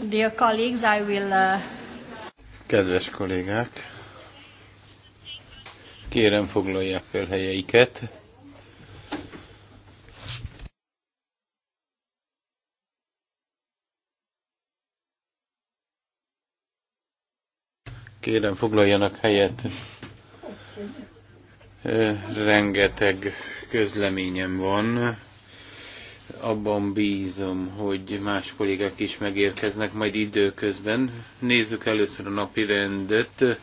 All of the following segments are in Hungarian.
Dear colleagues, I will, uh... Kedves kollégák, kérem foglalják fel helyeiket. Kérem foglaljanak helyet. Rengeteg közleményem van. Abban bízom, hogy más kollégák is megérkeznek majd időközben. Nézzük először a napi rendet.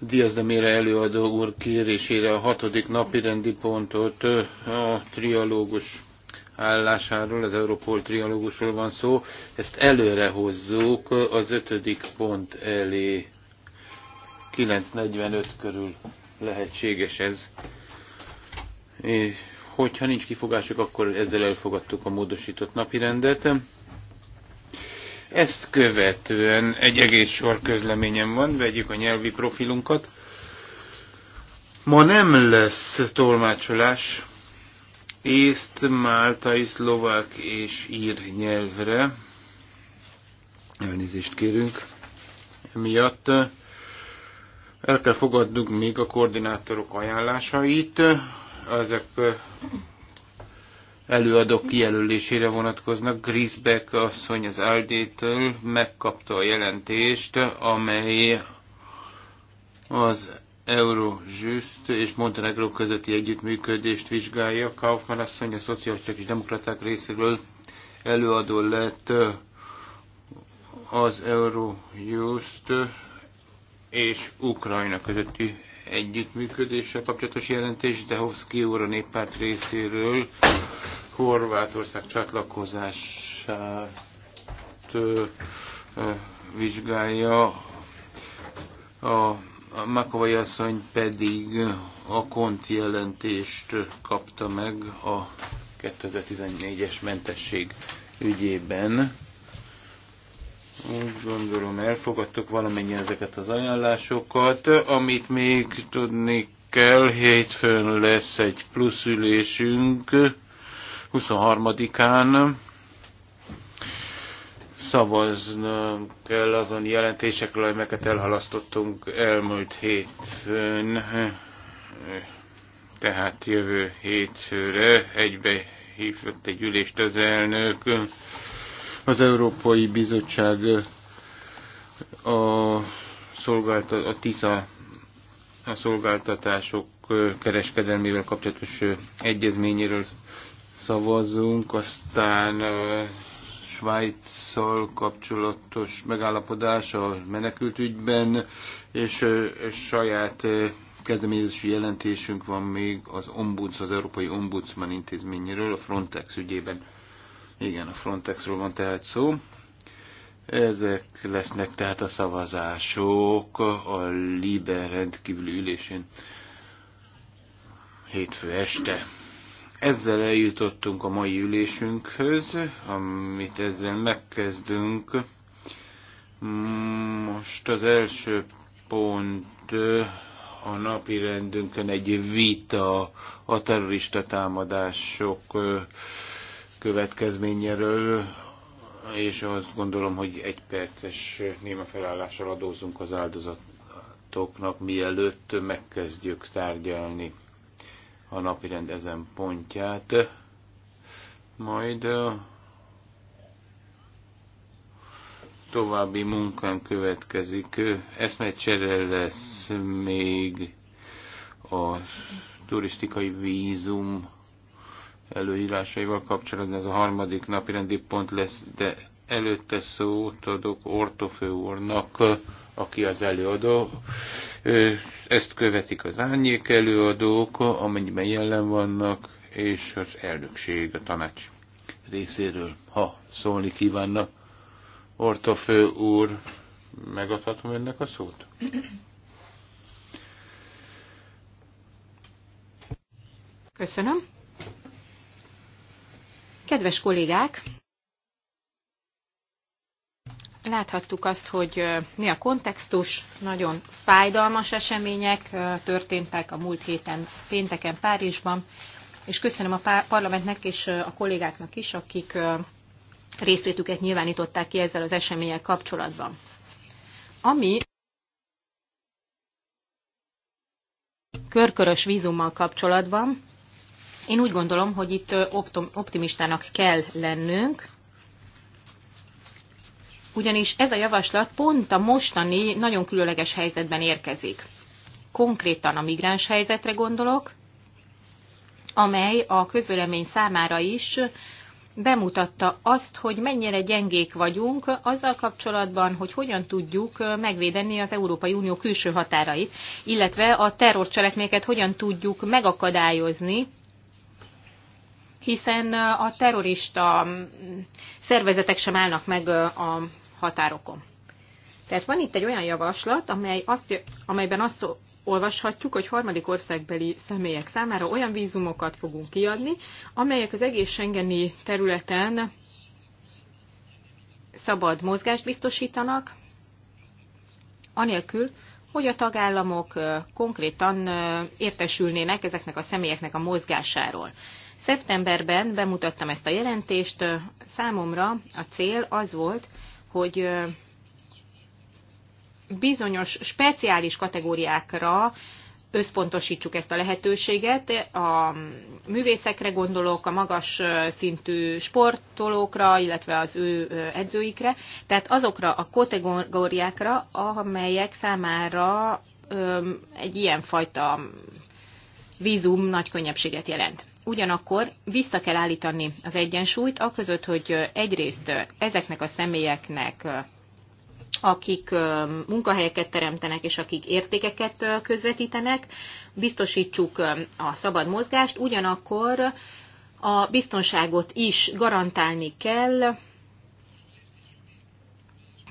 Diaz de előadó úr kérésére a hatodik napi rendi pontot a trialógus állásáról, az Europol trialógusról van szó. Ezt előre hozzuk az ötödik pont elé. 9.45 körül lehetséges ez. És Hogyha nincs kifogások, akkor ezzel elfogadtuk a módosított napirendet. Ezt követően egy egész sor közleményem van, vegyük a nyelvi profilunkat. Ma nem lesz tolmácsolás észt, máltai, szlovák és ír nyelvre. Elnézést kérünk. Emiatt el kell fogadnunk még a koordinátorok ajánlásait ezek előadók kijelölésére vonatkoznak. Grisbeck asszony az Aldétől megkapta a jelentést, amely az Eurojust és Montenegro közötti együttműködést vizsgálja. Kaufmann asszony a szocialisták és demokraták részéről előadó lett az Eurojust és Ukrajna közötti együttműködésre kapcsolatos jelentés Dehovszki úr a néppárt részéről Horvátország csatlakozását vizsgálja, a Makovai asszony pedig a kont jelentést kapta meg a 2014-es mentesség ügyében. Úgy gondolom elfogadtuk valamennyi ezeket az ajánlásokat. Amit még tudni kell, hétfőn lesz egy plusz ülésünk 23-án. Szavaznunk kell azon jelentésekről, amelyeket elhalasztottunk elmúlt hétfőn. Tehát jövő hétfőre egybe hívott egy ülést az elnök az Európai Bizottság a, szolgáltat, a TISA a szolgáltatások kereskedelmével kapcsolatos egyezményéről szavazzunk, aztán Svájccal kapcsolatos megállapodás a menekültügyben és, és saját kezdeményezési jelentésünk van még az ombuds, az Európai Ombudsman intézményéről, a Frontex ügyében. Igen, a Frontexról van tehát szó. Ezek lesznek tehát a szavazások a Liber rendkívüli ülésén hétfő este. Ezzel eljutottunk a mai ülésünkhöz, amit ezzel megkezdünk. Most az első pont a napi rendünkön egy vita a terrorista támadások következményéről, és azt gondolom, hogy egy perces néma felállással adózunk az áldozatoknak, mielőtt megkezdjük tárgyalni a napirend ezen pontját. Majd további munkám következik. Eszmecsere lesz még a turistikai vízum előírásaival kapcsolatban ez a harmadik napi rendi pont lesz, de előtte szót adok Ortofő úrnak, aki az előadó. Ezt követik az árnyék előadók, amennyiben jelen vannak, és az elnökség, a tanács részéről, ha szólni kívánna. Ortofő úr, megadhatom önnek a szót? Köszönöm. Kedves kollégák, láthattuk azt, hogy mi a kontextus, nagyon fájdalmas események történtek a múlt héten pénteken Párizsban, és köszönöm a parlamentnek és a kollégáknak is, akik részvétüket nyilvánították ki ezzel az események kapcsolatban. Ami körkörös vízummal kapcsolatban én úgy gondolom, hogy itt optimistának kell lennünk, ugyanis ez a javaslat pont a mostani nagyon különleges helyzetben érkezik. Konkrétan a migráns helyzetre gondolok, amely a közvélemény számára is bemutatta azt, hogy mennyire gyengék vagyunk azzal kapcsolatban, hogy hogyan tudjuk megvédeni az Európai Unió külső határait, illetve a terrorcselekményeket hogyan tudjuk megakadályozni, hiszen a terrorista mm, szervezetek sem állnak meg a határokon. Tehát van itt egy olyan javaslat, amely azt, amelyben azt olvashatjuk, hogy harmadik országbeli személyek számára olyan vízumokat fogunk kiadni, amelyek az egész Schengeni területen szabad mozgást biztosítanak, anélkül, hogy a tagállamok konkrétan értesülnének ezeknek a személyeknek a mozgásáról. Szeptemberben bemutattam ezt a jelentést. Számomra a cél az volt, hogy bizonyos speciális kategóriákra összpontosítsuk ezt a lehetőséget. A művészekre gondolok, a magas szintű sportolókra, illetve az ő edzőikre, tehát azokra a kategóriákra, amelyek számára egy ilyenfajta vízum nagy könnyebbséget jelent ugyanakkor vissza kell állítani az egyensúlyt, aközött, hogy egyrészt ezeknek a személyeknek akik munkahelyeket teremtenek és akik értékeket közvetítenek, biztosítsuk a szabad mozgást, ugyanakkor a biztonságot is garantálni kell,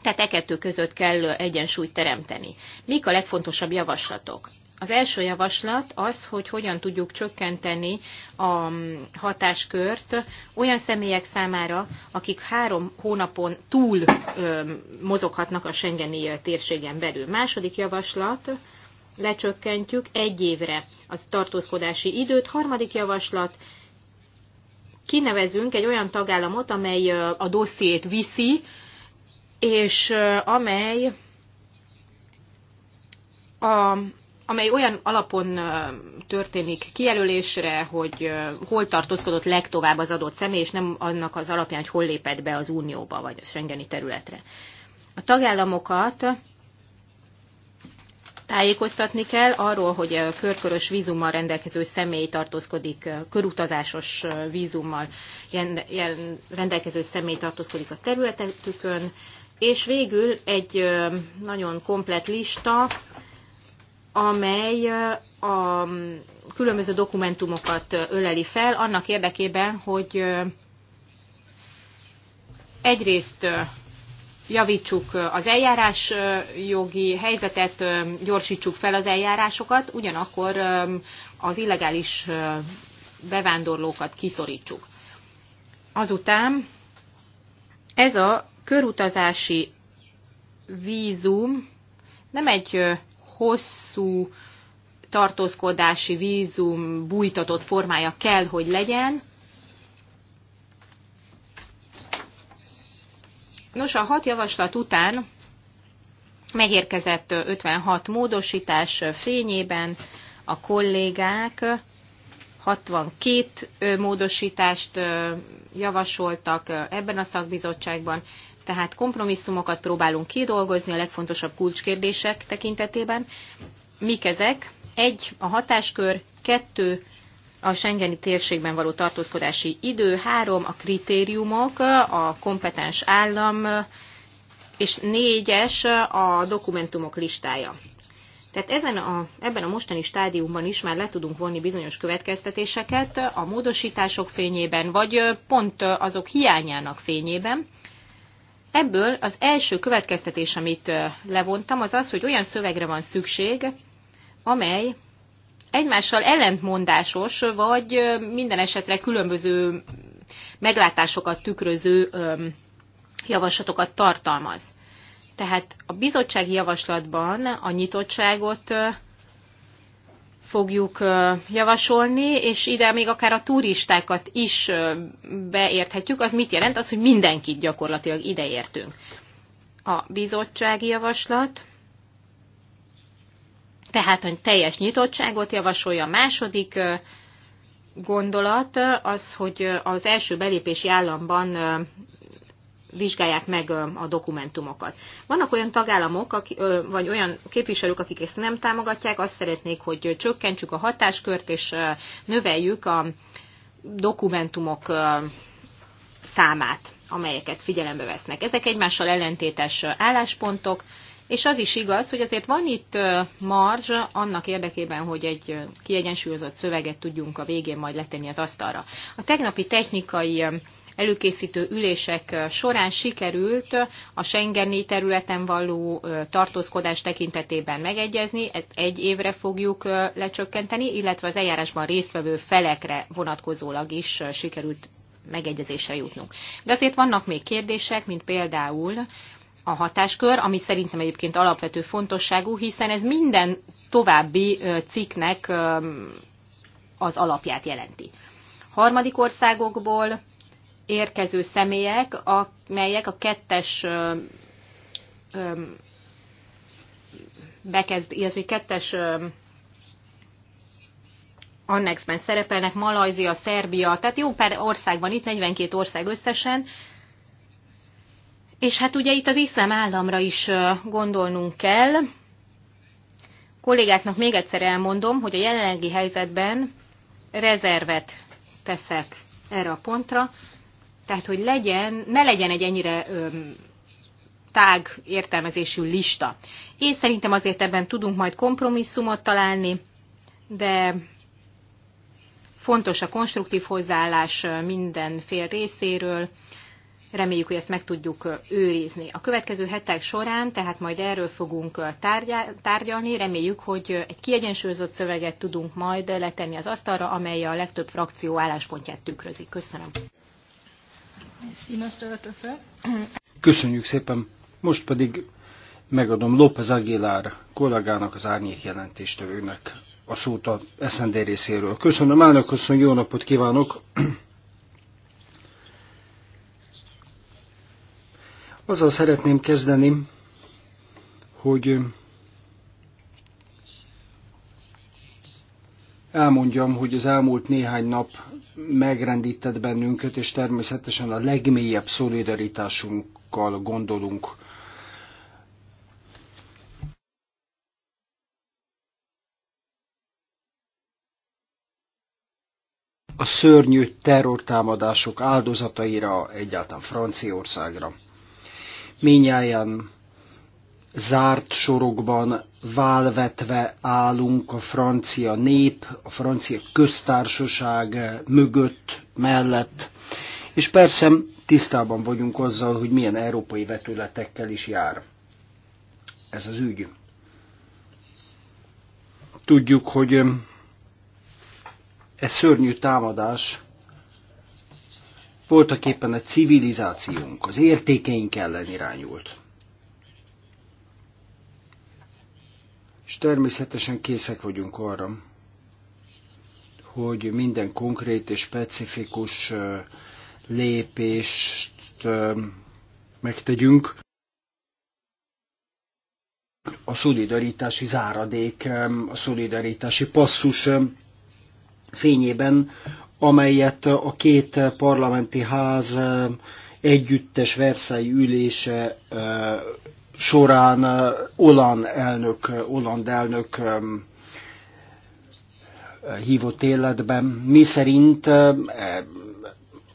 tehát e kettő között kell egyensúlyt teremteni. Mik a legfontosabb javaslatok? Az első javaslat az, hogy hogyan tudjuk csökkenteni a hatáskört olyan személyek számára, akik három hónapon túl mozoghatnak a Schengeni térségen belül. Második javaslat, lecsökkentjük egy évre a tartózkodási időt. Harmadik javaslat, kinevezünk egy olyan tagállamot, amely a dossziét viszi, és amely a amely olyan alapon történik kijelölésre, hogy hol tartózkodott legtovább az adott személy, és nem annak az alapján, hogy hol lépett be az Unióba, vagy a Schengeni területre. A tagállamokat tájékoztatni kell arról, hogy a körkörös vízummal rendelkező személy tartózkodik, körutazásos vízummal rendelkező személy tartózkodik a területükön, és végül egy nagyon komplet lista amely a különböző dokumentumokat öleli fel, annak érdekében, hogy egyrészt javítsuk az eljárás jogi helyzetet, gyorsítsuk fel az eljárásokat, ugyanakkor az illegális bevándorlókat kiszorítsuk. Azután ez a körutazási vízum nem egy hosszú tartózkodási vízum bújtatott formája kell, hogy legyen. Nos, a hat javaslat után megérkezett 56 módosítás fényében a kollégák 62 módosítást javasoltak ebben a szakbizottságban, tehát kompromisszumokat próbálunk kidolgozni a legfontosabb kulcskérdések tekintetében. Mik ezek? Egy, a hatáskör, kettő, a Schengeni térségben való tartózkodási idő, három, a kritériumok, a kompetens állam, és négyes a dokumentumok listája. Tehát ezen a, ebben a mostani stádiumban is már le tudunk vonni bizonyos következtetéseket a módosítások fényében, vagy pont azok hiányának fényében. Ebből az első következtetés, amit levontam, az az, hogy olyan szövegre van szükség, amely egymással ellentmondásos, vagy minden esetre különböző meglátásokat tükröző javaslatokat tartalmaz. Tehát a bizottsági javaslatban a nyitottságot fogjuk javasolni, és ide még akár a turistákat is beérthetjük. Az mit jelent? Az, hogy mindenkit gyakorlatilag ideértünk. A bizottsági javaslat, tehát, hogy teljes nyitottságot javasolja. A második gondolat az, hogy az első belépési államban vizsgálják meg a dokumentumokat. Vannak olyan tagállamok, vagy olyan képviselők, akik ezt nem támogatják, azt szeretnék, hogy csökkentsük a hatáskört, és növeljük a dokumentumok számát, amelyeket figyelembe vesznek. Ezek egymással ellentétes álláspontok, és az is igaz, hogy azért van itt marzs annak érdekében, hogy egy kiegyensúlyozott szöveget tudjunk a végén majd letenni az asztalra. A tegnapi technikai előkészítő ülések során sikerült a Schengeni területen való tartózkodás tekintetében megegyezni, ezt egy évre fogjuk lecsökkenteni, illetve az eljárásban résztvevő felekre vonatkozólag is sikerült megegyezésre jutnunk. De azért vannak még kérdések, mint például a hatáskör, ami szerintem egyébként alapvető fontosságú, hiszen ez minden további cikknek az alapját jelenti. Harmadik országokból érkező személyek, amelyek a kettes bekezd, illetve kettes annexben szerepelnek, Malajzia, Szerbia, tehát jó pár ország van itt, 42 ország összesen, és hát ugye itt az iszlám államra is gondolnunk kell. Kollégáknak még egyszer elmondom, hogy a jelenlegi helyzetben rezervet teszek erre a pontra, tehát, hogy legyen, ne legyen egy ennyire öm, tág értelmezésű lista. Én szerintem azért ebben tudunk majd kompromisszumot találni, de fontos a konstruktív hozzáállás minden fél részéről. Reméljük, hogy ezt meg tudjuk őrizni. A következő hetek során, tehát majd erről fogunk tárgyalni, reméljük, hogy egy kiegyensúlyozott szöveget tudunk majd letenni az asztalra, amely a legtöbb frakció álláspontját tükrözi. Köszönöm. Köszönjük szépen. Most pedig megadom López Aguilar kollégának, az árnyék jelentéstevőnek a szót a SND részéről. Köszönöm, elnök asszony, jó napot kívánok! Azzal szeretném kezdeni, hogy elmondjam, hogy az elmúlt néhány nap megrendített bennünket, és természetesen a legmélyebb szolidaritásunkkal gondolunk a szörnyű terrortámadások áldozataira, egyáltalán Franciaországra. Minnyáján zárt sorokban válvetve állunk a francia nép, a francia köztársaság mögött, mellett, és persze tisztában vagyunk azzal, hogy milyen európai vetületekkel is jár ez az ügy. Tudjuk, hogy ez szörnyű támadás voltak éppen a civilizációnk, az értékeink ellen irányult. és természetesen készek vagyunk arra, hogy minden konkrét és specifikus lépést megtegyünk. A szolidaritási záradék, a szolidaritási passzus fényében, amelyet a két parlamenti ház együttes Versailles ülése során Olan elnök, Oland elnök hívott életben, mi szerint a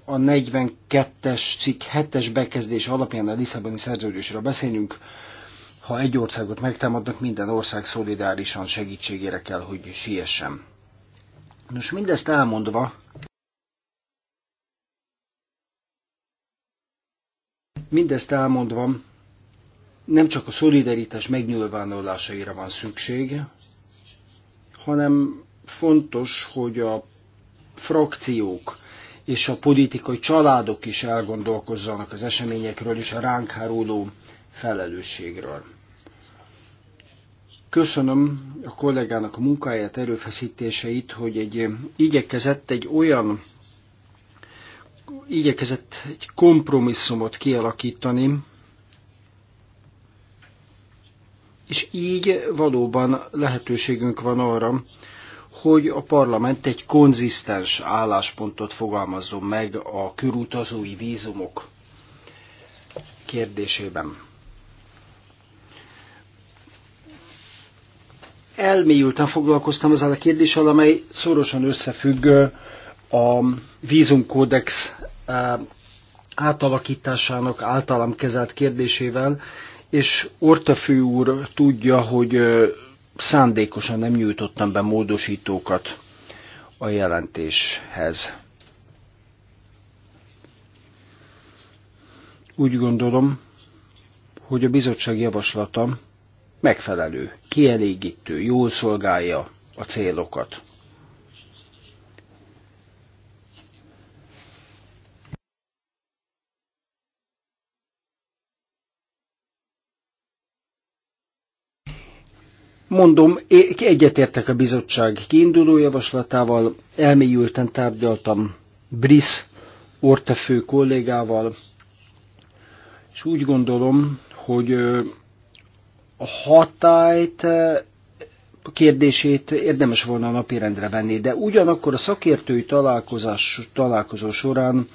42-es cikk 7-es bekezdés alapján a Lisszaboni szerződésről beszélünk, ha egy országot megtámadnak, minden ország szolidárisan segítségére kell, hogy siessen. Nos, mindezt elmondva, mindezt elmondva, nem csak a szolidaritás megnyilvánulásaira van szükség, hanem fontos, hogy a frakciók és a politikai családok is elgondolkozzanak az eseményekről és a ránk háruló felelősségről. Köszönöm a kollégának a munkáját, erőfeszítéseit, hogy egy igyekezett egy olyan igyekezett egy kompromisszumot kialakítani, És így valóban lehetőségünk van arra, hogy a parlament egy konzisztens álláspontot fogalmazzon meg a körutazói vízumok kérdésében. Elmélyülten foglalkoztam ezzel a kérdéssel, amely szorosan összefügg a vízumkódex átalakításának általam kezelt kérdésével, és Ortafő úr tudja, hogy szándékosan nem nyújtottam be módosítókat a jelentéshez. Úgy gondolom, hogy a bizottság javaslata megfelelő, kielégítő, jól szolgálja a célokat. Mondom, egyetértek a bizottság kiinduló javaslatával, elmélyülten tárgyaltam Brisz ortefő kollégával, és úgy gondolom, hogy a hatályt kérdését érdemes volna napirendre venni, de ugyanakkor a szakértői találkozás, találkozó során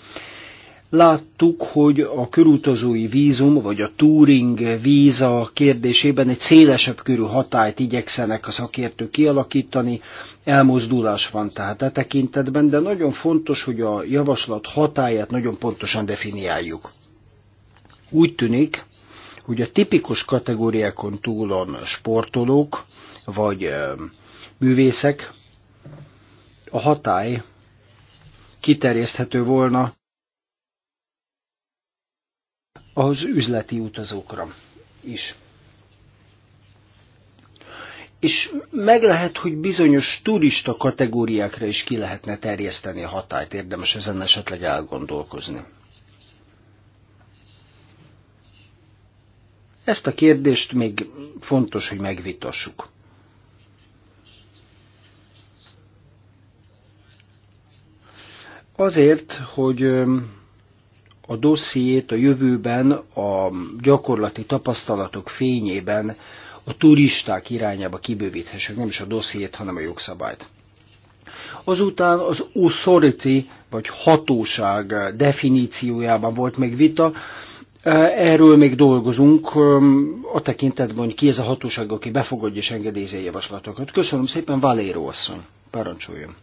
Láttuk, hogy a körutazói vízum, vagy a Turing víza kérdésében egy szélesebb körű hatályt igyekszenek a szakértők kialakítani, elmozdulás van tehát e tekintetben, de nagyon fontos, hogy a javaslat hatáját nagyon pontosan definiáljuk. Úgy tűnik, hogy a tipikus kategóriákon túlon sportolók, vagy művészek, a hatály kiterjeszthető volna az üzleti utazókra is. És meg lehet, hogy bizonyos turista kategóriákra is ki lehetne terjeszteni a hatályt, érdemes ezen esetleg elgondolkozni. Ezt a kérdést még fontos, hogy megvitassuk. Azért, hogy a dossziét a jövőben a gyakorlati tapasztalatok fényében a turisták irányába kibővíthessük, nem is a dossziét, hanem a jogszabályt. Azután az authority, vagy hatóság definíciójában volt még vita, Erről még dolgozunk, a tekintetben, hogy ki ez a hatóság, aki befogadja és engedélyezi javaslatokat. Köszönöm szépen, Valéro asszony, parancsoljon.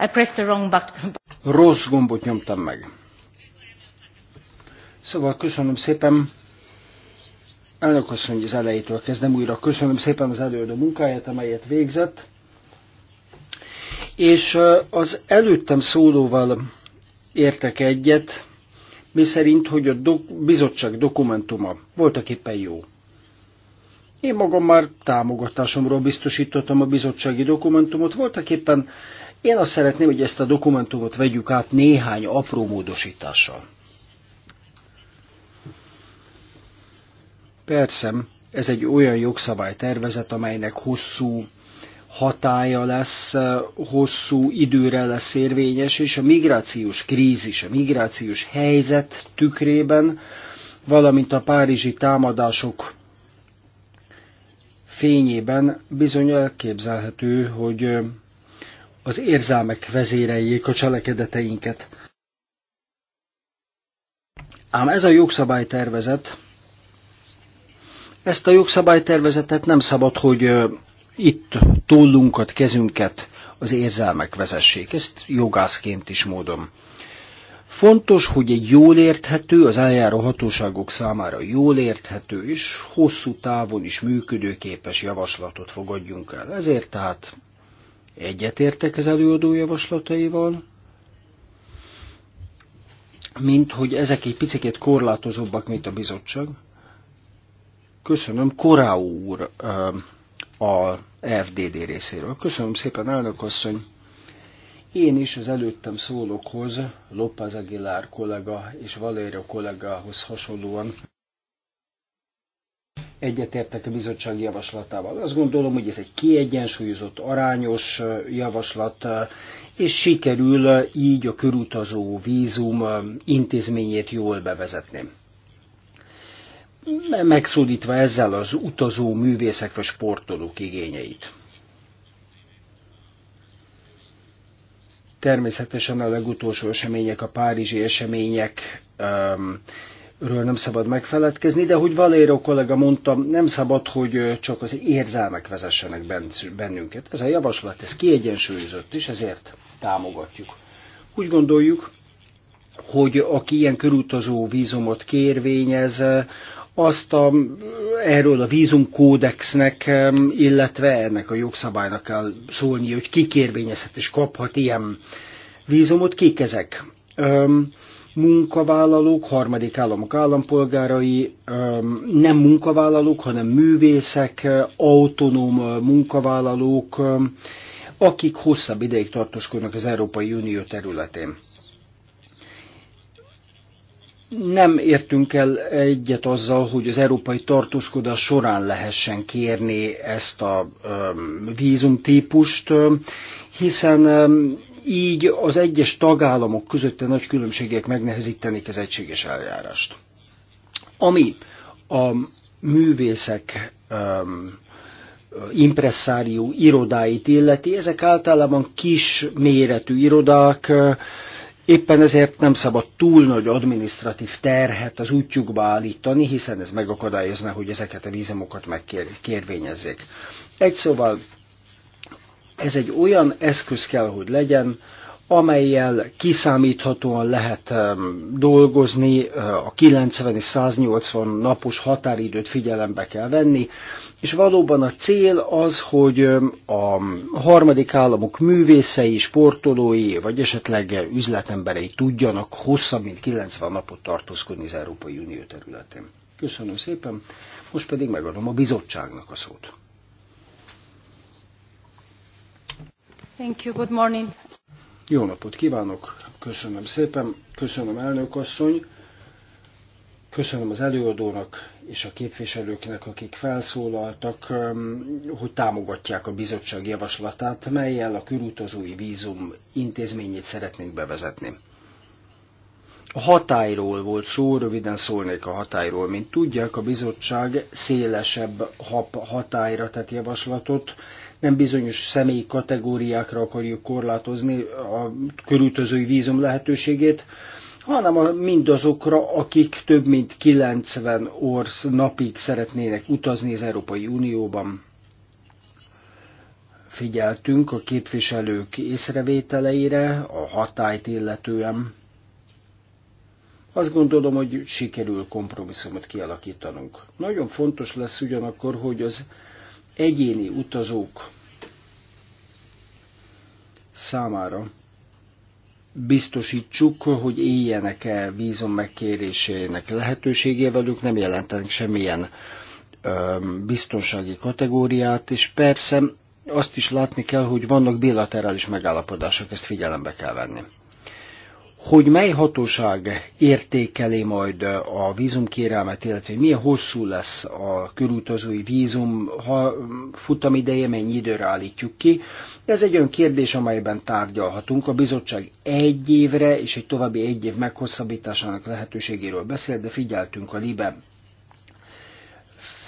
I pressed the wrong button. Rossz gombot nyomtam meg. Szóval köszönöm szépen. Elnök asszony, az elejétől kezdem újra. Köszönöm szépen az előadó munkáját, amelyet végzett. És az előttem szólóval értek egyet, mi szerint, hogy a dok- bizottság dokumentuma voltak éppen jó. Én magam már támogatásomról biztosítottam a bizottsági dokumentumot, voltak éppen én azt szeretném, hogy ezt a dokumentumot vegyük át néhány apró módosítással. Persze, ez egy olyan jogszabálytervezet, amelynek hosszú hatája lesz, hosszú időre lesz érvényes, és a migrációs krízis, a migrációs helyzet tükrében, valamint a párizsi támadások fényében bizony elképzelhető, hogy az érzelmek vezéreljék a cselekedeteinket. Ám ez a jogszabálytervezet, ezt a jogszabálytervezetet nem szabad, hogy itt tollunkat, kezünket az érzelmek vezessék. Ezt jogászként is módom. Fontos, hogy egy jól érthető, az eljáró hatóságok számára jól érthető és hosszú távon is működőképes javaslatot fogadjunk el. Ezért tehát Egyetértek az előadó javaslataival, mint hogy ezek egy picit korlátozóbbak, mint a bizottság. Köszönöm Korá úr a FDD részéről. Köszönöm szépen, elnök asszony. Én is az előttem szólókhoz, López Aguilar kollega és Valéria kollégához hasonlóan egyetértek a bizottság javaslatával. Azt gondolom, hogy ez egy kiegyensúlyozott, arányos javaslat, és sikerül így a körutazó vízum intézményét jól bevezetni. Megszólítva ezzel az utazó művészek vagy sportolók igényeit. Természetesen a legutolsó események, a párizsi események ről nem szabad megfeledkezni, de hogy Valéro kollega mondta, nem szabad, hogy csak az érzelmek vezessenek bennünket. Ez a javaslat, ez kiegyensúlyozott, és ezért támogatjuk. Úgy gondoljuk, hogy aki ilyen körutazó vízumot kérvényez, azt a, erről a vízumkódexnek, illetve ennek a jogszabálynak kell szólni, hogy ki kérvényezhet és kaphat ilyen vízumot, kik ezek munkavállalók, harmadik államok állampolgárai, nem munkavállalók, hanem művészek, autonóm munkavállalók, akik hosszabb ideig tartózkodnak az Európai Unió területén. Nem értünk el egyet azzal, hogy az európai tartózkodás során lehessen kérni ezt a vízumtípust, hiszen így az egyes tagállamok közötti nagy különbségek megnehezítenék az egységes eljárást. Ami a művészek um, impresszárió irodáit illeti, ezek általában kis méretű irodák, éppen ezért nem szabad túl nagy adminisztratív terhet az útjukba állítani, hiszen ez megakadályozna, hogy ezeket a vízumokat megkérvényezzék. Egy szóval ez egy olyan eszköz kell, hogy legyen, amelyel kiszámíthatóan lehet dolgozni, a 90 és 180 napos határidőt figyelembe kell venni, és valóban a cél az, hogy a harmadik államok művészei, sportolói, vagy esetleg üzletemberei tudjanak hosszabb, mint 90 napot tartózkodni az Európai Unió területén. Köszönöm szépen, most pedig megadom a bizottságnak a szót. Thank you, good morning. Jó napot kívánok, köszönöm szépen, köszönöm elnök asszony, köszönöm az előadónak és a képviselőknek, akik felszólaltak, um, hogy támogatják a bizottság javaslatát, melyel a körutazói vízum intézményét szeretnénk bevezetni. A hatályról volt szó, röviden szólnék a hatályról. Mint tudják, a bizottság szélesebb hatályra tett javaslatot, nem bizonyos személyi kategóriákra akarjuk korlátozni a körültözői vízum lehetőségét, hanem a, mindazokra, akik több mint 90 orsz napig szeretnének utazni az Európai Unióban. Figyeltünk a képviselők észrevételeire, a hatályt illetően. Azt gondolom, hogy sikerül kompromisszumot kialakítanunk. Nagyon fontos lesz ugyanakkor, hogy az egyéni utazók számára biztosítsuk, hogy éljenek-e vízum megkérésének lehetőségével, ők nem jelentenek semmilyen biztonsági kategóriát, és persze azt is látni kell, hogy vannak bilaterális megállapodások, ezt figyelembe kell venni hogy mely hatóság értékeli majd a vízumkérelmet, illetve milyen hosszú lesz a körútazói vízum ha futam ideje, mennyi időre állítjuk ki. Ez egy olyan kérdés, amelyben tárgyalhatunk. A bizottság egy évre és egy további egy év meghosszabbításának lehetőségéről beszél, de figyeltünk a LIBE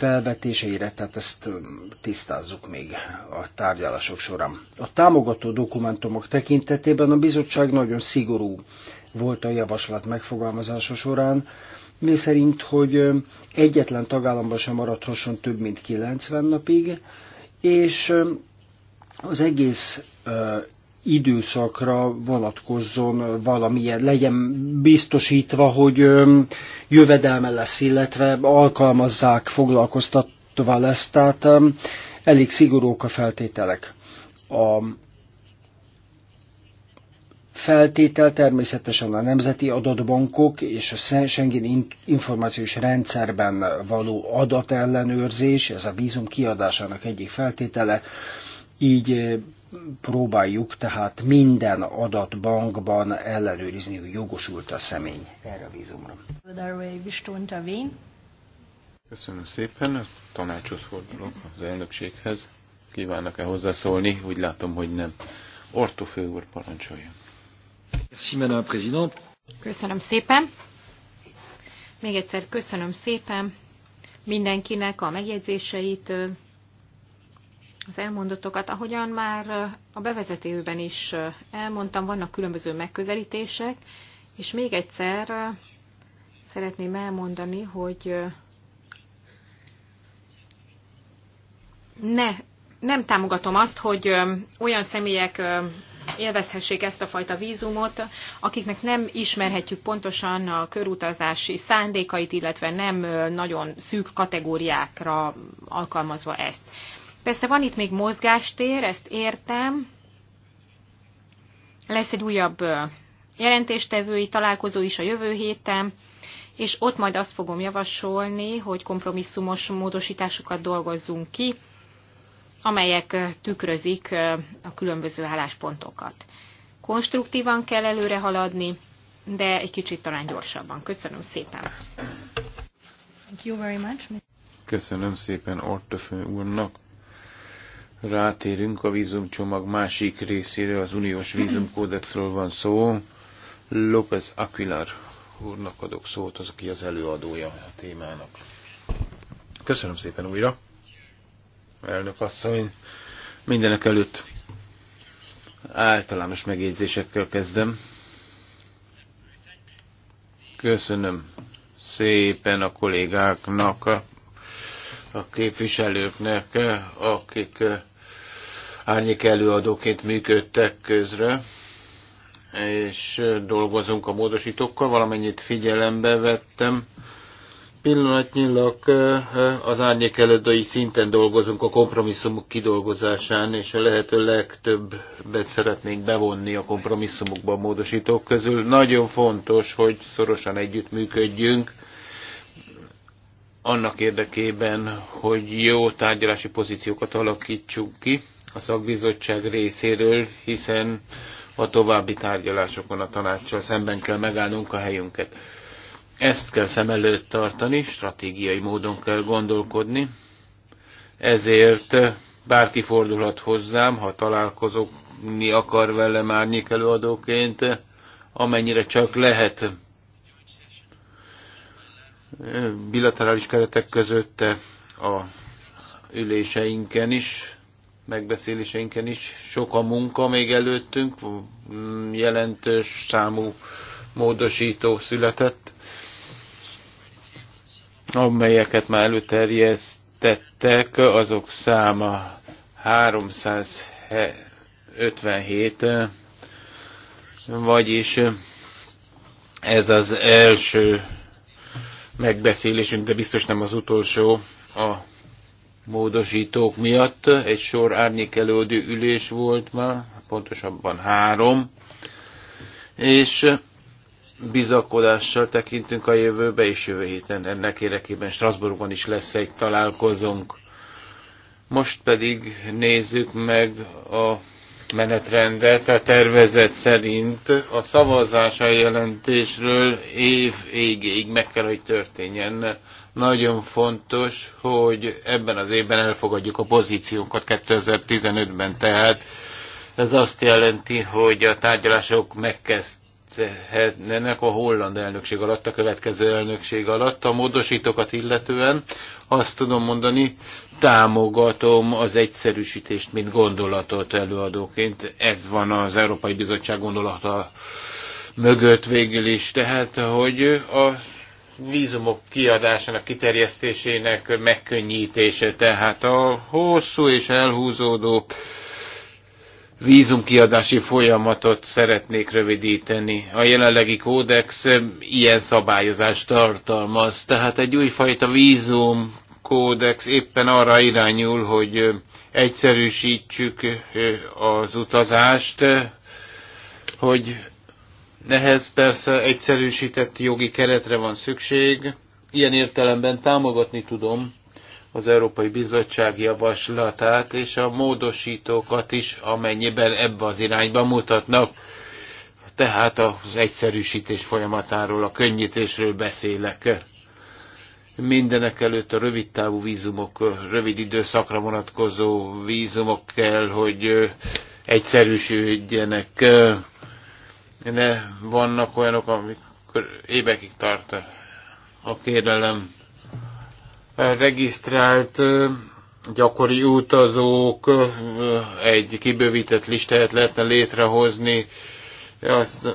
felvetéseire, tehát ezt tisztázzuk még a tárgyalások során. A támogató dokumentumok tekintetében a bizottság nagyon szigorú volt a javaslat megfogalmazása során, mi szerint, hogy egyetlen tagállamban sem maradhasson több mint 90 napig, és az egész időszakra vonatkozzon valamilyen, legyen biztosítva, hogy jövedelme lesz, illetve alkalmazzák, foglalkoztatva lesz, tehát elég szigorúk a feltételek. A feltétel természetesen a nemzeti adatbankok és a Schengen információs rendszerben való adatellenőrzés, ez a vízum kiadásának egyik feltétele, így eh, próbáljuk tehát minden adatbankban ellenőrizni, hogy jogosult a személy erre a vízumra. Köszönöm szépen, tanácshoz fordulok az elnökséghez. Kívánnak-e hozzászólni? Úgy látom, hogy nem. Ortofő úr parancsolja. Köszönöm szépen. Még egyszer köszönöm szépen mindenkinek a megjegyzéseit, az elmondottokat Ahogyan már a bevezetőben is elmondtam, vannak különböző megközelítések, és még egyszer szeretném elmondani, hogy ne, nem támogatom azt, hogy olyan személyek élvezhessék ezt a fajta vízumot, akiknek nem ismerhetjük pontosan a körutazási szándékait, illetve nem nagyon szűk kategóriákra alkalmazva ezt. Persze van itt még mozgástér, ezt értem. Lesz egy újabb jelentéstevői találkozó is a jövő héten, és ott majd azt fogom javasolni, hogy kompromisszumos módosításokat dolgozzunk ki, amelyek tükrözik a különböző álláspontokat. Konstruktívan kell előre haladni, de egy kicsit talán gyorsabban. Köszönöm szépen! Thank you very much. Köszönöm szépen Ortofő úrnak. Rátérünk a vízumcsomag másik részére, az uniós vízumkódexről van szó. López Aquilar úrnak adok szót, az, aki az előadója a témának. Köszönöm szépen újra, elnök asszony. Mindenek előtt általános megjegyzésekkel kezdem. Köszönöm szépen a kollégáknak, a képviselőknek, akik árnyék előadóként működtek közre, és dolgozunk a módosítókkal, valamennyit figyelembe vettem. Pillanatnyilag eh, az árnyék előadói szinten dolgozunk a kompromisszumok kidolgozásán, és a lehető legtöbbet szeretnénk bevonni a kompromisszumokba a módosítók közül. Nagyon fontos, hogy szorosan együttműködjünk, annak érdekében, hogy jó tárgyalási pozíciókat alakítsunk ki a szakbizottság részéről, hiszen a további tárgyalásokon a tanácssal szemben kell megállnunk a helyünket. Ezt kell szem előtt tartani, stratégiai módon kell gondolkodni, ezért bárki fordulhat hozzám, ha találkozok, mi akar vele már előadóként, amennyire csak lehet bilaterális keretek között a üléseinken is megbeszéléseinken is. Sok a munka még előttünk, jelentős számú módosító született, amelyeket már előterjesztettek, azok száma 357, vagyis ez az első megbeszélésünk, de biztos nem az utolsó a módosítók miatt. Egy sor árnyékelődő ülés volt már, pontosabban három, és bizakodással tekintünk a jövőbe, és jövő héten ennek érdekében Strasbourgban is lesz egy találkozónk. Most pedig nézzük meg a menetrendet a tervezet szerint. A szavazása jelentésről év végéig meg kell, hogy történjen nagyon fontos, hogy ebben az évben elfogadjuk a pozíciónkat 2015-ben, tehát ez azt jelenti, hogy a tárgyalások megkezdhetnek a holland elnökség alatt, a következő elnökség alatt. A módosítókat illetően azt tudom mondani, támogatom az egyszerűsítést, mint gondolatot előadóként. Ez van az Európai Bizottság gondolata mögött végül is. Tehát, hogy a vízumok kiadásának, kiterjesztésének megkönnyítése. Tehát a hosszú és elhúzódó vízumkiadási folyamatot szeretnék rövidíteni. A jelenlegi kódex ilyen szabályozást tartalmaz, tehát egy újfajta vízum kódex éppen arra irányul, hogy egyszerűsítsük az utazást, hogy Nehez persze egyszerűsített jogi keretre van szükség. Ilyen értelemben támogatni tudom az Európai Bizottság javaslatát és a módosítókat is, amennyiben ebbe az irányba mutatnak. Tehát az egyszerűsítés folyamatáról, a könnyítésről beszélek. Mindenek előtt a rövid távú vízumok, rövid időszakra vonatkozó vízumok kell, hogy egyszerűsödjenek ne, vannak olyanok, amik évekig tart a kérelem. Regisztrált gyakori utazók egy kibővített listát lehetne létrehozni. Azt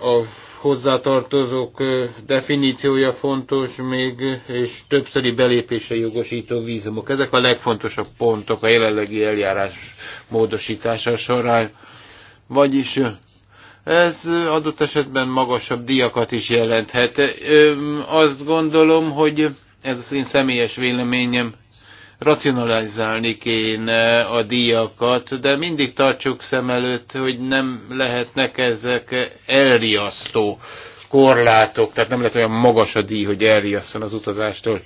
a hozzátartozók definíciója fontos még, és többszöri belépésre jogosító vízumok. Ezek a legfontosabb pontok a jelenlegi eljárás módosítása során. Vagyis ez adott esetben magasabb díjakat is jelenthet. Azt gondolom, hogy ez az én személyes véleményem, racionalizálni kéne a díjakat, de mindig tartsuk szem előtt, hogy nem lehetnek ezek elriasztó korlátok, tehát nem lehet olyan magas a díj, hogy elriasszon az utazástól.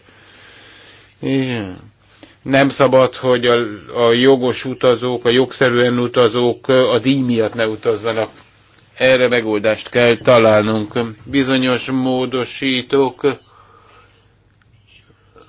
Nem szabad, hogy a, a jogos utazók, a jogszerűen utazók a díj miatt ne utazzanak erre megoldást kell találnunk. Bizonyos módosítók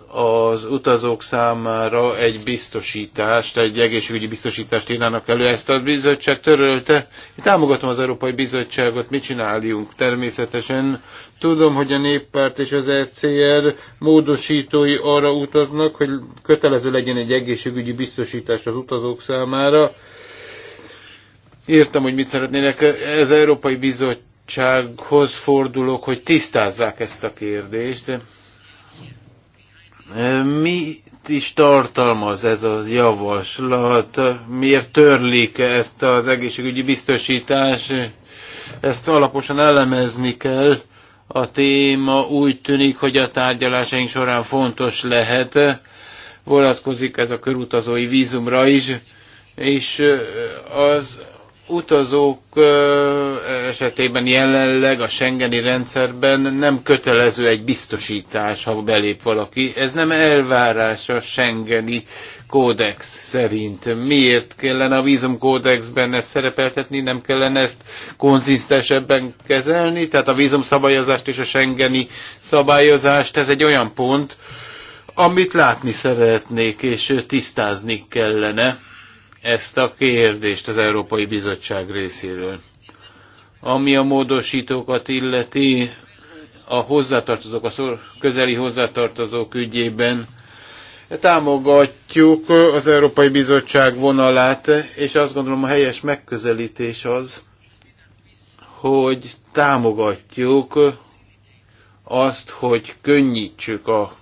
az utazók számára egy biztosítást, egy egészségügyi biztosítást írnának elő. Ezt a bizottság törölte. Én támogatom az Európai Bizottságot, mit csináljunk természetesen. Tudom, hogy a Néppárt és az ECR módosítói arra utaznak, hogy kötelező legyen egy egészségügyi biztosítás az utazók számára. Értem, hogy mit szeretnének. Ez Európai Bizottsághoz fordulok, hogy tisztázzák ezt a kérdést. Mit is tartalmaz ez a javaslat? Miért törlik ezt az egészségügyi biztosítás? Ezt alaposan elemezni kell. A téma úgy tűnik, hogy a tárgyalásaink során fontos lehet. Vonatkozik ez a körutazói vízumra is és az utazók esetében jelenleg a Schengeni rendszerben nem kötelező egy biztosítás, ha belép valaki. Ez nem elvárás a Schengeni kódex szerint. Miért kellene a vízumkódexben ezt szerepeltetni, nem kellene ezt konzisztensebben kezelni? Tehát a vízumszabályozást és a Schengeni szabályozást, ez egy olyan pont, amit látni szeretnék és tisztázni kellene ezt a kérdést az Európai Bizottság részéről. Ami a módosítókat illeti, a hozzátartozók, a közeli hozzátartozók ügyében támogatjuk az Európai Bizottság vonalát, és azt gondolom a helyes megközelítés az, hogy támogatjuk azt, hogy könnyítsük a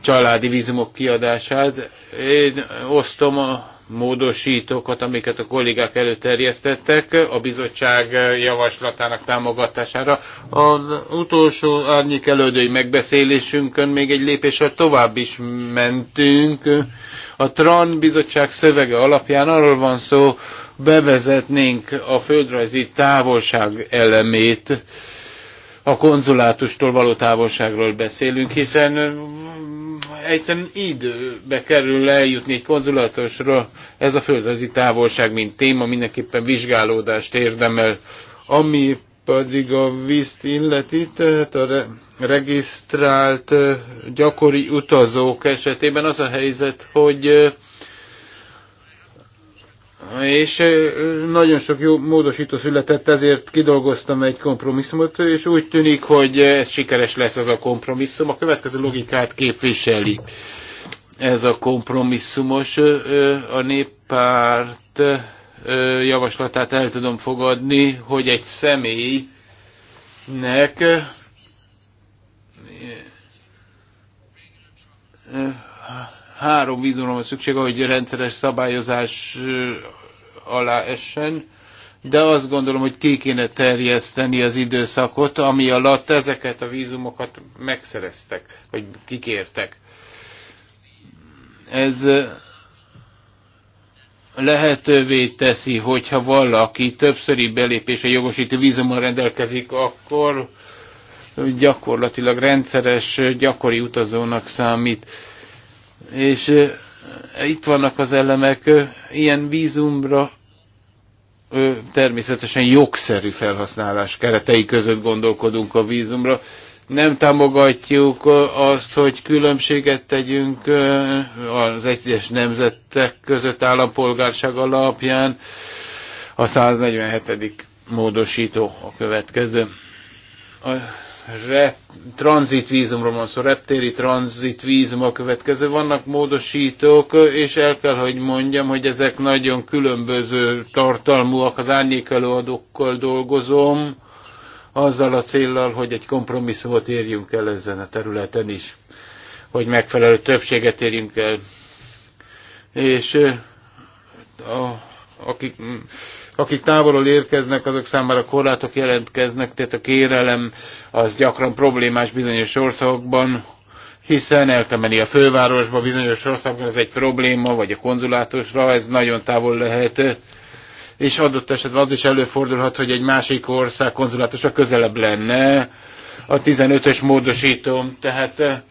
családi vízumok kiadását. Én osztom a módosítókat, amiket a kollégák előterjesztettek a bizottság javaslatának támogatására. Az utolsó árnyék elődői megbeszélésünkön még egy lépéssel tovább is mentünk. A TRAN bizottság szövege alapján arról van szó, bevezetnénk a földrajzi távolság elemét, a konzulátustól való távolságról beszélünk, hiszen egyszerűen időbe kerül eljutni egy konzulátusra. Ez a földrajzi távolság, mint téma, mindenképpen vizsgálódást érdemel. Ami pedig a vízt illeti, tehát a re regisztrált gyakori utazók esetében az a helyzet, hogy és nagyon sok jó módosító született, ezért kidolgoztam egy kompromisszumot, és úgy tűnik, hogy ez sikeres lesz az a kompromisszum. A következő logikát képviseli ez a kompromisszumos. A néppárt javaslatát el tudom fogadni, hogy egy személynek Három vízumra van szükség, hogy rendszeres szabályozás alá essen, de azt gondolom, hogy ki kéne terjeszteni az időszakot, ami alatt ezeket a vízumokat megszereztek, vagy kikértek. Ez lehetővé teszi, hogyha valaki többszöri belépése jogosító vízummal rendelkezik, akkor gyakorlatilag rendszeres, gyakori utazónak számít. És itt vannak az elemek, ilyen vízumra természetesen jogszerű felhasználás keretei között gondolkodunk a vízumra. Nem támogatjuk azt, hogy különbséget tegyünk az egyes nemzetek között állampolgárság alapján. A 147. módosító a következő rep, tranzitvízumról van szó, reptéri tranzitvízum a következő. Vannak módosítók, és el kell, hogy mondjam, hogy ezek nagyon különböző tartalmúak. Az árnyékelőadókkal dolgozom, azzal a céllal, hogy egy kompromisszumot érjünk el ezen a területen is, hogy megfelelő többséget érjünk el. És a, akik akik távolról érkeznek, azok számára korlátok jelentkeznek, tehát a kérelem az gyakran problémás bizonyos országokban, hiszen el kell menni a fővárosba, bizonyos országban ez egy probléma, vagy a konzulátusra, ez nagyon távol lehet, és adott esetben az is előfordulhat, hogy egy másik ország konzulátusa közelebb lenne a 15-ös módosítóm, tehát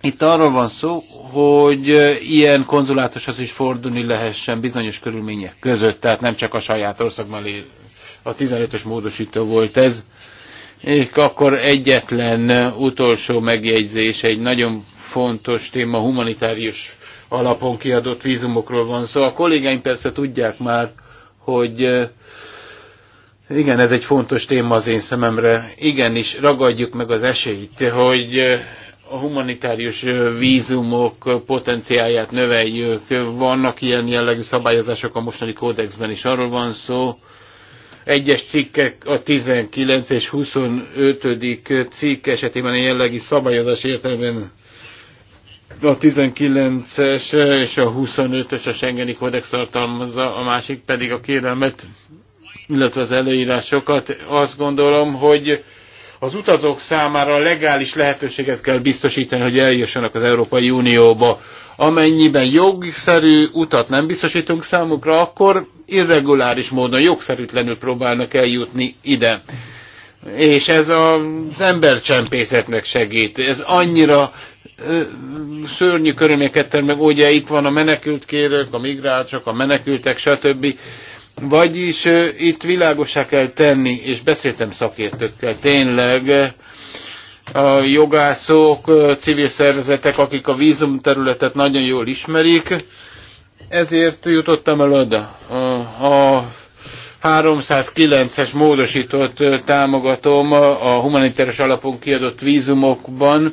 itt arról van szó, hogy ilyen konzulátushoz is fordulni lehessen bizonyos körülmények között, tehát nem csak a saját ország a 15-ös módosító volt ez. És akkor egyetlen utolsó megjegyzés, egy nagyon fontos téma, humanitárius alapon kiadott vízumokról van szó. a kollégáim persze tudják már, hogy igen, ez egy fontos téma az én szememre. Igenis, ragadjuk meg az esélyt, hogy a humanitárius vízumok potenciálját növeljük. Vannak ilyen jellegű szabályozások a mostani kódexben is, arról van szó. Egyes cikkek a 19 és 25. cikk esetében a jellegi szabályozás értelemben a 19-es és a 25-ös a Schengeni kódex tartalmazza, a másik pedig a kérelmet, illetve az előírásokat. Azt gondolom, hogy az utazók számára legális lehetőséget kell biztosítani, hogy eljussanak az Európai Unióba. Amennyiben jogszerű utat nem biztosítunk számukra, akkor irreguláris módon, jogszerűtlenül próbálnak eljutni ide. És ez az embercsempészetnek segít. Ez annyira szörnyű körülményeket termek, ugye itt van a menekült kérők, a migránsok, a menekültek, stb. Vagyis itt világosá kell tenni, és beszéltem szakértőkkel tényleg, a jogászok, civil szervezetek, akik a vízum területet nagyon jól ismerik, ezért jutottam el oda. A 309-es módosított támogatom a humanitárs alapon kiadott vízumokban,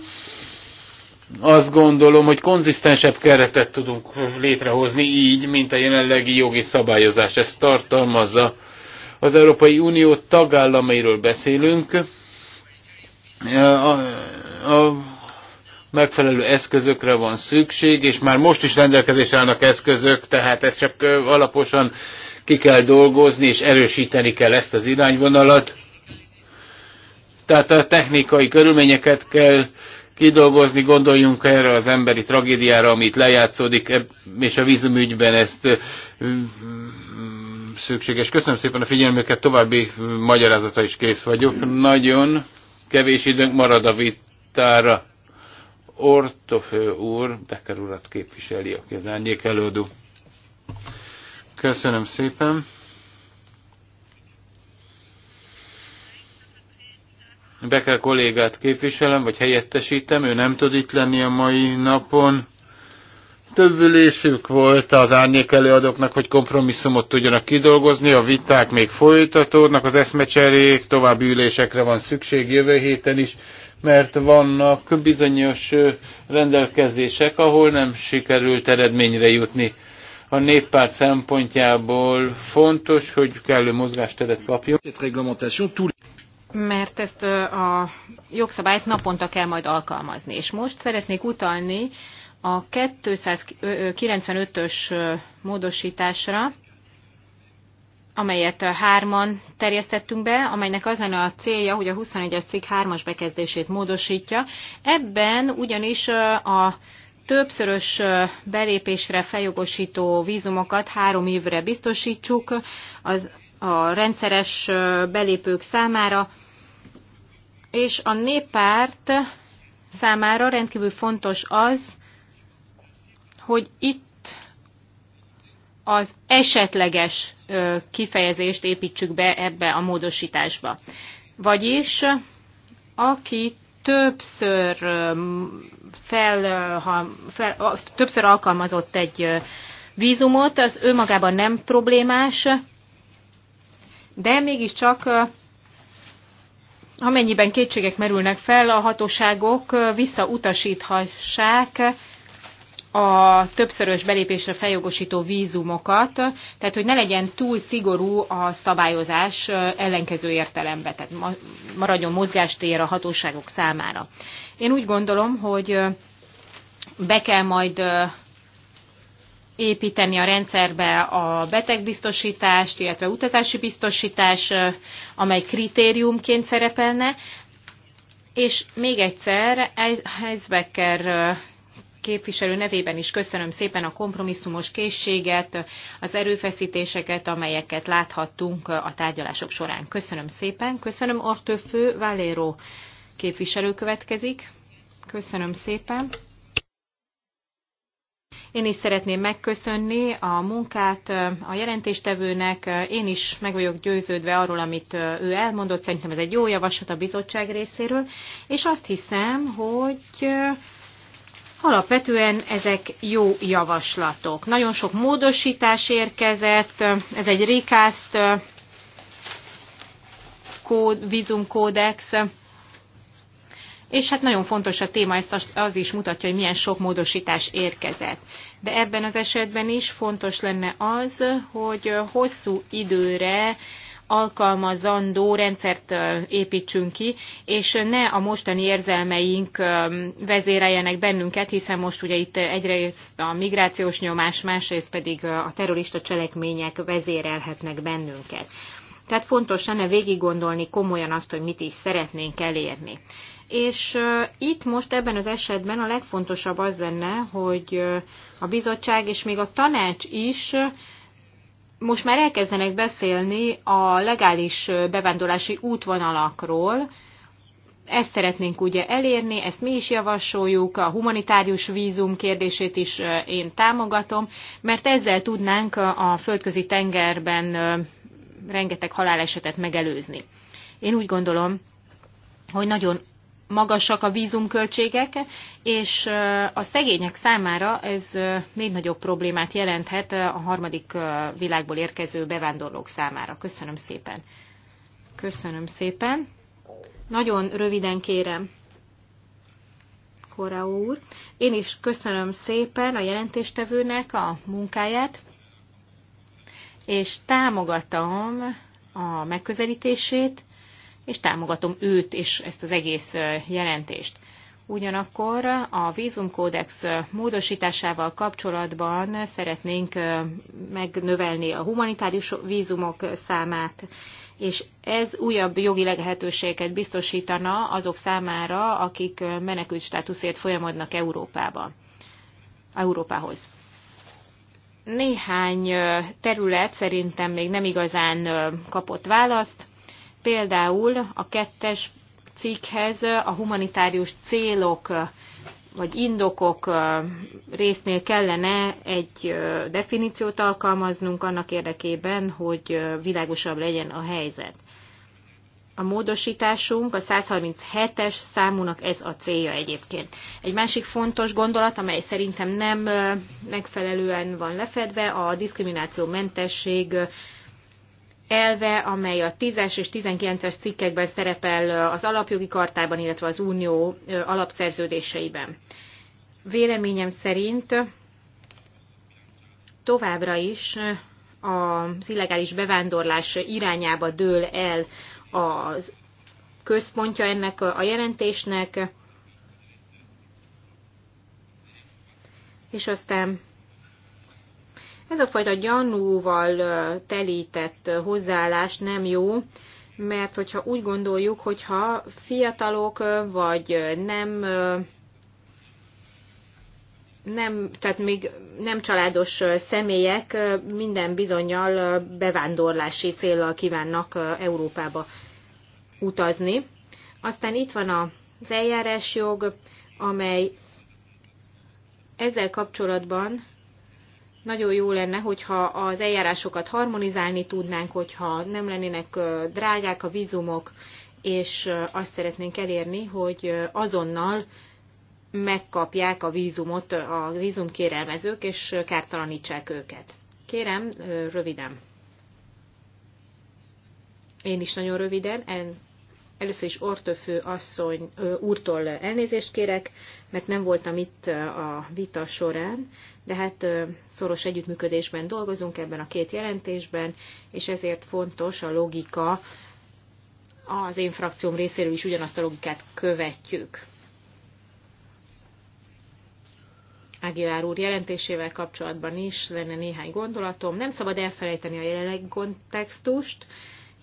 azt gondolom, hogy konzisztensebb keretet tudunk létrehozni így, mint a jelenlegi jogi szabályozás ezt tartalmazza. Az Európai Unió tagállamairól beszélünk. A, a megfelelő eszközökre van szükség, és már most is rendelkezésre állnak eszközök, tehát ezt csak alaposan ki kell dolgozni, és erősíteni kell ezt az irányvonalat. Tehát a technikai körülményeket kell kidolgozni, gondoljunk erre az emberi tragédiára, amit lejátszódik, és a vízumügyben ezt szükséges. Köszönöm szépen a figyelmüket, további magyarázata is kész vagyok. Nagyon kevés időnk marad a vitára. Ortofő úr, Becker urat képviseli, aki az előadó. Köszönöm szépen. Becker kollégát képviselem, vagy helyettesítem, ő nem tud itt lenni a mai napon. Több ülésük volt az árnyék előadóknak, hogy kompromisszumot tudjanak kidolgozni, a viták még folytatódnak, az eszmecserék, további ülésekre van szükség jövő héten is, mert vannak bizonyos rendelkezések, ahol nem sikerült eredményre jutni. A néppárt szempontjából fontos, hogy kellő mozgásteret kapjon mert ezt a jogszabályt naponta kell majd alkalmazni. És most szeretnék utalni a 295-ös módosításra, amelyet hárman terjesztettünk be, amelynek az lenne a célja, hogy a 21-es cikk hármas as bekezdését módosítja. Ebben ugyanis a többszörös belépésre feljogosító vízumokat három évre biztosítsuk az a rendszeres belépők számára, és a néppárt számára rendkívül fontos az, hogy itt az esetleges kifejezést építsük be ebbe a módosításba. Vagyis, aki többször, fel, ha, fel, többször alkalmazott egy vízumot, az önmagában nem problémás, de mégiscsak amennyiben kétségek merülnek fel, a hatóságok visszautasíthassák a többszörös belépésre feljogosító vízumokat, tehát hogy ne legyen túl szigorú a szabályozás ellenkező értelembe, tehát maradjon mozgástér a hatóságok számára. Én úgy gondolom, hogy be kell majd építeni a rendszerbe a betegbiztosítást, illetve utatási biztosítás, amely kritériumként szerepelne. És még egyszer, Heisbecker képviselő nevében is köszönöm szépen a kompromisszumos készséget, az erőfeszítéseket, amelyeket láthattunk a tárgyalások során. Köszönöm szépen, köszönöm Artőfő Valero képviselő következik. Köszönöm szépen. Én is szeretném megköszönni a munkát a jelentéstevőnek. Én is meg vagyok győződve arról, amit ő elmondott. Szerintem ez egy jó javaslat a bizottság részéről. És azt hiszem, hogy alapvetően ezek jó javaslatok. Nagyon sok módosítás érkezett. Ez egy rikászt vízumkódex. kód, és hát nagyon fontos a téma, ezt az is mutatja, hogy milyen sok módosítás érkezett. De ebben az esetben is fontos lenne az, hogy hosszú időre alkalmazandó rendszert építsünk ki, és ne a mostani érzelmeink vezéreljenek bennünket, hiszen most ugye itt egyrészt a migrációs nyomás, másrészt pedig a terrorista cselekmények vezérelhetnek bennünket. Tehát fontos lenne végig gondolni komolyan azt, hogy mit is szeretnénk elérni és itt most ebben az esetben a legfontosabb az lenne, hogy a bizottság és még a tanács is most már elkezdenek beszélni a legális bevándorlási útvonalakról. Ezt szeretnénk ugye elérni, ezt mi is javasoljuk, a humanitárius vízum kérdését is én támogatom, mert ezzel tudnánk a földközi tengerben rengeteg halálesetet megelőzni. Én úgy gondolom, hogy nagyon magasak a vízumköltségek, és a szegények számára ez még nagyobb problémát jelenthet a harmadik világból érkező bevándorlók számára. Köszönöm szépen. Köszönöm szépen. Nagyon röviden kérem. Kora úr. Én is köszönöm szépen a jelentéstevőnek a munkáját, és támogatom a megközelítését, és támogatom őt és ezt az egész jelentést. Ugyanakkor a vízumkódex módosításával kapcsolatban szeretnénk megnövelni a humanitárius vízumok számát, és ez újabb jogi lehetőséget biztosítana azok számára, akik menekült státuszért folyamodnak Európába, Európához. Néhány terület szerintem még nem igazán kapott választ, Például a kettes cikkhez a humanitárius célok vagy indokok résznél kellene egy definíciót alkalmaznunk annak érdekében, hogy világosabb legyen a helyzet. A módosításunk, a 137-es számúnak ez a célja egyébként. Egy másik fontos gondolat, amely szerintem nem megfelelően van lefedve, a diszkrimináció mentesség elve, amely a 10-es és 19-es cikkekben szerepel az alapjogi kartában, illetve az unió alapszerződéseiben. Véleményem szerint továbbra is az illegális bevándorlás irányába dől el az központja ennek a jelentésnek, és aztán ez a fajta gyanúval telített hozzáállás nem jó, mert hogyha úgy gondoljuk, hogyha fiatalok vagy nem nem, tehát még nem családos személyek minden bizonyal bevándorlási célral kívánnak Európába utazni. Aztán itt van az eljárásjog, amely ezzel kapcsolatban nagyon jó lenne, hogyha az eljárásokat harmonizálni tudnánk, hogyha nem lennének drágák a vízumok, és azt szeretnénk elérni, hogy azonnal megkapják a vízumot a vízumkérelmezők, és kártalanítsák őket. Kérem, röviden. Én is nagyon röviden, Először is Ortöfő asszony úrtól elnézést kérek, mert nem voltam itt a vita során, de hát szoros együttműködésben dolgozunk ebben a két jelentésben, és ezért fontos a logika, az én frakcióm részéről is ugyanazt a logikát követjük. Ágilár úr jelentésével kapcsolatban is lenne néhány gondolatom. Nem szabad elfelejteni a jelenlegi kontextust,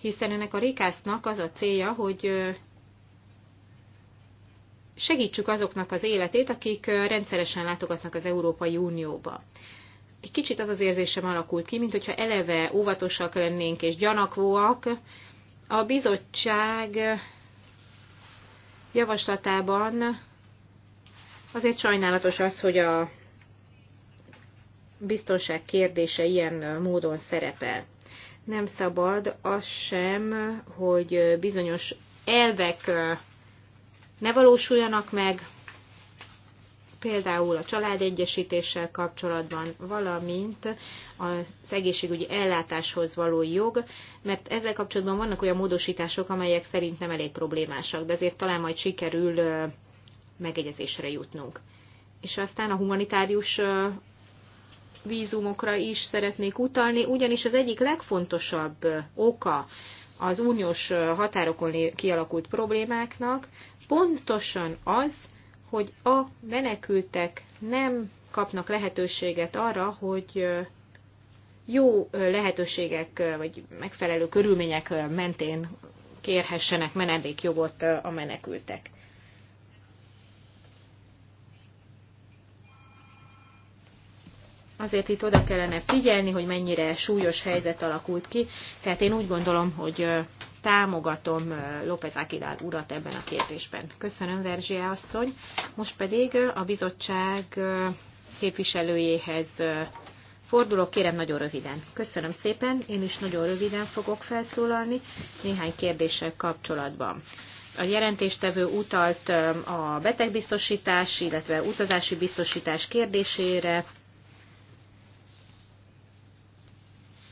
hiszen ennek a rékásznak az a célja, hogy segítsük azoknak az életét, akik rendszeresen látogatnak az Európai Unióba. Egy kicsit az az érzésem alakult ki, mint hogyha eleve óvatosak lennénk és gyanakvóak. A bizottság javaslatában azért sajnálatos az, hogy a biztonság kérdése ilyen módon szerepel nem szabad az sem, hogy bizonyos elvek ne valósuljanak meg, például a családegyesítéssel kapcsolatban, valamint az egészségügyi ellátáshoz való jog, mert ezzel kapcsolatban vannak olyan módosítások, amelyek szerint nem elég problémásak, de ezért talán majd sikerül megegyezésre jutnunk. És aztán a humanitárius vízumokra is szeretnék utalni, ugyanis az egyik legfontosabb oka az uniós határokon kialakult problémáknak pontosan az, hogy a menekültek nem kapnak lehetőséget arra, hogy jó lehetőségek vagy megfelelő körülmények mentén kérhessenek menedékjogot a menekültek. Azért itt oda kellene figyelni, hogy mennyire súlyos helyzet alakult ki. Tehát én úgy gondolom, hogy támogatom López Ákidál urat ebben a kérdésben. Köszönöm, Verzsia asszony. Most pedig a bizottság képviselőjéhez fordulok, kérem nagyon röviden. Köszönöm szépen, én is nagyon röviden fogok felszólalni néhány kérdéssel kapcsolatban. A jelentéstevő utalt a betegbiztosítás, illetve utazási biztosítás kérdésére,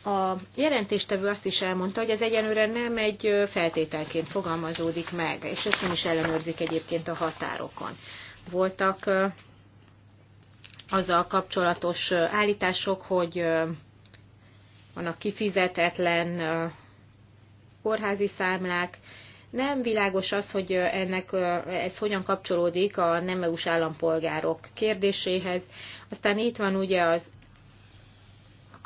A jelentéstevő azt is elmondta, hogy ez egyenőre nem egy feltételként fogalmazódik meg, és ezt nem is ellenőrzik egyébként a határokon. Voltak azzal kapcsolatos állítások, hogy vannak kifizetetlen kórházi számlák. Nem világos az, hogy ennek, ez hogyan kapcsolódik a nem EU-s állampolgárok kérdéséhez. Aztán itt van ugye az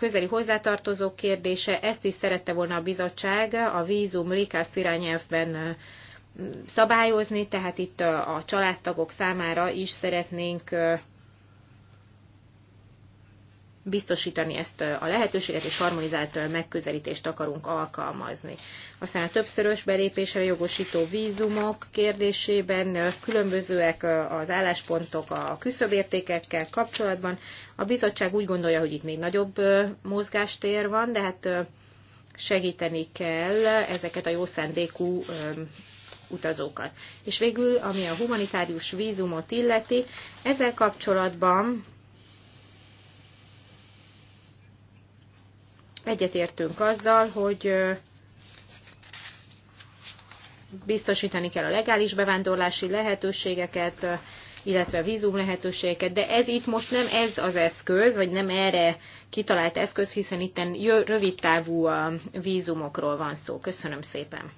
közeli hozzátartozók kérdése, ezt is szerette volna a bizottság a vízum rékász irányelvben szabályozni, tehát itt a családtagok számára is szeretnénk biztosítani ezt a lehetőséget, és harmonizált megközelítést akarunk alkalmazni. Aztán a többszörös belépésre jogosító vízumok kérdésében különbözőek az álláspontok a küszöbértékekkel kapcsolatban. A bizottság úgy gondolja, hogy itt még nagyobb mozgástér van, de hát segíteni kell ezeket a jó szándékú utazókat. És végül, ami a humanitárius vízumot illeti, ezzel kapcsolatban Egyetértünk azzal, hogy biztosítani kell a legális bevándorlási lehetőségeket, illetve vízum lehetőségeket, de ez itt most nem ez az eszköz, vagy nem erre kitalált eszköz, hiszen itt rövidtávú vízumokról van szó. Köszönöm szépen.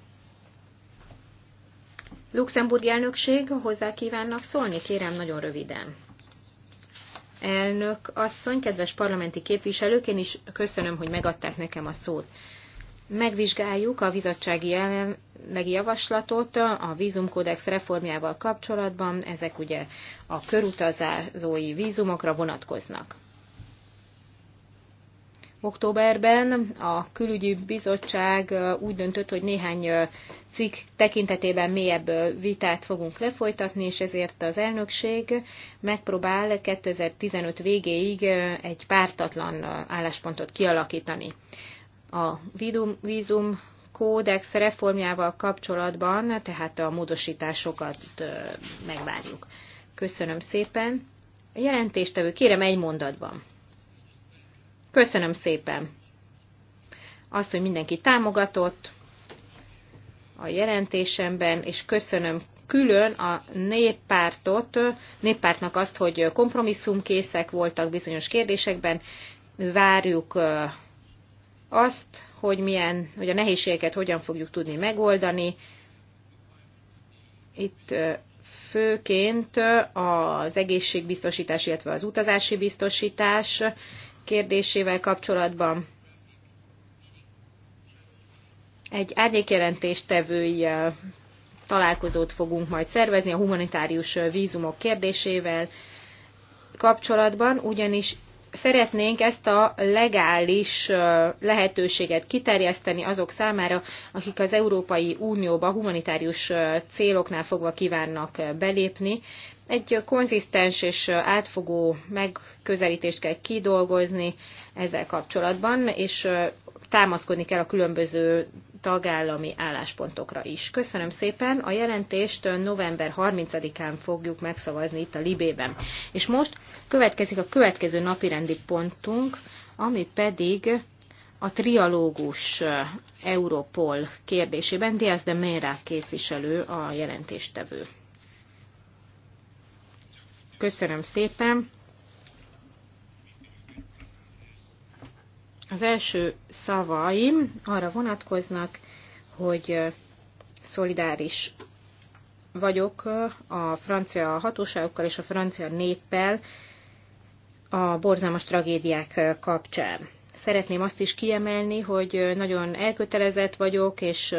Luxemburgi elnökség hozzá kívánnak szólni? Kérem, nagyon röviden elnök asszony, kedves parlamenti képviselők, én is köszönöm, hogy megadták nekem a szót. Megvizsgáljuk a bizottsági jelenlegi javaslatot a vízumkódex reformjával kapcsolatban. Ezek ugye a körutazázói vízumokra vonatkoznak. Októberben a külügyi bizottság úgy döntött, hogy néhány cikk tekintetében mélyebb vitát fogunk lefolytatni, és ezért az elnökség megpróbál 2015 végéig egy pártatlan álláspontot kialakítani. A vízum, kódex reformjával kapcsolatban, tehát a módosításokat megvárjuk. Köszönöm szépen. A jelentéstevő, kérem egy mondatban. Köszönöm szépen azt, hogy mindenki támogatott a jelentésemben, és köszönöm külön a néppártot, néppártnak azt, hogy kompromisszumkészek voltak bizonyos kérdésekben. Várjuk azt, hogy, milyen, hogy a nehézségeket hogyan fogjuk tudni megoldani. Itt főként az egészségbiztosítás, illetve az utazási biztosítás kérdésével kapcsolatban egy árnyékjelentéstevői eh, találkozót fogunk majd szervezni a humanitárius eh, vízumok kérdésével kapcsolatban, ugyanis szeretnénk ezt a legális lehetőséget kiterjeszteni azok számára, akik az Európai Unióba humanitárius céloknál fogva kívánnak belépni. Egy konzisztens és átfogó megközelítést kell kidolgozni ezzel kapcsolatban, és támaszkodni kell a különböző tagállami álláspontokra is. Köszönöm szépen, a jelentést november 30-án fogjuk megszavazni itt a Libében. És most Következik a következő napirendi pontunk, ami pedig a trialógus Europol kérdésében Diaz de Mera képviselő a jelentéstevő. Köszönöm szépen! Az első szavaim arra vonatkoznak, hogy szolidáris vagyok a francia hatóságokkal és a francia néppel a borzalmas tragédiák kapcsán. Szeretném azt is kiemelni, hogy nagyon elkötelezett vagyok, és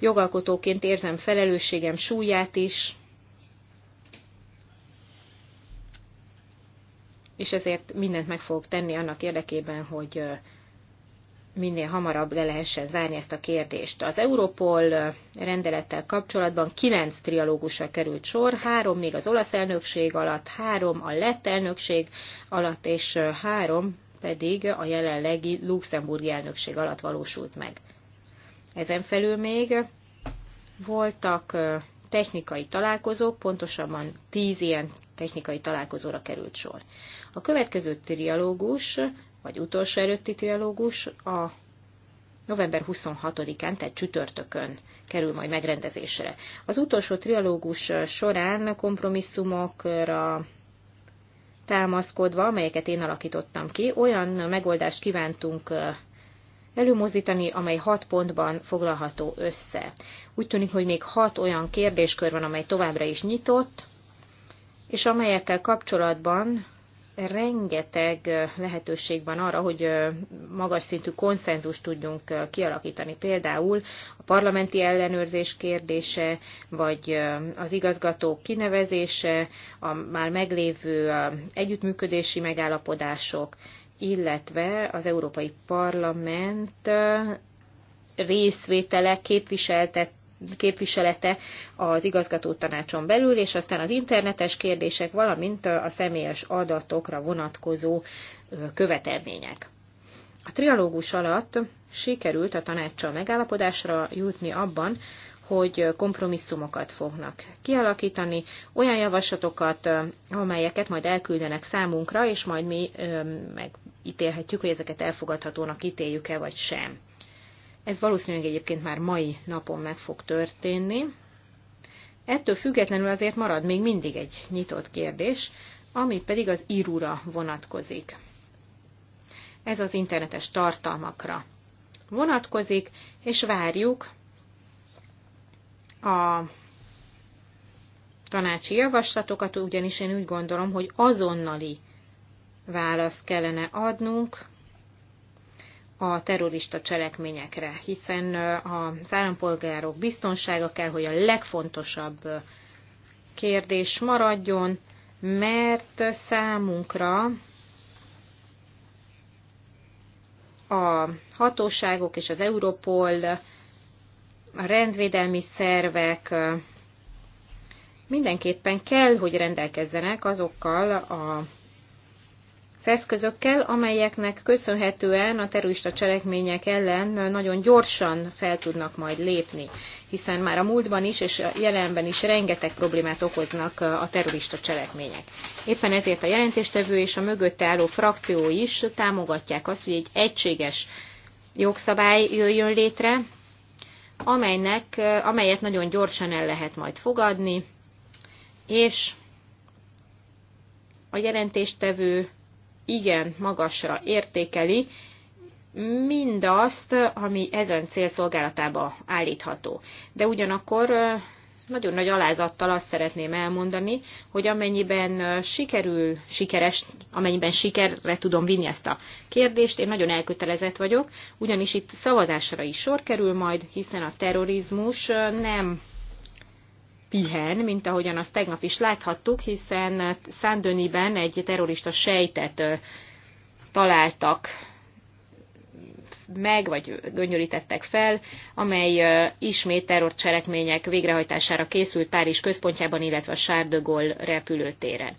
jogalkotóként érzem felelősségem súlyát is, és ezért mindent meg fogok tenni annak érdekében, hogy minél hamarabb le lehessen zárni ezt a kérdést. Az Europol rendelettel kapcsolatban kilenc trialógusra került sor, három még az olasz elnökség alatt, három a lett elnökség alatt, és három pedig a jelenlegi luxemburgi elnökség alatt valósult meg. Ezen felül még voltak technikai találkozók, pontosabban tíz ilyen technikai találkozóra került sor. A következő trialógus vagy utolsó előtti dialógus a november 26-án, tehát csütörtökön kerül majd megrendezésre. Az utolsó trialógus során kompromisszumokra támaszkodva, amelyeket én alakítottam ki, olyan megoldást kívántunk előmozdítani, amely hat pontban foglalható össze. Úgy tűnik, hogy még hat olyan kérdéskör van, amely továbbra is nyitott, és amelyekkel kapcsolatban rengeteg lehetőség van arra, hogy magas szintű konszenzus tudjunk kialakítani. Például a parlamenti ellenőrzés kérdése, vagy az igazgatók kinevezése, a már meglévő együttműködési megállapodások, illetve az Európai Parlament részvétele, képviseltet képviselete az igazgató tanácson belül, és aztán az internetes kérdések, valamint a személyes adatokra vonatkozó követelmények. A trialógus alatt sikerült a tanácssal megállapodásra jutni abban, hogy kompromisszumokat fognak kialakítani, olyan javaslatokat, amelyeket majd elküldenek számunkra, és majd mi megítélhetjük, hogy ezeket elfogadhatónak ítéljük-e vagy sem. Ez valószínűleg egyébként már mai napon meg fog történni. Ettől függetlenül azért marad még mindig egy nyitott kérdés, ami pedig az írura vonatkozik. Ez az internetes tartalmakra vonatkozik, és várjuk a tanácsi javaslatokat, ugyanis én úgy gondolom, hogy azonnali választ kellene adnunk a terrorista cselekményekre, hiszen az állampolgárok biztonsága kell, hogy a legfontosabb kérdés maradjon, mert számunkra a hatóságok és az Europol, a rendvédelmi szervek mindenképpen kell, hogy rendelkezzenek azokkal a eszközökkel, amelyeknek köszönhetően a terrorista cselekmények ellen nagyon gyorsan fel tudnak majd lépni, hiszen már a múltban is és a jelenben is rengeteg problémát okoznak a terrorista cselekmények. Éppen ezért a jelentéstevő és a mögötte álló frakció is támogatják azt, hogy egy egységes jogszabály jöjjön létre, amelynek, amelyet nagyon gyorsan el lehet majd fogadni, és a jelentéstevő igen magasra értékeli mindazt, ami ezen cél szolgálatába állítható. De ugyanakkor nagyon nagy alázattal azt szeretném elmondani, hogy amennyiben sikerül, sikeres, amennyiben sikerre tudom vinni ezt a kérdést, én nagyon elkötelezett vagyok, ugyanis itt szavazásra is sor kerül majd, hiszen a terrorizmus nem pihen, mint ahogyan azt tegnap is láthattuk, hiszen Szándöniben egy terrorista sejtet találtak meg, vagy gönyörítettek fel, amely ismét terrorcselekmények végrehajtására készült Párizs központjában, illetve a Sárdögol repülőtéren.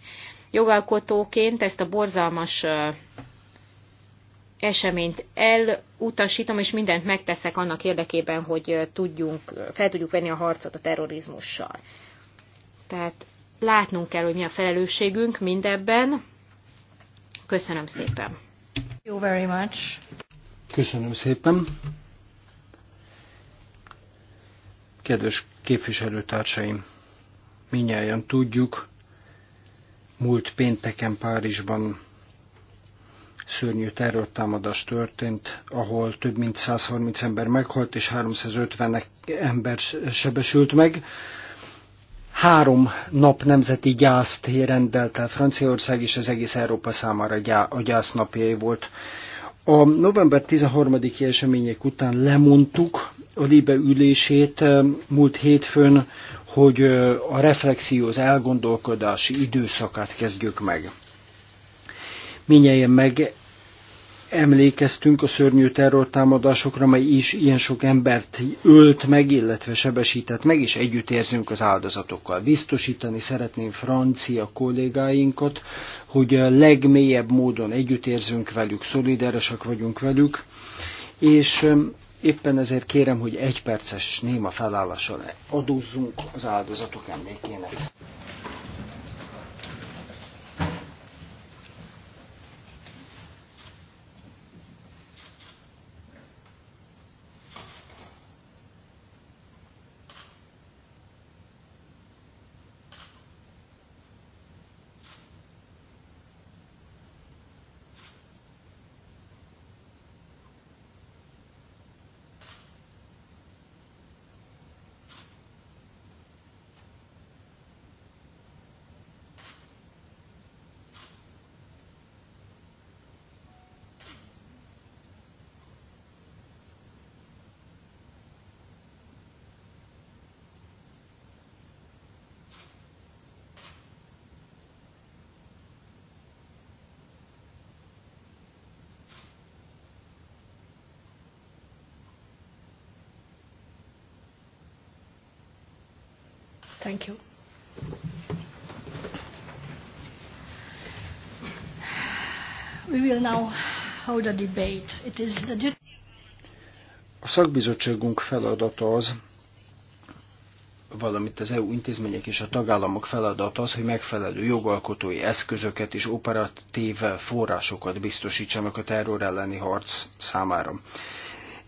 Jogalkotóként ezt a borzalmas eseményt elutasítom, és mindent megteszek annak érdekében, hogy tudjunk, fel tudjuk venni a harcot a terrorizmussal. Tehát látnunk kell, hogy mi a felelősségünk mindebben. Köszönöm szépen. Thank you very much. Köszönöm szépen. Kedves képviselőtársaim, minnyáján tudjuk, múlt pénteken Párizsban szörnyű terrortámadás történt, ahol több mint 130 ember meghalt, és 350 ember sebesült meg. Három nap nemzeti gyászt rendelt el Franciaország, és az egész Európa számára a gyász napjai volt. A november 13-i események után lemondtuk a Libe ülését eh, múlt hétfőn, hogy eh, a reflexió, az elgondolkodási időszakát kezdjük meg minnyáján meg emlékeztünk a szörnyű terrortámadásokra, mely is ilyen sok embert ölt meg, illetve sebesített meg, és együtt érzünk az áldozatokkal. Biztosítani szeretném francia kollégáinkat, hogy a legmélyebb módon együtt érzünk velük, szolidárisak vagyunk velük, és um, éppen ezért kérem, hogy egy perces néma felállással adózzunk az áldozatok emlékének. will now hold a debate. It is the duty... A szakbizottságunk feladata az, valamint az EU intézmények és a tagállamok feladata az, hogy megfelelő jogalkotói eszközöket és operatív forrásokat biztosítsanak a terror elleni harc számára.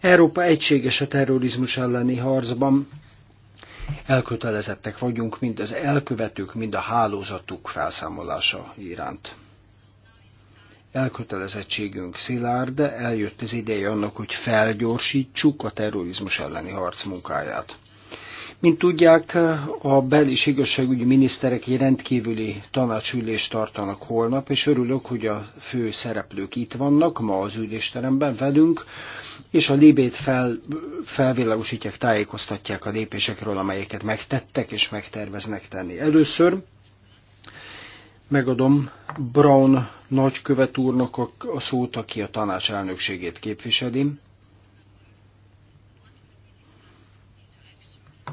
Európa egységes a terrorizmus elleni harcban, elkötelezettek vagyunk mind az elkövetők, mind a hálózatuk felszámolása iránt elkötelezettségünk szilárd, de eljött az ideje annak, hogy felgyorsítsuk a terrorizmus elleni harc munkáját. Mint tudják, a bel- és igazságügyi miniszterek egy rendkívüli tanácsülést tartanak holnap, és örülök, hogy a fő szereplők itt vannak, ma az ülésteremben velünk, és a Libét fel, felvilágosítják, tájékoztatják a lépésekről, amelyeket megtettek és megterveznek tenni. Először megadom Brown nagykövet úrnak a szót, aki a tanács elnökségét képviseli.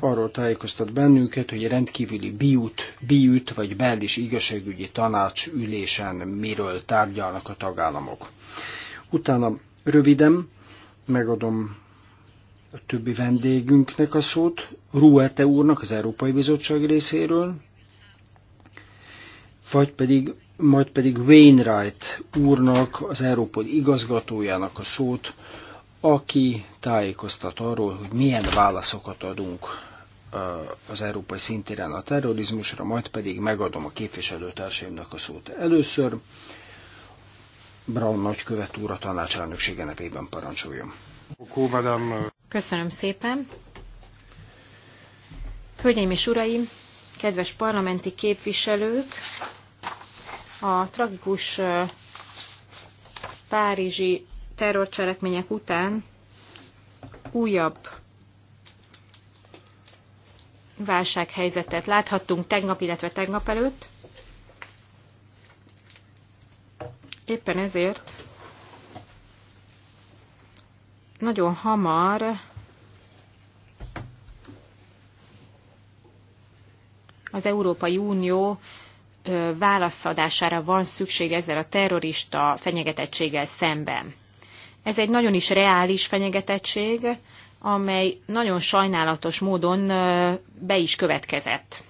Arról tájékoztat bennünket, hogy rendkívüli biút, biút vagy bel- igazságügyi tanács ülésen miről tárgyalnak a tagállamok. Utána röviden megadom a többi vendégünknek a szót, Ruete úrnak az Európai Bizottság részéről, vagy pedig majd pedig Wainwright úrnak, az Európai igazgatójának a szót, aki tájékoztat arról, hogy milyen válaszokat adunk az európai szintéren a terrorizmusra, majd pedig megadom a képviselőtársaimnak a szót. Először Brown nagykövet úr a tanácselnöksége nevében parancsoljon. Köszönöm szépen. Hölgyeim és uraim, kedves parlamenti képviselők, a tragikus párizsi terrorcselekmények után újabb válsághelyzetet láthattunk tegnap, illetve tegnap előtt. Éppen ezért nagyon hamar az Európai Unió válaszadására van szükség ezzel a terrorista fenyegetettséggel szemben. Ez egy nagyon is reális fenyegetettség, amely nagyon sajnálatos módon be is következett.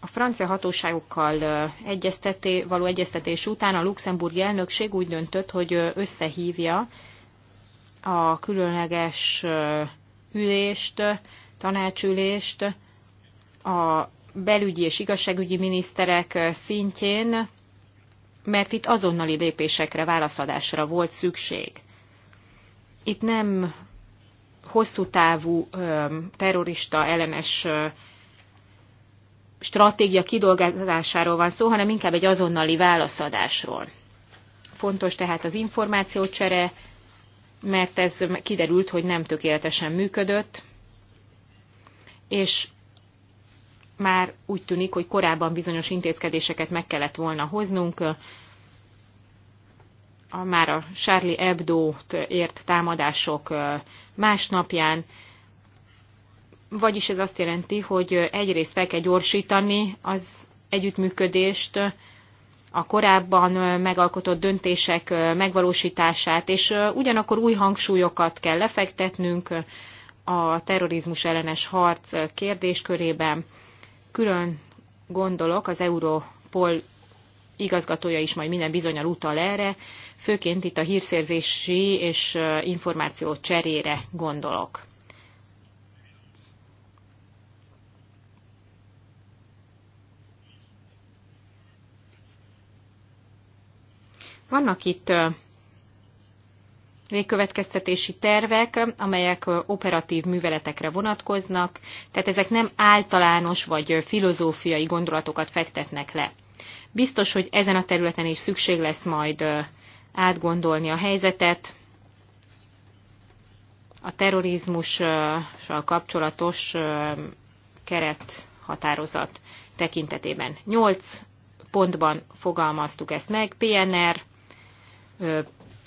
A francia hatóságokkal egyezteté, való egyeztetés után a luxemburgi elnökség úgy döntött, hogy összehívja a különleges ülést tanácsülést a belügyi és igazságügyi miniszterek szintjén, mert itt azonnali lépésekre, válaszadásra volt szükség. Itt nem hosszú távú terrorista ellenes stratégia kidolgozásáról van szó, hanem inkább egy azonnali válaszadásról. Fontos tehát az információcsere, mert ez kiderült, hogy nem tökéletesen működött, és már úgy tűnik, hogy korábban bizonyos intézkedéseket meg kellett volna hoznunk. A, már a Charlie Hebdo-t ért támadások másnapján, vagyis ez azt jelenti, hogy egyrészt fel kell gyorsítani az együttműködést, a korábban megalkotott döntések megvalósítását, és ugyanakkor új hangsúlyokat kell lefektetnünk, a terrorizmus ellenes harc kérdéskörében. Külön gondolok, az Europol igazgatója is majd minden bizonyal utal erre, főként itt a hírszerzési és információ cserére gondolok. Vannak itt végkövetkeztetési tervek, amelyek operatív műveletekre vonatkoznak, tehát ezek nem általános vagy filozófiai gondolatokat fektetnek le. Biztos, hogy ezen a területen is szükség lesz majd átgondolni a helyzetet, a terrorizmussal kapcsolatos keret határozat tekintetében. Nyolc pontban fogalmaztuk ezt meg, PNR,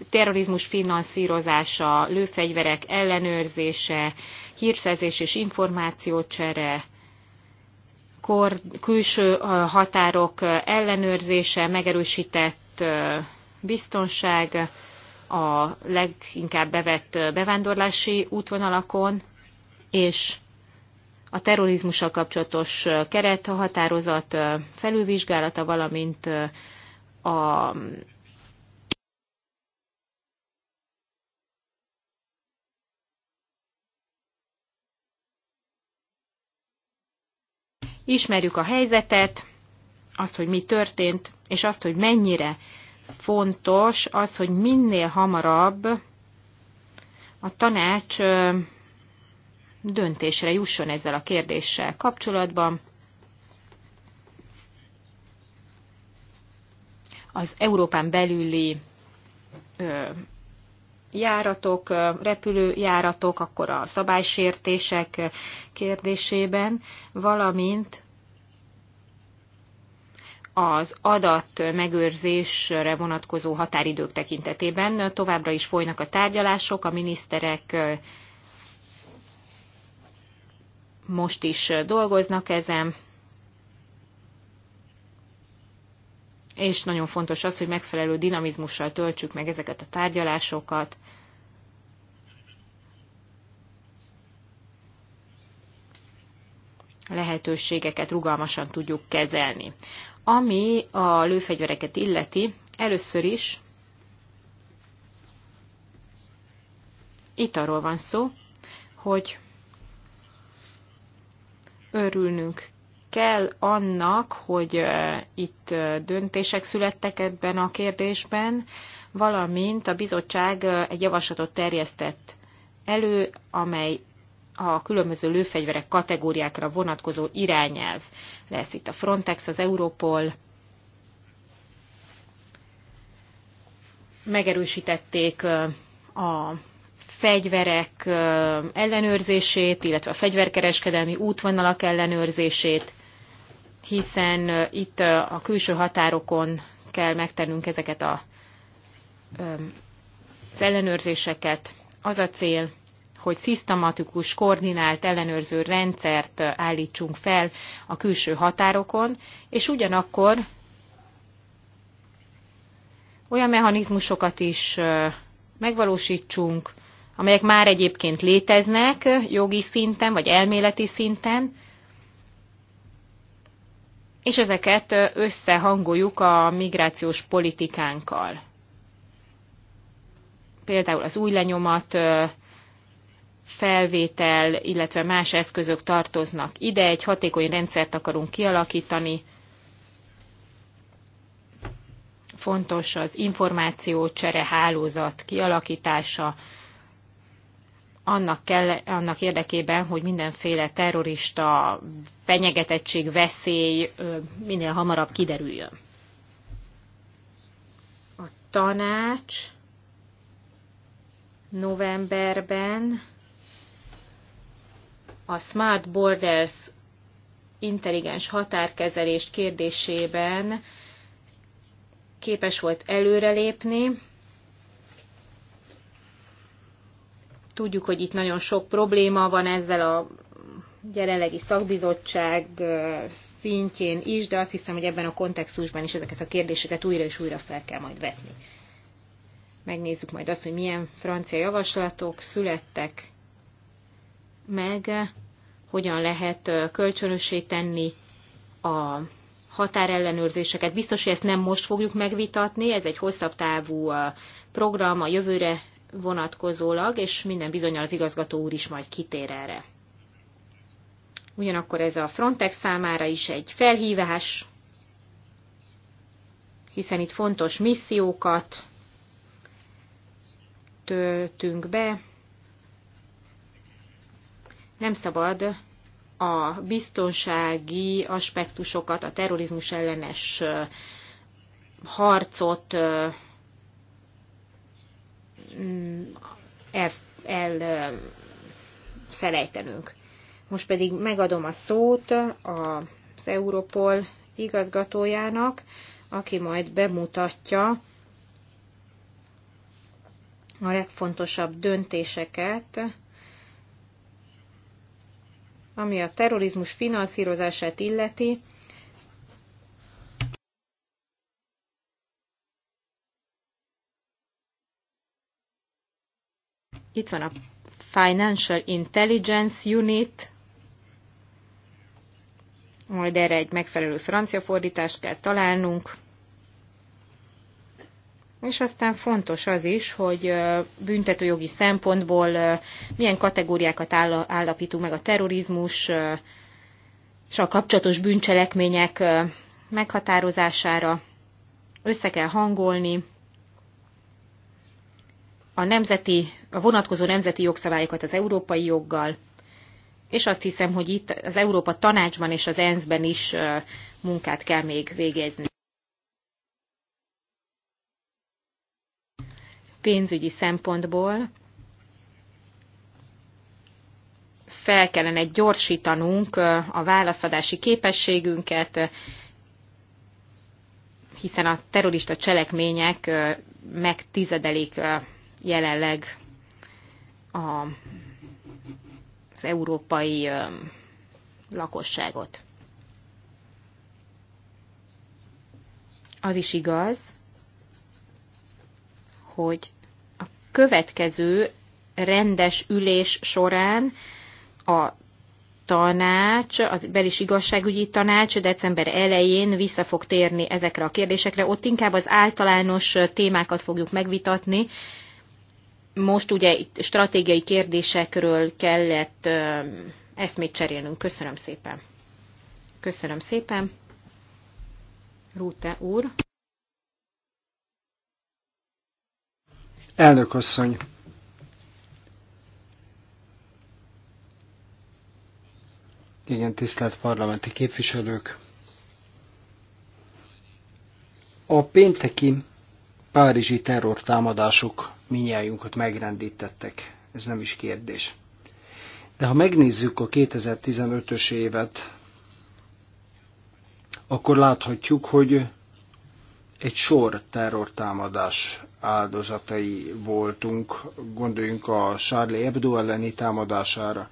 terrorizmus finanszírozása, lőfegyverek ellenőrzése, hírszerzés és információcsere, kor, külső határok ellenőrzése, megerősített biztonság a leginkább bevett bevándorlási útvonalakon, és a terrorizmussal kapcsolatos keret, határozat felülvizsgálata, valamint a Ismerjük a helyzetet, azt, hogy mi történt, és azt, hogy mennyire fontos az, hogy minél hamarabb a tanács döntésre jusson ezzel a kérdéssel kapcsolatban. Az Európán belüli járatok, repülőjáratok, akkor a szabálysértések kérdésében, valamint az adat megőrzésre vonatkozó határidők tekintetében. Továbbra is folynak a tárgyalások, a miniszterek most is dolgoznak ezen, és nagyon fontos az, hogy megfelelő dinamizmussal töltsük meg ezeket a tárgyalásokat. lehetőségeket rugalmasan tudjuk kezelni. Ami a lőfegyvereket illeti, először is itt arról van szó, hogy örülnünk kell annak, hogy itt döntések születtek ebben a kérdésben, valamint a bizottság egy javaslatot terjesztett elő, amely a különböző lőfegyverek kategóriákra vonatkozó irányelv lesz itt a Frontex, az Europol. Megerősítették a fegyverek ellenőrzését, illetve a fegyverkereskedelmi útvonalak ellenőrzését hiszen itt a külső határokon kell megtennünk ezeket a, az ellenőrzéseket. Az a cél, hogy szisztematikus, koordinált ellenőrző rendszert állítsunk fel a külső határokon, és ugyanakkor olyan mechanizmusokat is megvalósítsunk, amelyek már egyébként léteznek jogi szinten vagy elméleti szinten, és ezeket összehangoljuk a migrációs politikánkkal. Például az új lenyomat felvétel, illetve más eszközök tartoznak ide, egy hatékony rendszert akarunk kialakítani. Fontos az információcsere hálózat kialakítása, annak, kell, annak érdekében, hogy mindenféle terrorista fenyegetettség, veszély minél hamarabb kiderüljön. A tanács novemberben a Smart Borders intelligens határkezelés kérdésében képes volt előrelépni, Tudjuk, hogy itt nagyon sok probléma van ezzel a jelenlegi szakbizottság szintjén is, de azt hiszem, hogy ebben a kontextusban is ezeket a kérdéseket újra és újra fel kell majd vetni. Megnézzük majd azt, hogy milyen francia javaslatok születtek meg, hogyan lehet kölcsönössé tenni a határellenőrzéseket. Biztos, hogy ezt nem most fogjuk megvitatni, ez egy hosszabb távú program a jövőre vonatkozólag, és minden bizonyal az igazgató úr is majd kitér erre. Ugyanakkor ez a Frontex számára is egy felhívás, hiszen itt fontos missziókat töltünk be. Nem szabad a biztonsági aspektusokat, a terrorizmus ellenes harcot Mm, el El, Most pedig megadom a szót az Europol igazgatójának, aki majd bemutatja a legfontosabb döntéseket, ami a terrorizmus finanszírozását illeti, Itt van a Financial Intelligence Unit, majd erre egy megfelelő francia fordítást kell találnunk. És aztán fontos az is, hogy büntetőjogi szempontból milyen kategóriákat állapítunk meg a terrorizmus és a kapcsolatos bűncselekmények meghatározására. Össze kell hangolni a, nemzeti, a vonatkozó nemzeti jogszabályokat az európai joggal, és azt hiszem, hogy itt az Európa Tanácsban és az ENSZ-ben is munkát kell még végezni. Pénzügyi szempontból fel kellene gyorsítanunk a válaszadási képességünket, hiszen a terrorista cselekmények megtizedelik jelenleg a, az európai lakosságot. Az is igaz, hogy a következő rendes ülés során a tanács, az belis igazságügyi tanács december elején vissza fog térni ezekre a kérdésekre. Ott inkább az általános témákat fogjuk megvitatni, most ugye itt stratégiai kérdésekről kellett eszmét cserélnünk. Köszönöm szépen. Köszönöm szépen. Rúte úr. Elnök asszony. Igen, tisztelt parlamenti képviselők. A pénteki párizsi terrortámadások minnyájunkat megrendítettek, ez nem is kérdés. De ha megnézzük a 2015-ös évet, akkor láthatjuk, hogy egy sor terrortámadás áldozatai voltunk. Gondoljunk a Charlie Hebdo elleni támadására,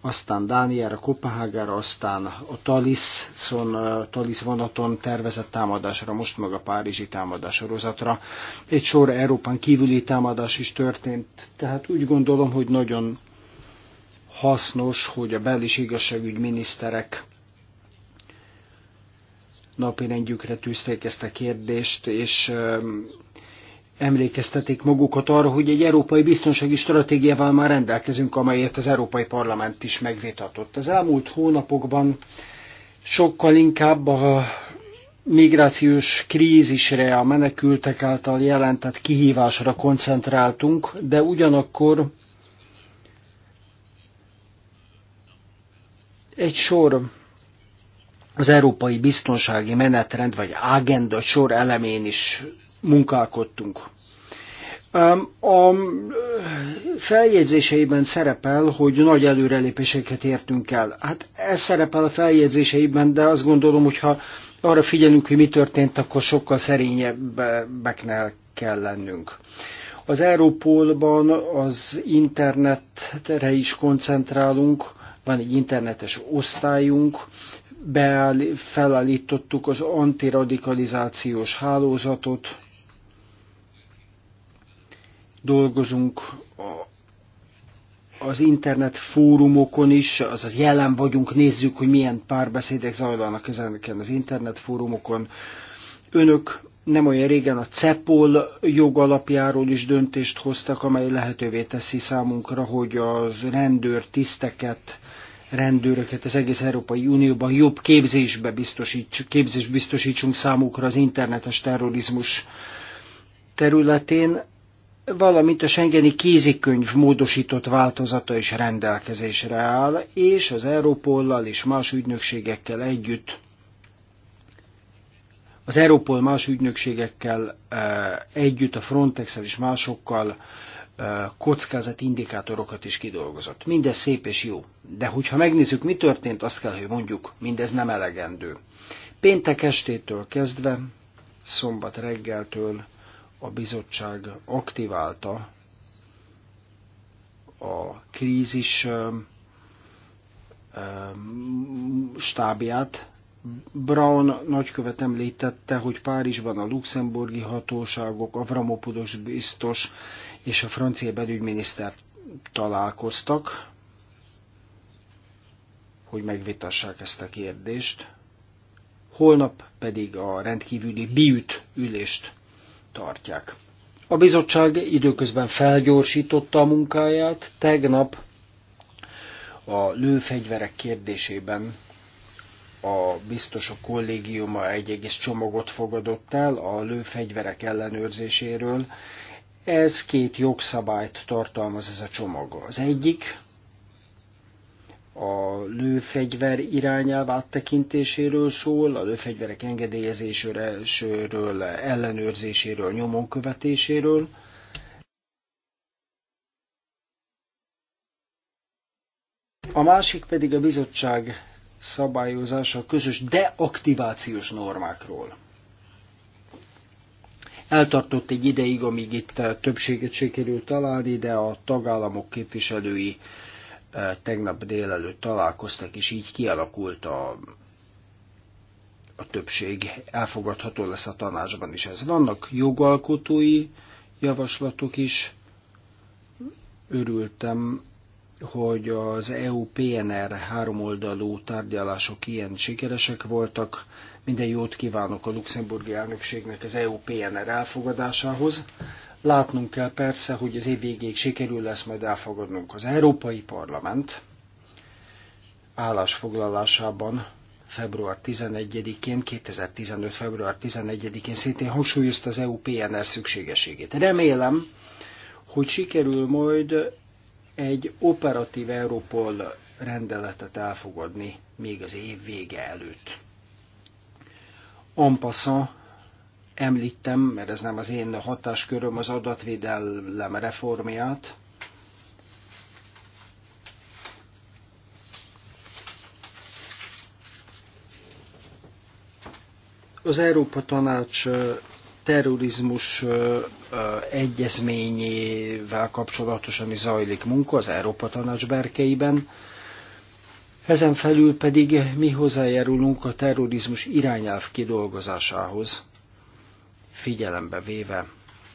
aztán Dániára, Kopenhágára, aztán a Taliszon, Talisz vonaton tervezett támadásra, most meg a Párizsi támadásorozatra. Egy sor Európán kívüli támadás is történt, tehát úgy gondolom, hogy nagyon hasznos, hogy a bel- és igazságügy miniszterek napirendjükre tűzték ezt a kérdést, és emlékeztetik magukat arra, hogy egy európai biztonsági stratégiával már rendelkezünk, amelyet az Európai Parlament is megvitatott. Az elmúlt hónapokban sokkal inkább a migrációs krízisre, a menekültek által jelentett kihívásra koncentráltunk, de ugyanakkor egy sor az európai biztonsági menetrend vagy ágenda sor elemén is munkálkodtunk. A feljegyzéseiben szerepel, hogy nagy előrelépéseket értünk el. Hát ez szerepel a feljegyzéseiben, de azt gondolom, hogyha arra figyelünk, hogy mi történt, akkor sokkal szerényebbeknél kell lennünk. Az Európolban az internetre is koncentrálunk, van egy internetes osztályunk, beáll, felállítottuk az antiradikalizációs hálózatot, dolgozunk az internet fórumokon is, azaz jelen vagyunk, nézzük, hogy milyen párbeszédek zajlanak ezeken az internet fórumokon. Önök nem olyan régen a CEPOL jogalapjáról is döntést hoztak, amely lehetővé teszi számunkra, hogy az rendőr tiszteket, rendőröket az egész Európai Unióban jobb képzésbe biztosítsunk, képzés biztosítsunk számukra az internetes terrorizmus területén valamint a Schengeni kézikönyv módosított változata is rendelkezésre áll, és az Európollal és más ügynökségekkel együtt az Európol más ügynökségekkel eh, együtt, a frontex és másokkal eh, kockázatindikátorokat is kidolgozott. Mindez szép és jó, de hogyha megnézzük, mi történt, azt kell, hogy mondjuk, mindez nem elegendő. Péntek estétől kezdve, szombat reggeltől a bizottság aktiválta a krízis stábját. Brown nagykövet említette, hogy Párizsban a luxemburgi hatóságok, Avramopoulos biztos és a francia belügyminiszter találkoztak, hogy megvitassák ezt a kérdést. Holnap pedig a rendkívüli biüt ülést tartják. A bizottság időközben felgyorsította a munkáját, tegnap a lőfegyverek kérdésében a biztosok kollégiuma egy egész csomagot fogadott el a lőfegyverek ellenőrzéséről. Ez két jogszabályt tartalmaz ez a csomag. Az egyik a lőfegyver irányelv áttekintéséről szól, a lőfegyverek engedélyezéséről, ellenőrzéséről, nyomon követéséről. A másik pedig a bizottság szabályozása a közös deaktivációs normákról. Eltartott egy ideig, amíg itt többséget sikerült találni, de a tagállamok képviselői tegnap délelőtt találkoztak, és így kialakult a, a többség. Elfogadható lesz a tanácsban is ez. Vannak jogalkotói javaslatok is. Örültem, hogy az EU-PNR háromoldalú tárgyalások ilyen sikeresek voltak. Minden jót kívánok a luxemburgi elnökségnek az EU-PNR elfogadásához. Látnunk kell persze, hogy az év végéig sikerül lesz majd elfogadnunk az Európai Parlament állásfoglalásában február 11-én, 2015. február 11-én szintén hangsúlyozta az EU PNR szükségességét. Remélem, hogy sikerül majd egy operatív Európol rendeletet elfogadni még az év vége előtt. Ampassa említem, mert ez nem az én hatásköröm, az adatvédelem reformját. Az Európa Tanács terrorizmus egyezményével kapcsolatosan is zajlik munka az Európa Tanács berkeiben. Ezen felül pedig mi hozzájárulunk a terrorizmus irányelv kidolgozásához figyelembe véve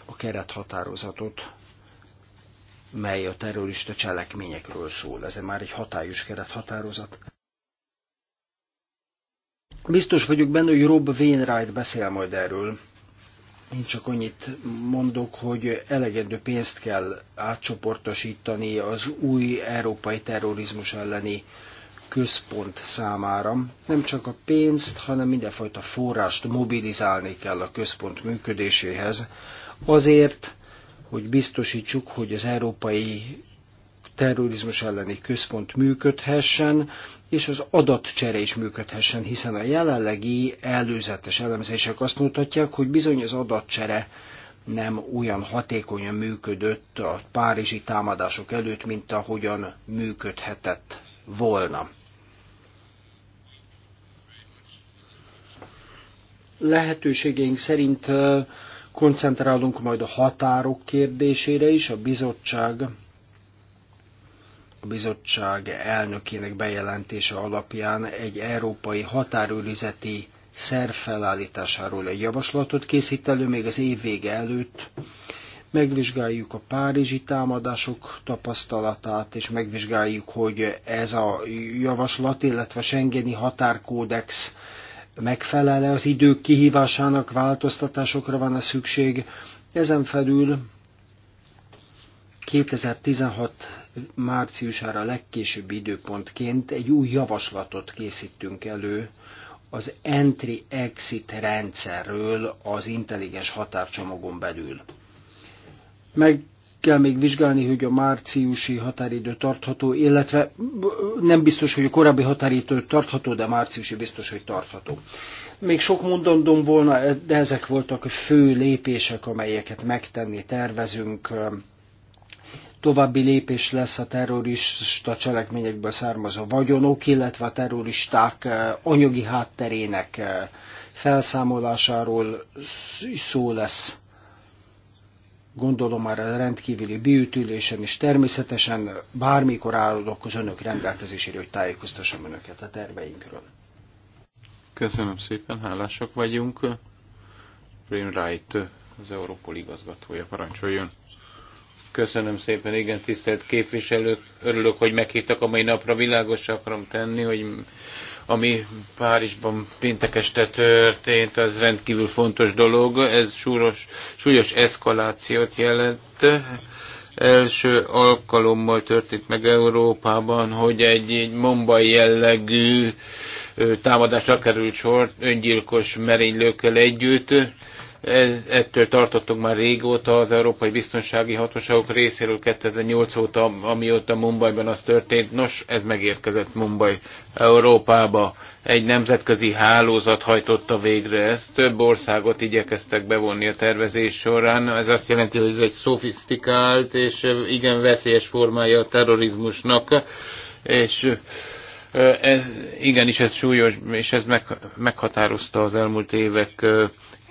a kerethatározatot, mely a terrorista cselekményekről szól. Ez már egy hatályos kerethatározat. Biztos vagyok benne, hogy Rob Wainwright beszél majd erről. Én csak annyit mondok, hogy elegendő pénzt kell átcsoportosítani az új európai terrorizmus elleni központ számára. Nem csak a pénzt, hanem mindenfajta forrást mobilizálni kell a központ működéséhez, azért, hogy biztosítsuk, hogy az európai terrorizmus elleni központ működhessen, és az adatcsere is működhessen, hiszen a jelenlegi előzetes elemzések azt mutatják, hogy bizony az adatcsere nem olyan hatékonyan működött a párizsi támadások előtt, mint ahogyan működhetett volna. Lehetőségeink szerint koncentrálunk majd a határok kérdésére is, a bizottság a bizottság elnökének bejelentése alapján egy európai határőrizeti szerv felállításáról egy javaslatot készít elő még az év vége előtt, megvizsgáljuk a párizsi támadások tapasztalatát, és megvizsgáljuk, hogy ez a javaslat, illetve a Schengeni határkódex megfelele az idők kihívásának, változtatásokra van a szükség. Ezen felül 2016 márciusára legkésőbb időpontként egy új javaslatot készítünk elő az entry-exit rendszerről az intelligens határcsomagon belül. Meg kell még vizsgálni, hogy a márciusi határidő tartható, illetve nem biztos, hogy a korábbi határidő tartható, de márciusi biztos, hogy tartható. Még sok mondandom volna, de ezek voltak a fő lépések, amelyeket megtenni tervezünk. További lépés lesz a terrorista cselekményekből származó vagyonok, illetve a terroristák eh, anyagi hátterének eh, felszámolásáról szó lesz gondolom már a rendkívüli biütülésen, és természetesen bármikor állok az önök rendelkezésére, hogy tájékoztassam önöket a terveinkről. Köszönöm szépen, hálásak vagyunk. Wright, az Európol igazgatója, parancsoljon. Köszönöm szépen, igen, tisztelt képviselők. Örülök, hogy meghívtak a mai napra. világosra akarom tenni, hogy ami Párizsban péntek este történt, az rendkívül fontos dolog. Ez súros, súlyos eszkalációt jelent. Első alkalommal történt meg Európában, hogy egy, egy mombai jellegű támadásra került sor öngyilkos merénylőkkel együtt ettől tartottunk már régóta az Európai Biztonsági Hatóságok részéről 2008 óta, amióta Mumbaiban az történt. Nos, ez megérkezett Mumbai Európába. Egy nemzetközi hálózat hajtotta végre ezt. Több országot igyekeztek bevonni a tervezés során. Ez azt jelenti, hogy ez egy szofisztikált és igen veszélyes formája a terrorizmusnak. És ez, igenis ez súlyos, és ez meg, meghatározta az elmúlt évek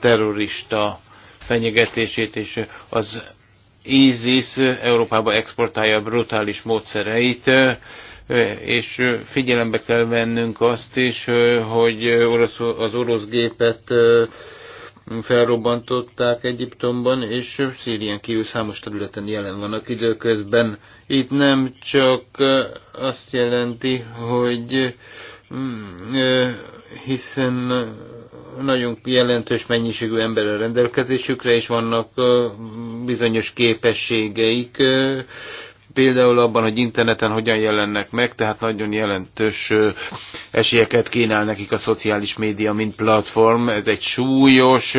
terrorista fenyegetését, és az ISIS Európába exportálja a brutális módszereit, és figyelembe kell vennünk azt is, hogy az orosz gépet felrobbantották Egyiptomban, és Szírián kívül számos területen jelen vannak időközben. Itt nem csak azt jelenti, hogy mm, hiszen nagyon jelentős mennyiségű ember a rendelkezésükre, és vannak bizonyos képességeik, például abban, hogy interneten hogyan jelennek meg, tehát nagyon jelentős esélyeket kínál nekik a szociális média, mint platform. Ez egy súlyos,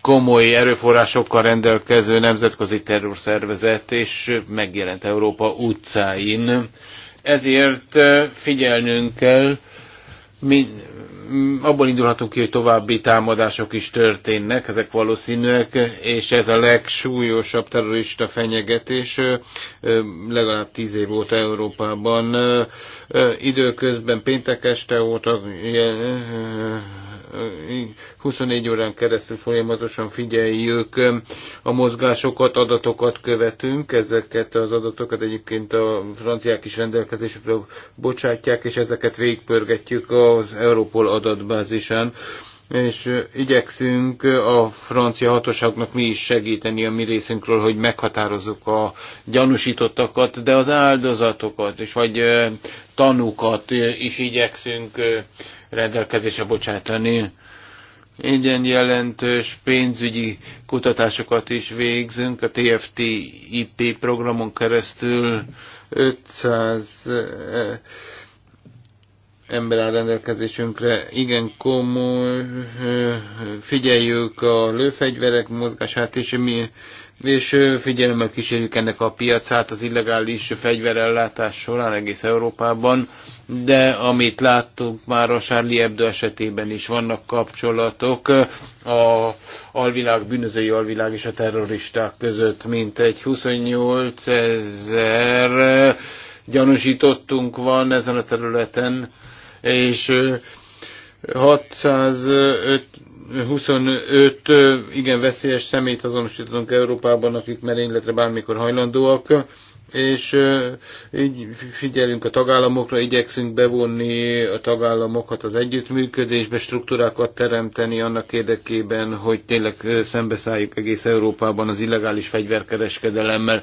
komoly erőforrásokkal rendelkező nemzetközi terrorszervezet, és megjelent Európa utcáin. Ezért figyelnünk kell, abból indulhatunk ki, hogy további támadások is történnek, ezek valószínűek, és ez a legsúlyosabb terrorista fenyegetés legalább tíz év óta Európában. Időközben péntek este óta 24 órán keresztül folyamatosan figyeljük a mozgásokat, adatokat követünk, ezeket az adatokat egyébként a franciák is rendelkezésre bocsátják, és ezeket végigpörgetjük az Europol adatbázisán és igyekszünk a francia hatóságoknak mi is segíteni a mi részünkről, hogy meghatározzuk a gyanúsítottakat, de az áldozatokat, és vagy tanúkat is igyekszünk rendelkezésre bocsátani. Igen, jelentős pénzügyi kutatásokat is végzünk a TFT-IP programon keresztül 500 ember áll rendelkezésünkre. Igen komoly, figyeljük a lőfegyverek mozgását, és mi és figyelemmel kísérjük ennek a piacát az illegális fegyverellátás során egész Európában, de amit láttuk már a Charlie Hebdo esetében is vannak kapcsolatok a alvilág, bűnözői alvilág és a terroristák között, mint egy 28 ezer gyanúsítottunk van ezen a területen, és 625 igen veszélyes szemét azonosítunk Európában, akik merényletre bármikor hajlandóak, és így figyelünk a tagállamokra, igyekszünk bevonni a tagállamokat az együttműködésbe, struktúrákat teremteni annak érdekében, hogy tényleg szembeszálljuk egész Európában az illegális fegyverkereskedelemmel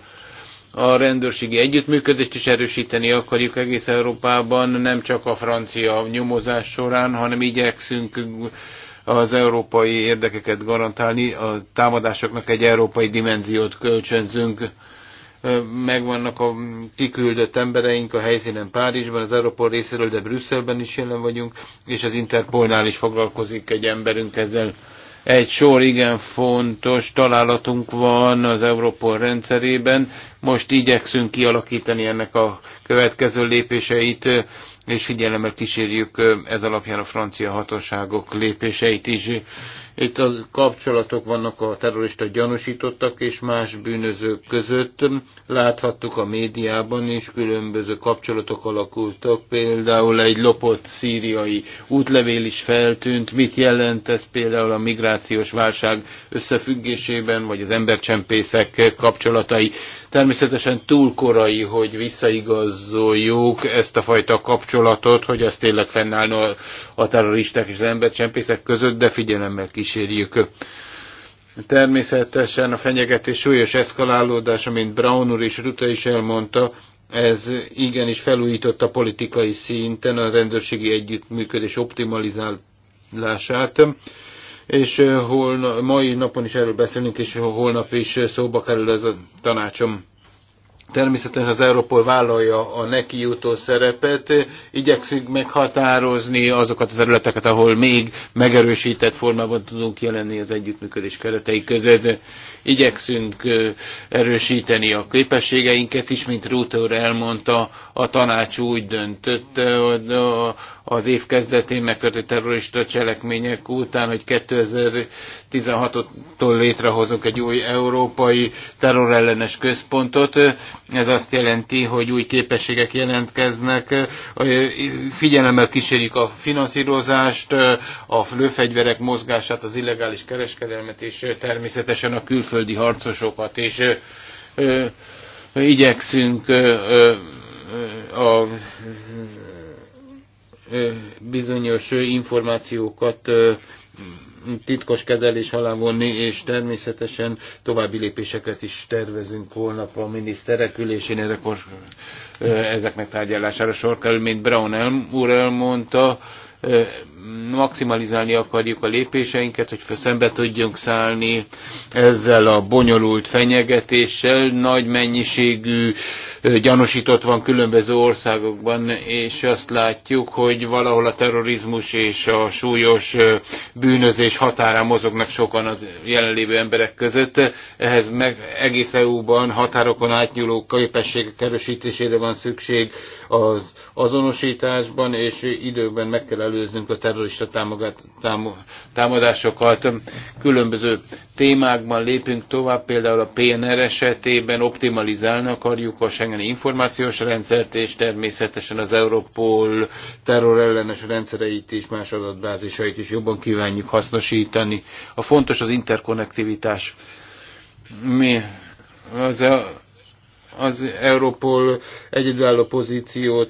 a rendőrségi együttműködést is erősíteni akarjuk egész Európában, nem csak a francia nyomozás során, hanem igyekszünk az európai érdekeket garantálni, a támadásoknak egy európai dimenziót kölcsönzünk. Megvannak a kiküldött embereink a helyszínen Párizsban, az Európol részéről, de Brüsszelben is jelen vagyunk, és az Interpolnál is foglalkozik egy emberünk ezzel. Egy sor igen fontos találatunk van az Európol rendszerében, most igyekszünk kialakítani ennek a következő lépéseit, és figyelemmel kísérjük ez alapján a francia hatóságok lépéseit is. Itt a kapcsolatok vannak a terrorista gyanúsítottak és más bűnözők között. Láthattuk a médiában is, különböző kapcsolatok alakultak. Például egy lopott szíriai útlevél is feltűnt. Mit jelent ez például a migrációs válság összefüggésében, vagy az embercsempészek kapcsolatai? Természetesen túl korai, hogy visszaigazoljuk ezt a fajta kapcsolatot, hogy ez tényleg fennállna a terroristák és az embercsempészek között, de figyelemmel kísérjük. Természetesen a fenyegetés súlyos eszkalálódása, mint Brown úr és Ruta is elmondta, ez igenis felújított a politikai szinten a rendőrségi együttműködés optimalizálását és holna, mai napon is erről beszélünk, és holnap is szóba kerül ez a tanácsom. Természetesen az Európol vállalja a neki jutó szerepet, igyekszünk meghatározni azokat a területeket, ahol még megerősített formában tudunk jelenni az együttműködés keretei között igyekszünk erősíteni a képességeinket is, mint Rúter elmondta, a tanács úgy döntött az év kezdetén megtörtént terrorista cselekmények után, hogy 2016-tól létrehozunk egy új európai terrorellenes központot. Ez azt jelenti, hogy új képességek jelentkeznek. Figyelemmel kísérjük a finanszírozást, a lőfegyverek mozgását, az illegális kereskedelmet és természetesen a külföldi külföldi harcosokat, és ö, ö, igyekszünk ö, ö, a ö, bizonyos információkat ö, titkos kezelés alá vonni, és természetesen további lépéseket is tervezünk holnap a miniszterek ülésén, ezek ezeknek tárgyalására sor kerül, mint Brown úr elmondta, maximalizálni akarjuk a lépéseinket, hogy szembe tudjunk szállni ezzel a bonyolult fenyegetéssel. Nagy mennyiségű gyanúsított van különböző országokban, és azt látjuk, hogy valahol a terrorizmus és a súlyos bűnözés határán mozognak sokan az jelenlévő emberek között. Ehhez meg egész EU-ban határokon átnyúló képességek erősítésére van szükség az azonosításban, és időkben meg kell előznünk a terrorista támogat, támadásokat. Különböző témákban lépünk tovább, például a PNR esetében optimalizálni akarjuk a Schengeni információs rendszert, és természetesen az Europol terrorellenes rendszereit és más adatbázisait is jobban kívánjuk hasznosítani. A fontos az interkonnektivitás. Mi az a az Europol egyedülálló pozícióra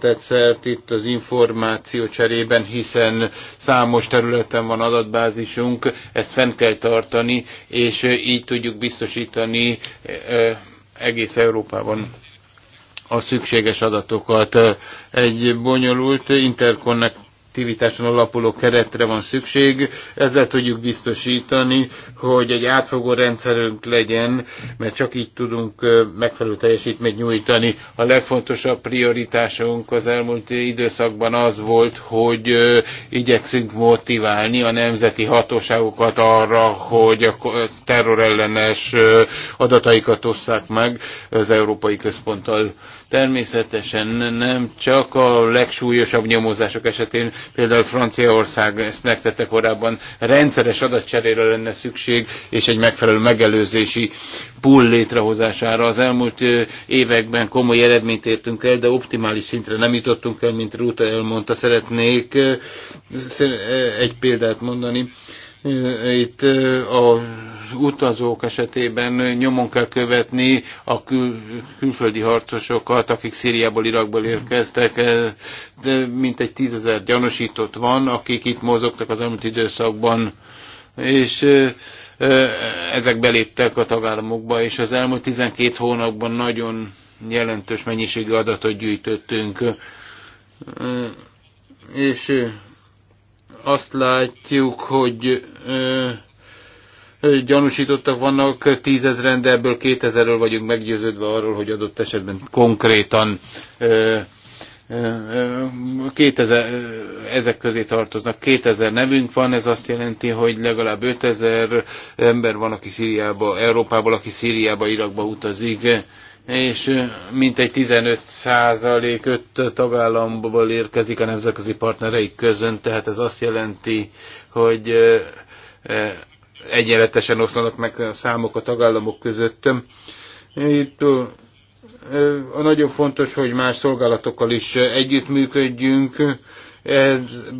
tetszert itt az információ cserében, hiszen számos területen van adatbázisunk, ezt fent kell tartani, és így tudjuk biztosítani eh, eh, egész Európában a szükséges adatokat. Egy bonyolult interkonnekt aktivitáson alapuló keretre van szükség. Ezzel tudjuk biztosítani, hogy egy átfogó rendszerünk legyen, mert csak így tudunk megfelelő teljesítményt nyújtani. A legfontosabb prioritásunk az elmúlt időszakban az volt, hogy igyekszünk motiválni a nemzeti hatóságokat arra, hogy a terrorellenes adataikat osszák meg az Európai Központtal Természetesen nem csak a legsúlyosabb nyomozások esetén, például Franciaország ezt megtette korábban, rendszeres adatcserére lenne szükség, és egy megfelelő megelőzési pull létrehozására. Az elmúlt években komoly eredményt értünk el, de optimális szintre nem jutottunk el, mint Rúta elmondta. Szeretnék egy példát mondani itt a utazók esetében nyomon kell követni a kül, külföldi harcosokat, akik Szíriából, Irakból érkeztek, de mintegy tízezer gyanúsított van, akik itt mozogtak az elmúlt időszakban, és ezek beléptek a tagállamokba, és az elmúlt 12 hónapban nagyon jelentős mennyiségű adatot gyűjtöttünk. És azt látjuk, hogy ö, gyanúsítottak vannak tízezren, de ebből kétezerről vagyunk meggyőződve arról, hogy adott esetben konkrétan ö, ö, ezek közé tartoznak. Kétezer nevünk van, ez azt jelenti, hogy legalább ötezer ember van, aki Szíriába, Európából, aki Szíriába, Irakba utazik és mintegy 15 százalék öt tagállamból érkezik a nemzetközi partnereik közön, tehát ez azt jelenti, hogy egyenletesen oszlanak meg a számok a tagállamok között. Itt nagyon fontos, hogy más szolgálatokkal is együttműködjünk. Ez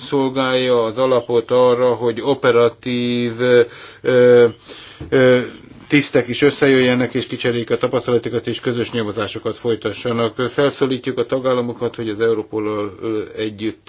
szolgálja az alapot arra, hogy operatív tisztek is összejöjjenek és kicseréljék a tapasztalatokat és közös nyomozásokat folytassanak. Felszólítjuk a tagállamokat, hogy az Európol együtt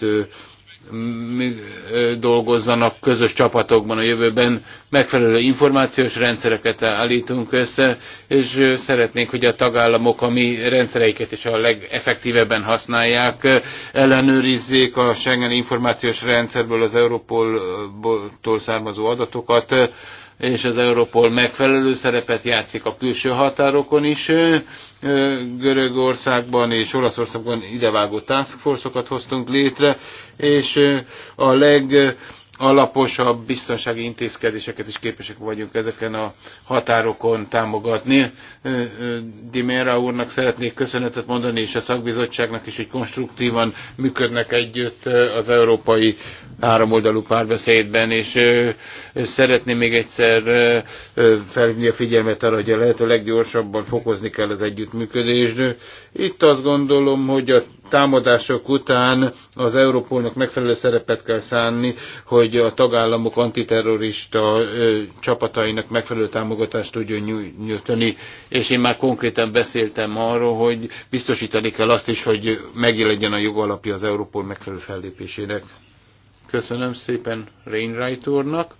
dolgozzanak közös csapatokban a jövőben. Megfelelő információs rendszereket állítunk össze, és szeretnénk, hogy a tagállamok a mi rendszereiket is a legeffektívebben használják, ellenőrizzék a Schengen információs rendszerből az Európoltól származó adatokat, és az Europol megfelelő szerepet játszik a külső határokon is. Görögországban és Olaszországban idevágó taskforce-okat hoztunk létre, és a leg alaposabb biztonsági intézkedéseket is képesek vagyunk ezeken a határokon támogatni. Dimera úrnak szeretnék köszönetet mondani, és a szakbizottságnak is, hogy konstruktívan működnek együtt az európai háromoldalú párbeszédben, és szeretném még egyszer felhívni a figyelmet arra, hogy a lehető leggyorsabban fokozni kell az együttműködést. Itt azt gondolom, hogy a támadások után az Európolnak megfelelő szerepet kell szánni, hogy hogy a tagállamok antiterrorista csapatainak megfelelő támogatást tudjon nyújtani, és én már konkrétan beszéltem arról, hogy biztosítani kell azt is, hogy megjelenjen a jogalapja az Európol megfelelő fellépésének. Köszönöm szépen Rainwright úrnak,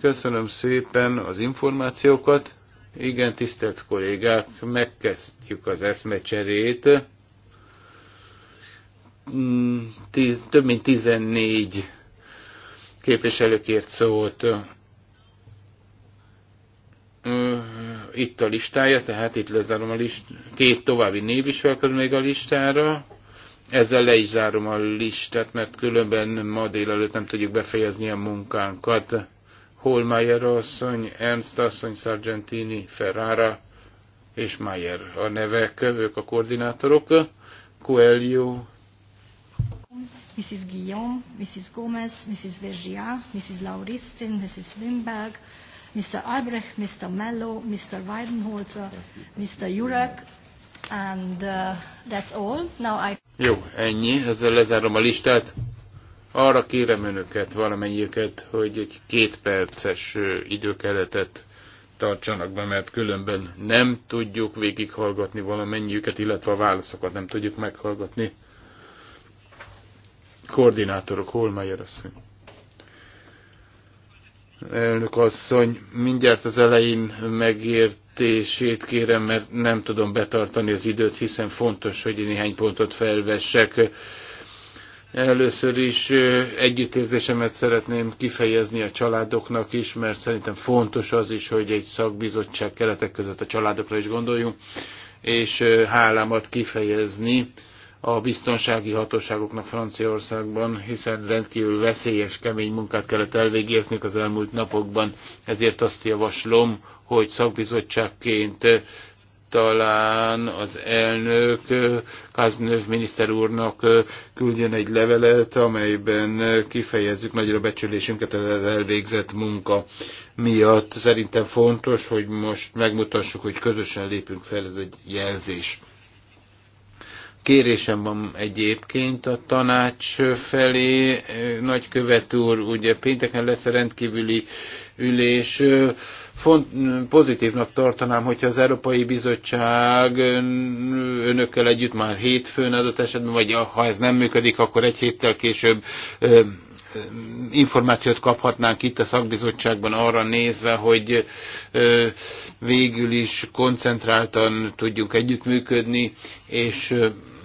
köszönöm szépen az információkat. Igen, tisztelt kollégák, megkezdjük az eszmecserét. Mm, tíz, több mint 14 képviselőkért szólt. Itt a listája, tehát itt lezárom a list. Két további név is felkerül még a listára. Ezzel le is zárom a listát, mert különben ma délelőtt nem tudjuk befejezni a munkánkat. Holmeyer asszony, Ernst asszony, Sargentini, Ferrara és Mayer a nevek, ők a koordinátorok. Coelho Mrs. Guillaume, Mrs. Gomez, Mrs. Vergia, Mrs. Lauristin, Mrs. Wimberg, Mr. Albrecht, Mr. Mello, Mr. Weidenholzer, Mr. Jurek, and uh, that's all. Now I... Jó, ennyi, ezzel lezárom a listát. Arra kérem önöket, valamennyiüket, hogy egy két perces időkeretet tartsanak be, mert különben nem tudjuk végighallgatni valamennyiüket, illetve a válaszokat nem tudjuk meghallgatni. Koordinátorok, Holmeyer asszony. Elnök asszony, mindjárt az elején megértését kérem, mert nem tudom betartani az időt, hiszen fontos, hogy néhány pontot felvessek. Először is együttérzésemet szeretném kifejezni a családoknak is, mert szerintem fontos az is, hogy egy szakbizottság keretek között a családokra is gondoljunk, és hálámat kifejezni a biztonsági hatóságoknak Franciaországban, hiszen rendkívül veszélyes, kemény munkát kellett elvégezniük az elmúlt napokban, ezért azt javaslom, hogy szakbizottságként eh, talán az elnök eh, Kaznöv miniszter úrnak eh, küldjön egy levelet, amelyben kifejezzük nagyra becsülésünket az elvégzett munka miatt. Szerintem fontos, hogy most megmutassuk, hogy közösen lépünk fel, ez egy jelzés kérésem van egyébként a tanács felé. Nagykövet úr, ugye pénteken lesz a rendkívüli ülés. Font, pozitívnak tartanám, hogyha az Európai Bizottság önökkel együtt már hétfőn adott esetben, vagy ha ez nem működik, akkor egy héttel később információt kaphatnánk itt a szakbizottságban arra nézve, hogy végül is koncentráltan tudjuk együttműködni, és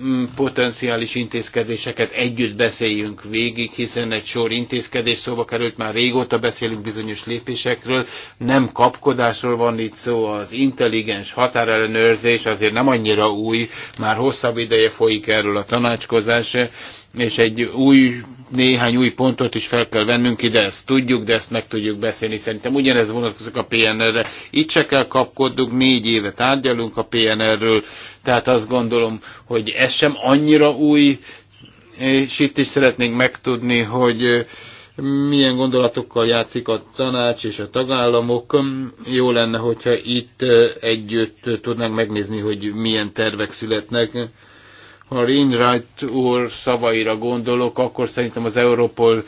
Mm, potenciális intézkedéseket együtt beszéljünk végig, hiszen egy sor intézkedés szóba került, már régóta beszélünk bizonyos lépésekről, nem kapkodásról van itt szó, az intelligens határellenőrzés azért nem annyira új, már hosszabb ideje folyik erről a tanácskozás, és egy új, néhány új pontot is fel kell vennünk ide, ezt tudjuk, de ezt meg tudjuk beszélni. Szerintem ugyanez vonatkozik a PNR-re. Itt se kell kapkodnunk, négy éve tárgyalunk a PNR-ről, tehát azt gondolom, hogy ez sem annyira új, és itt is szeretnénk megtudni, hogy milyen gondolatokkal játszik a tanács és a tagállamok. Jó lenne, hogyha itt együtt tudnánk megnézni, hogy milyen tervek születnek ha Rindrajt úr szavaira gondolok, akkor szerintem az Európol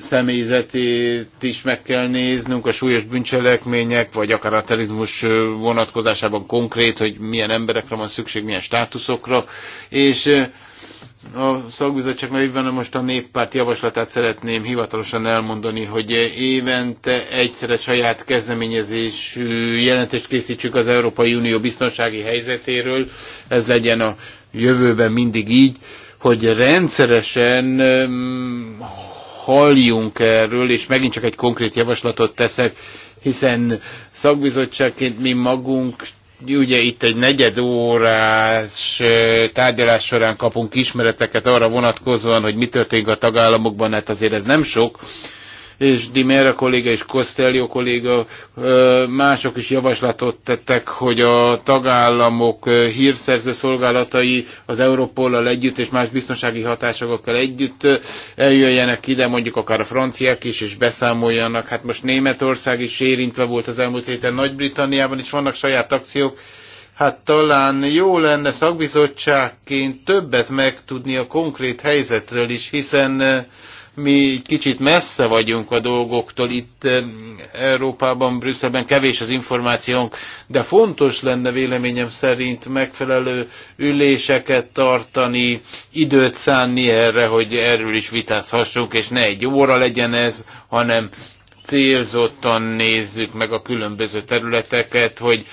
személyzetét is meg kell néznünk, a súlyos bűncselekmények, vagy akár a terizmus vonatkozásában konkrét, hogy milyen emberekre van szükség, milyen státuszokra, és a szakbizottság nevében most a néppárt javaslatát szeretném hivatalosan elmondani, hogy évente egyszer egy saját kezdeményezésű jelentést készítsük az Európai Unió biztonsági helyzetéről. Ez legyen a jövőben mindig így, hogy rendszeresen halljunk erről, és megint csak egy konkrét javaslatot teszek, hiszen szakbizottságként mi magunk ugye itt egy negyed órás tárgyalás során kapunk ismereteket arra vonatkozóan, hogy mi történik a tagállamokban, hát azért ez nem sok, és Mera kolléga és Costello kolléga mások is javaslatot tettek, hogy a tagállamok hírszerző szolgálatai az Európollal együtt és más biztonsági hatásokkal együtt eljöjjenek ide, mondjuk akár a franciák is, és beszámoljanak. Hát most Németország is érintve volt az elmúlt héten Nagy-Britanniában, is vannak saját akciók, hát talán jó lenne szakbizottságként többet megtudni a konkrét helyzetről is, hiszen mi kicsit messze vagyunk a dolgoktól itt eh, Európában, Brüsszelben kevés az információnk, de fontos lenne véleményem szerint megfelelő üléseket tartani, időt szánni erre, hogy erről is vitázhassunk, és ne egy óra legyen ez, hanem célzottan nézzük meg a különböző területeket, hogy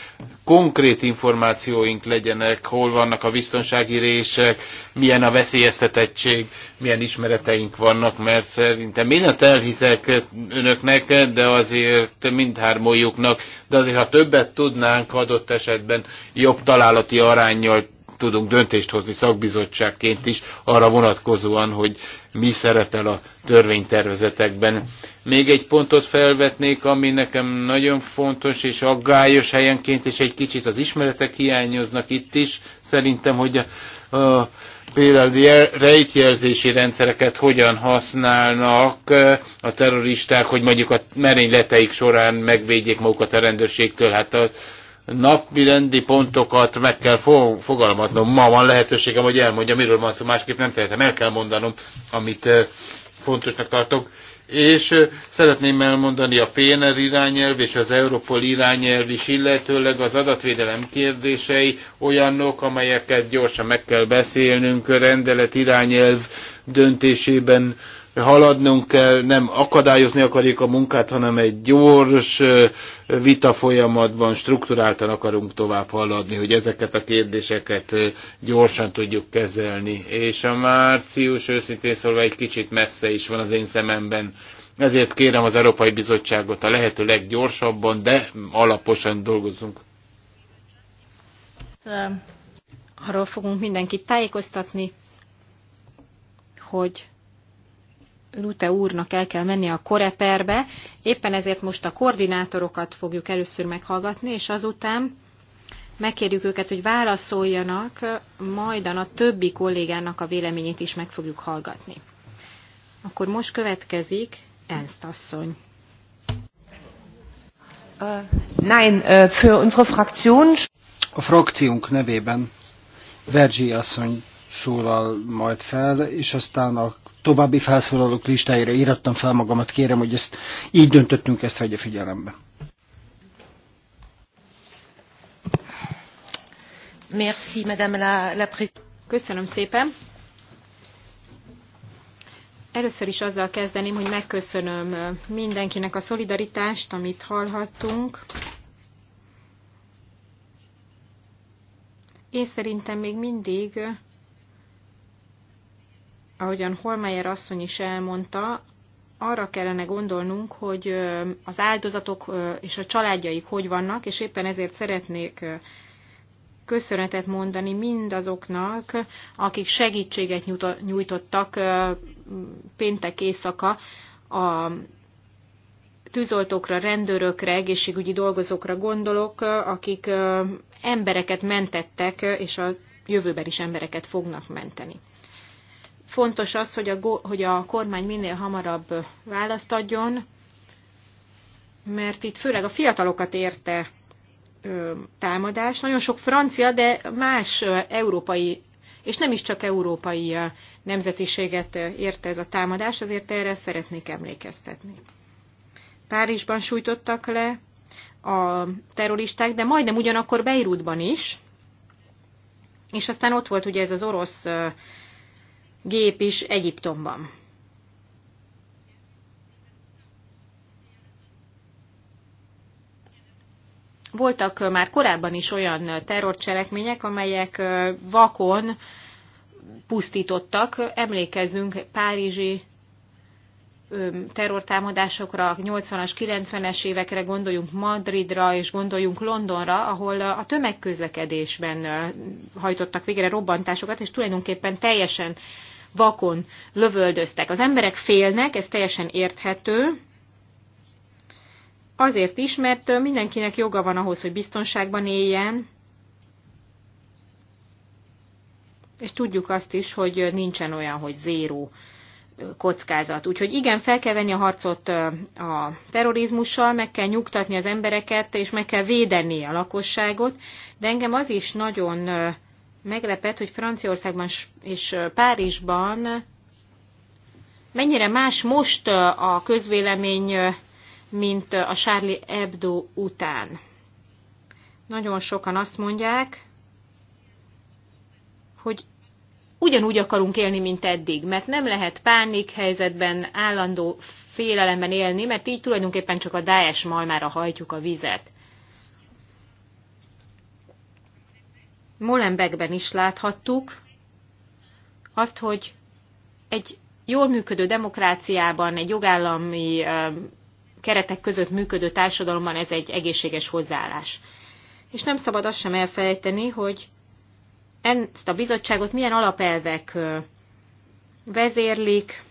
konkrét információink legyenek, hol vannak a biztonsági rések, milyen a veszélyeztetettség, milyen ismereteink vannak, mert szerintem a elhiszek önöknek, de azért mindhármójuknak, de azért ha többet tudnánk adott esetben jobb találati arányjal tudunk döntést hozni szakbizottságként is arra vonatkozóan, hogy mi szerepel a törvénytervezetekben. Még egy pontot felvetnék, ami nekem nagyon fontos és aggályos helyenként, és egy kicsit az ismeretek hiányoznak itt is. Szerintem, hogy a, a, például rejtjelzési rendszereket hogyan használnak a terroristák, hogy mondjuk a merényleteik során megvédjék magukat a rendőrségtől. Hát a, napi rendi pontokat meg kell fo fogalmaznom. Ma van lehetőségem, hogy elmondjam, miről van szó, másképp nem tehetem. El kell mondanom, amit fontosnak tartok és szeretném elmondani a PNR irányelv és az Europol irányelv is, illetőleg az adatvédelem kérdései olyanok, amelyeket gyorsan meg kell beszélnünk, a rendelet irányelv döntésében haladnunk kell, nem akadályozni akarjuk a munkát, hanem egy gyors vita folyamatban strukturáltan akarunk tovább haladni, hogy ezeket a kérdéseket gyorsan tudjuk kezelni. És a március őszintén szólva egy kicsit messze is van az én szememben. Ezért kérem az Európai Bizottságot a lehető leggyorsabban, de alaposan dolgozunk. Arról fogunk mindenkit tájékoztatni, hogy Lute úrnak el kell menni a koreperbe, éppen ezért most a koordinátorokat fogjuk először meghallgatni, és azután megkérjük őket, hogy válaszoljanak, Majd a többi kollégának a véleményét is meg fogjuk hallgatni. Akkor most következik Ernst asszony. Uh, nein, uh, für unsere Fraktion... A frakciónk nevében Vergyi asszony szólal majd fel, és aztán a további felszólalók listájára írattam fel magamat, kérem, hogy ezt így döntöttünk, ezt vegye figyelembe. Merci, Madame la, la Köszönöm szépen. Először is azzal kezdeném, hogy megköszönöm mindenkinek a szolidaritást, amit hallhattunk. Én szerintem még mindig ahogyan Holmeyer asszony is elmondta, arra kellene gondolnunk, hogy az áldozatok és a családjaik hogy vannak, és éppen ezért szeretnék köszönetet mondani mindazoknak, akik segítséget nyújtottak péntek éjszaka a tűzoltókra, rendőrökre, egészségügyi dolgozókra gondolok, akik embereket mentettek, és a jövőben is embereket fognak menteni. Fontos az, hogy a, hogy a kormány minél hamarabb választ adjon, mert itt főleg a fiatalokat érte támadás. Nagyon sok francia, de más európai, és nem is csak európai nemzetiséget érte ez a támadás, azért erre szeretnék emlékeztetni. Párizsban sújtottak le a terroristák, de majdnem ugyanakkor Beirutban is, és aztán ott volt ugye ez az orosz gép is Egyiptomban. Voltak már korábban is olyan terrorcselekmények, amelyek vakon pusztítottak. Emlékezzünk Párizsi terrortámadásokra, 80-as, 90-es évekre, gondoljunk Madridra és gondoljunk Londonra, ahol a tömegközlekedésben hajtottak végre robbantásokat, és tulajdonképpen teljesen vakon lövöldöztek. Az emberek félnek, ez teljesen érthető, azért is, mert mindenkinek joga van ahhoz, hogy biztonságban éljen, és tudjuk azt is, hogy nincsen olyan, hogy zéró kockázat. Úgyhogy igen, fel kell venni a harcot a terrorizmussal, meg kell nyugtatni az embereket, és meg kell védeni a lakosságot, de engem az is nagyon meglepett, hogy Franciaországban és Párizsban mennyire más most a közvélemény, mint a Charlie Hebdo után. Nagyon sokan azt mondják, hogy ugyanúgy akarunk élni, mint eddig, mert nem lehet pánik helyzetben, állandó félelemben élni, mert így tulajdonképpen csak a Daesh majmára hajtjuk a vizet. Molenbeekben is láthattuk azt, hogy egy jól működő demokráciában, egy jogállami keretek között működő társadalomban ez egy egészséges hozzáállás. És nem szabad azt sem elfelejteni, hogy ezt a bizottságot milyen alapelvek vezérlik,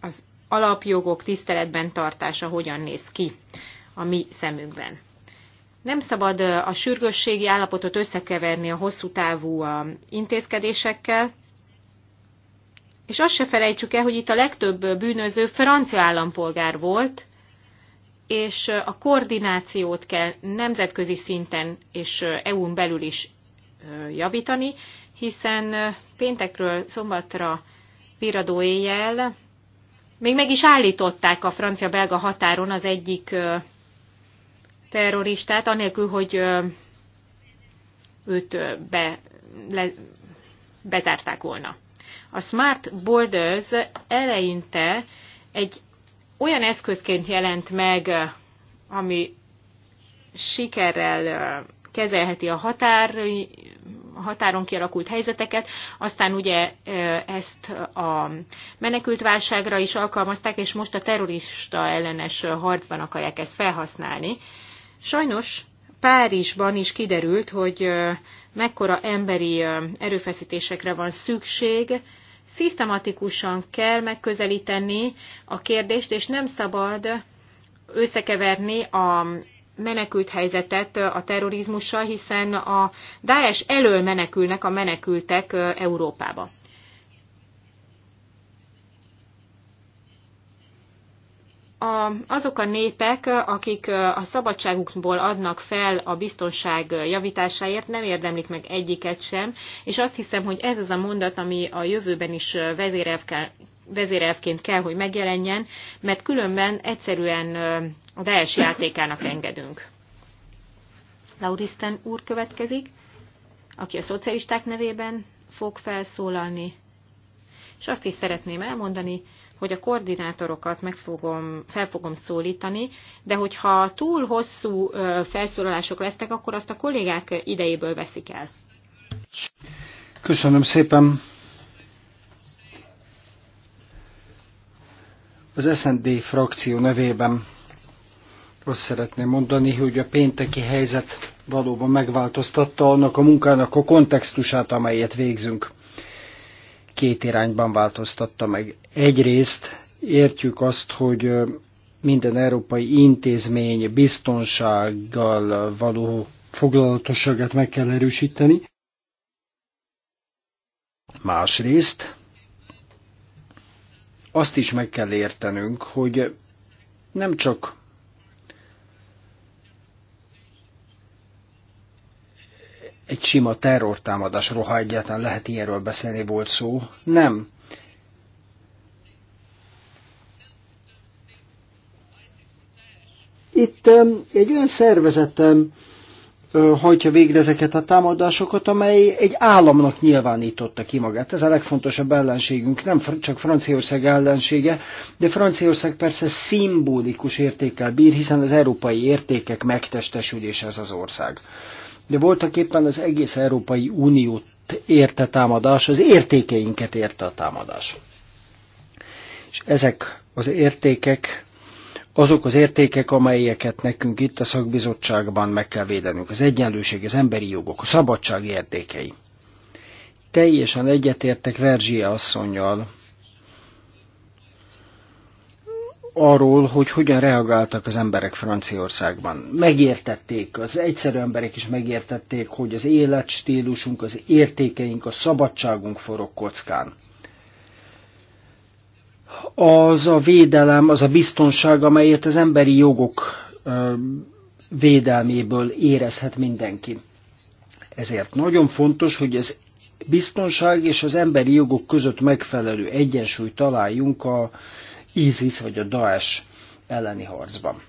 az alapjogok tiszteletben tartása hogyan néz ki a mi szemünkben. Nem szabad a sürgősségi állapotot összekeverni a hosszú távú intézkedésekkel, és azt se felejtsük el, hogy itt a legtöbb bűnöző francia állampolgár volt, és a koordinációt kell nemzetközi szinten és EU-n belül is javítani, hiszen péntekről szombatra viradó éjjel még meg is állították a francia-belga határon az egyik terroristát, anélkül, hogy őt be, le, bezárták volna. A Smart Borders eleinte egy olyan eszközként jelent meg, ami sikerrel kezelheti a határ, határon kialakult helyzeteket, aztán ugye ezt a menekültválságra is alkalmazták, és most a terrorista ellenes harcban akarják ezt felhasználni. Sajnos Párizsban is kiderült, hogy mekkora emberi erőfeszítésekre van szükség, szisztematikusan kell megközelíteni a kérdést, és nem szabad összekeverni a menekült helyzetet a terrorizmussal, hiszen a Daesh elől menekülnek a menekültek Európába. a, azok a népek, akik a szabadságukból adnak fel a biztonság javításáért, nem érdemlik meg egyiket sem, és azt hiszem, hogy ez az a mondat, ami a jövőben is vezérelv kell, vezérelvként kell, hogy megjelenjen, mert különben egyszerűen a DS játékának engedünk. Lauristen úr következik, aki a szocialisták nevében fog felszólalni. És azt is szeretném elmondani, hogy a koordinátorokat meg fogom, fel fogom szólítani, de hogyha túl hosszú felszólalások lesznek, akkor azt a kollégák idejéből veszik el. Köszönöm szépen. Az SND frakció nevében azt szeretném mondani, hogy a pénteki helyzet valóban megváltoztatta annak a munkának a kontextusát, amelyet végzünk két irányban változtatta meg. Egyrészt értjük azt, hogy minden európai intézmény biztonsággal való foglalatosságát meg kell erősíteni. Másrészt azt is meg kell értenünk, hogy nem csak egy sima terrortámadás roha egyáltalán lehet ilyenről beszélni, volt szó. Nem. Itt egy olyan szervezetem hajtja végre ezeket a támadásokat, amely egy államnak nyilvánította ki magát. Ez a legfontosabb ellenségünk, nem csak Franciaország ellensége, de Franciaország persze szimbolikus értékkel bír, hiszen az európai értékek megtestesülése ez az ország de voltak éppen az egész Európai Uniót érte támadás, az értékeinket érte a támadás. És ezek az értékek azok az értékek, amelyeket nekünk itt a szakbizottságban meg kell védenünk. Az egyenlőség, az emberi jogok, a szabadság értékei. Teljesen egyetértek Verzsia asszonyjal, arról, hogy hogyan reagáltak az emberek Franciaországban. Megértették, az egyszerű emberek is megértették, hogy az életstílusunk, az értékeink, a szabadságunk forog kockán. Az a védelem, az a biztonság, amelyet az emberi jogok védelméből érezhet mindenki. Ezért nagyon fontos, hogy az biztonság és az emberi jogok között megfelelő egyensúlyt találjunk a ISIS vagy a Daesh elleni harcban.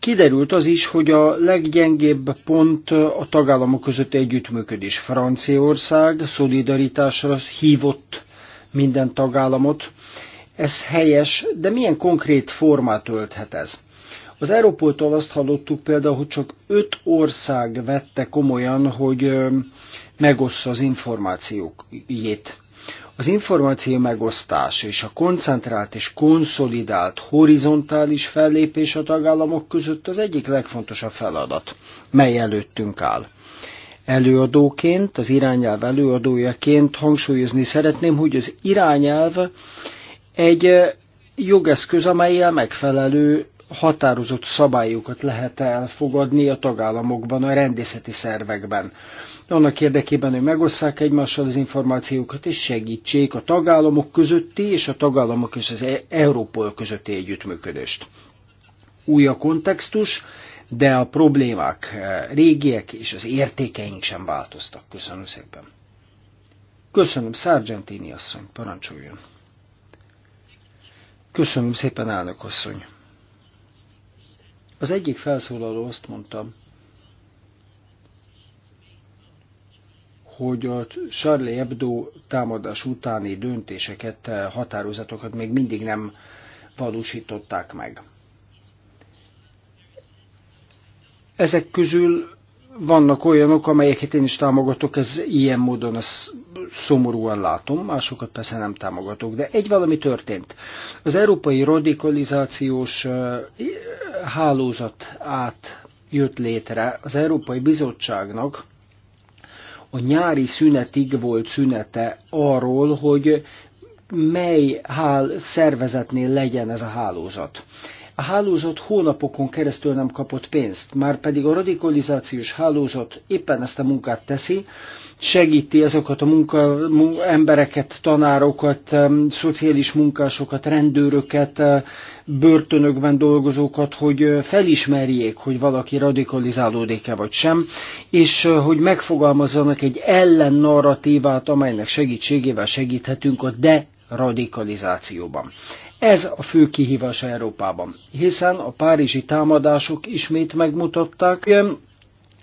Kiderült az is, hogy a leggyengébb pont a tagállamok között együttműködés. Franciaország szolidaritásra hívott minden tagállamot. Ez helyes, de milyen konkrét formát ölthet ez? Az Európoltól azt hallottuk például, hogy csak öt ország vette komolyan, hogy megossza az információjét. Az információ megosztás és a koncentrált és konszolidált horizontális fellépés a tagállamok között az egyik legfontosabb feladat, mely előttünk áll. Előadóként, az irányelv előadójaként hangsúlyozni szeretném, hogy az irányelv egy jogeszköz, amelyel megfelelő határozott szabályokat lehet elfogadni a tagállamokban, a rendészeti szervekben. Annak érdekében, hogy megosszák egymással az információkat és segítsék a tagállamok közötti és a tagállamok és az e- Európol közötti együttműködést. Új a kontextus, de a problémák eh, régiek és az értékeink sem változtak. Köszönöm szépen. Köszönöm, Sargentini asszony, parancsoljon. Köszönöm szépen, elnök asszony. Az egyik felszólaló azt mondta, hogy a Charlie Hebdo támadás utáni döntéseket, eh, határozatokat még mindig nem valósították meg. Ezek közül vannak olyanok, amelyeket én is támogatok, ez ilyen módon az szomorúan látom, másokat persze nem támogatok, de egy valami történt. Az európai radikalizációs hálózat át jött létre az Európai Bizottságnak, a nyári szünetig volt szünete arról, hogy mely hál szervezetnél legyen ez a hálózat. A hálózat hónapokon keresztül nem kapott pénzt, már pedig a radikalizációs hálózat éppen ezt a munkát teszi, segíti azokat a munka, embereket, tanárokat, szociális munkásokat, rendőröket, börtönökben dolgozókat, hogy felismerjék, hogy valaki radikalizálódik-e vagy sem, és hogy megfogalmazzanak egy ellen-narratívát, amelynek segítségével segíthetünk a de radikalizációban. Ez a fő kihívás Európában, hiszen a párizsi támadások ismét megmutatták,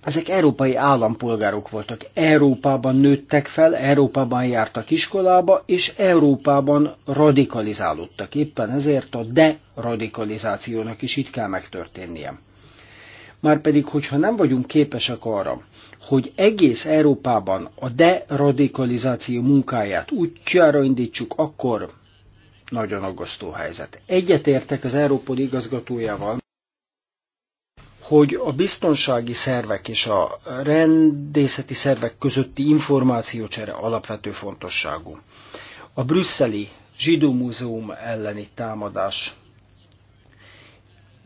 ezek európai állampolgárok voltak. Európában nőttek fel, Európában jártak iskolába, és Európában radikalizálódtak. Éppen ezért a deradikalizációnak is itt kell megtörténnie. Márpedig, hogyha nem vagyunk képesek arra, hogy egész Európában a deradikalizáció munkáját útjára indítsuk, akkor nagyon aggasztó helyzet. Egyetértek az Európod igazgatójával, hogy a biztonsági szervek és a rendészeti szervek közötti információcsere alapvető fontosságú. A brüsszeli zsidó múzeum elleni támadás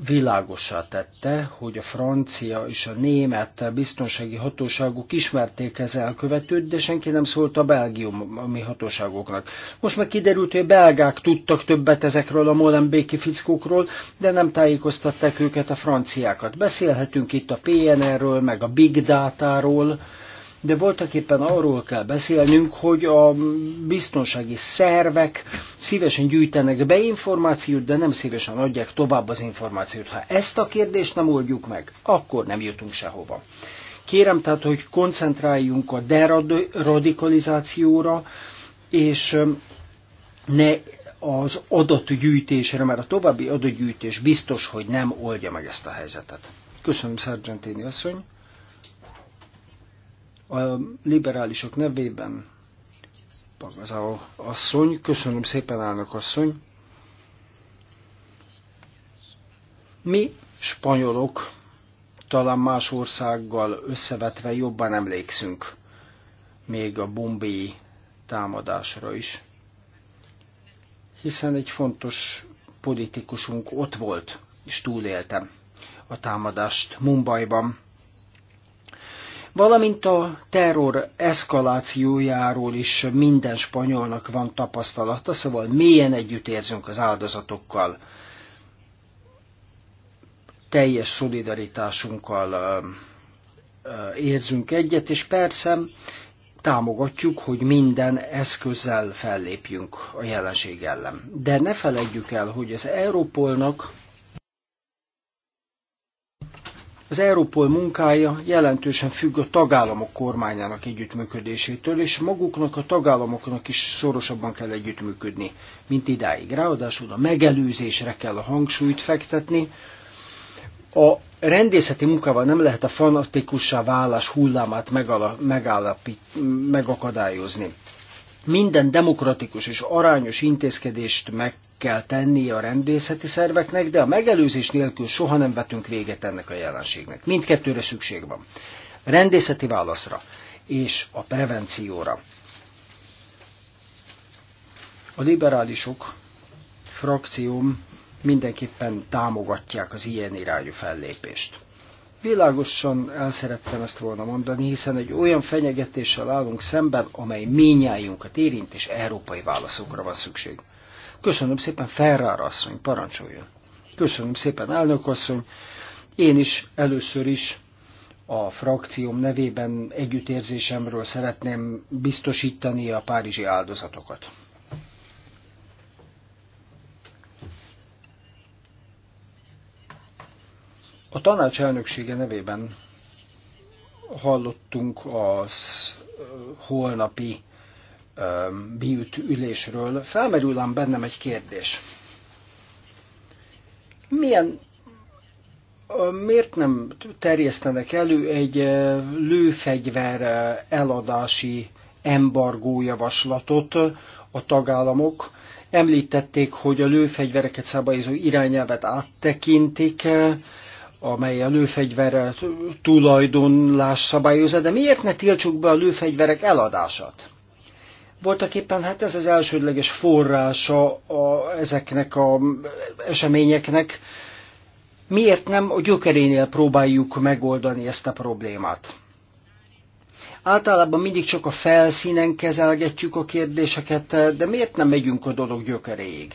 világosá tette, hogy a francia és a német biztonsági hatóságok ismerték ez elkövetőt, de senki nem szólt a belgiumi hatóságoknak. Most meg kiderült, hogy a belgák tudtak többet ezekről a molenbéki fickókról, de nem tájékoztatták őket a franciákat. Beszélhetünk itt a PNR-ről, meg a Big Data-ról, de voltak éppen arról kell beszélnünk, hogy a biztonsági szervek szívesen gyűjtenek be információt, de nem szívesen adják tovább az információt. Ha ezt a kérdést nem oldjuk meg, akkor nem jutunk sehova. Kérem tehát, hogy koncentráljunk a deradikalizációra, és ne az adatgyűjtésre, mert a további adatgyűjtés biztos, hogy nem oldja meg ezt a helyzetet. Köszönöm, Sargentini asszony a liberálisok nevében a asszony, köszönöm szépen állnak asszony. Mi, spanyolok, talán más országgal összevetve jobban emlékszünk még a bombéi támadásra is, hiszen egy fontos politikusunk ott volt, és túléltem a támadást Mumbaiban valamint a terror eszkalációjáról is minden spanyolnak van tapasztalata, szóval mélyen érzünk az áldozatokkal, teljes szolidaritásunkkal érzünk egyet, és persze támogatjuk, hogy minden eszközzel fellépjünk a jelenség ellen. De ne felejtjük el, hogy az Európolnak Az Európol munkája jelentősen függ a tagállamok kormányának együttműködésétől, és maguknak a tagállamoknak is szorosabban kell együttműködni, mint idáig. Ráadásul a megelőzésre kell a hangsúlyt fektetni. A rendészeti munkával nem lehet a fanatikussá válás hullámát megakadályozni. Minden demokratikus és arányos intézkedést meg kell tennie a rendészeti szerveknek, de a megelőzés nélkül soha nem vetünk véget ennek a jelenségnek. Mindkettőre szükség van. Rendészeti válaszra és a prevencióra. A liberálisok frakcióm mindenképpen támogatják az ilyen irányú fellépést. Világosan el szerettem ezt volna mondani, hiszen egy olyan fenyegetéssel állunk szemben, amely ményájunkat érint, és európai válaszokra van szükség. Köszönöm szépen, Ferrara asszony, parancsoljon. Köszönöm szépen, elnök asszony. Én is először is a frakcióm nevében együttérzésemről szeretném biztosítani a párizsi áldozatokat. A tanács elnöksége nevében hallottunk az holnapi biüt ülésről. Felmerül ám bennem egy kérdés. Milyen miért nem terjesztenek elő egy lőfegyver eladási embargó javaslatot a tagállamok? Említették, hogy a lőfegyvereket szabályozó irányelvet áttekintik, amely a lőfegyvere tulajdonlás szabályozza, de miért ne tiltsuk be a lőfegyverek eladását? Voltak éppen hát ez az elsődleges forrása a, ezeknek az eseményeknek. Miért nem a gyökerénél próbáljuk megoldani ezt a problémát? Általában mindig csak a felszínen kezelgetjük a kérdéseket, de miért nem megyünk a dolog gyökeréig?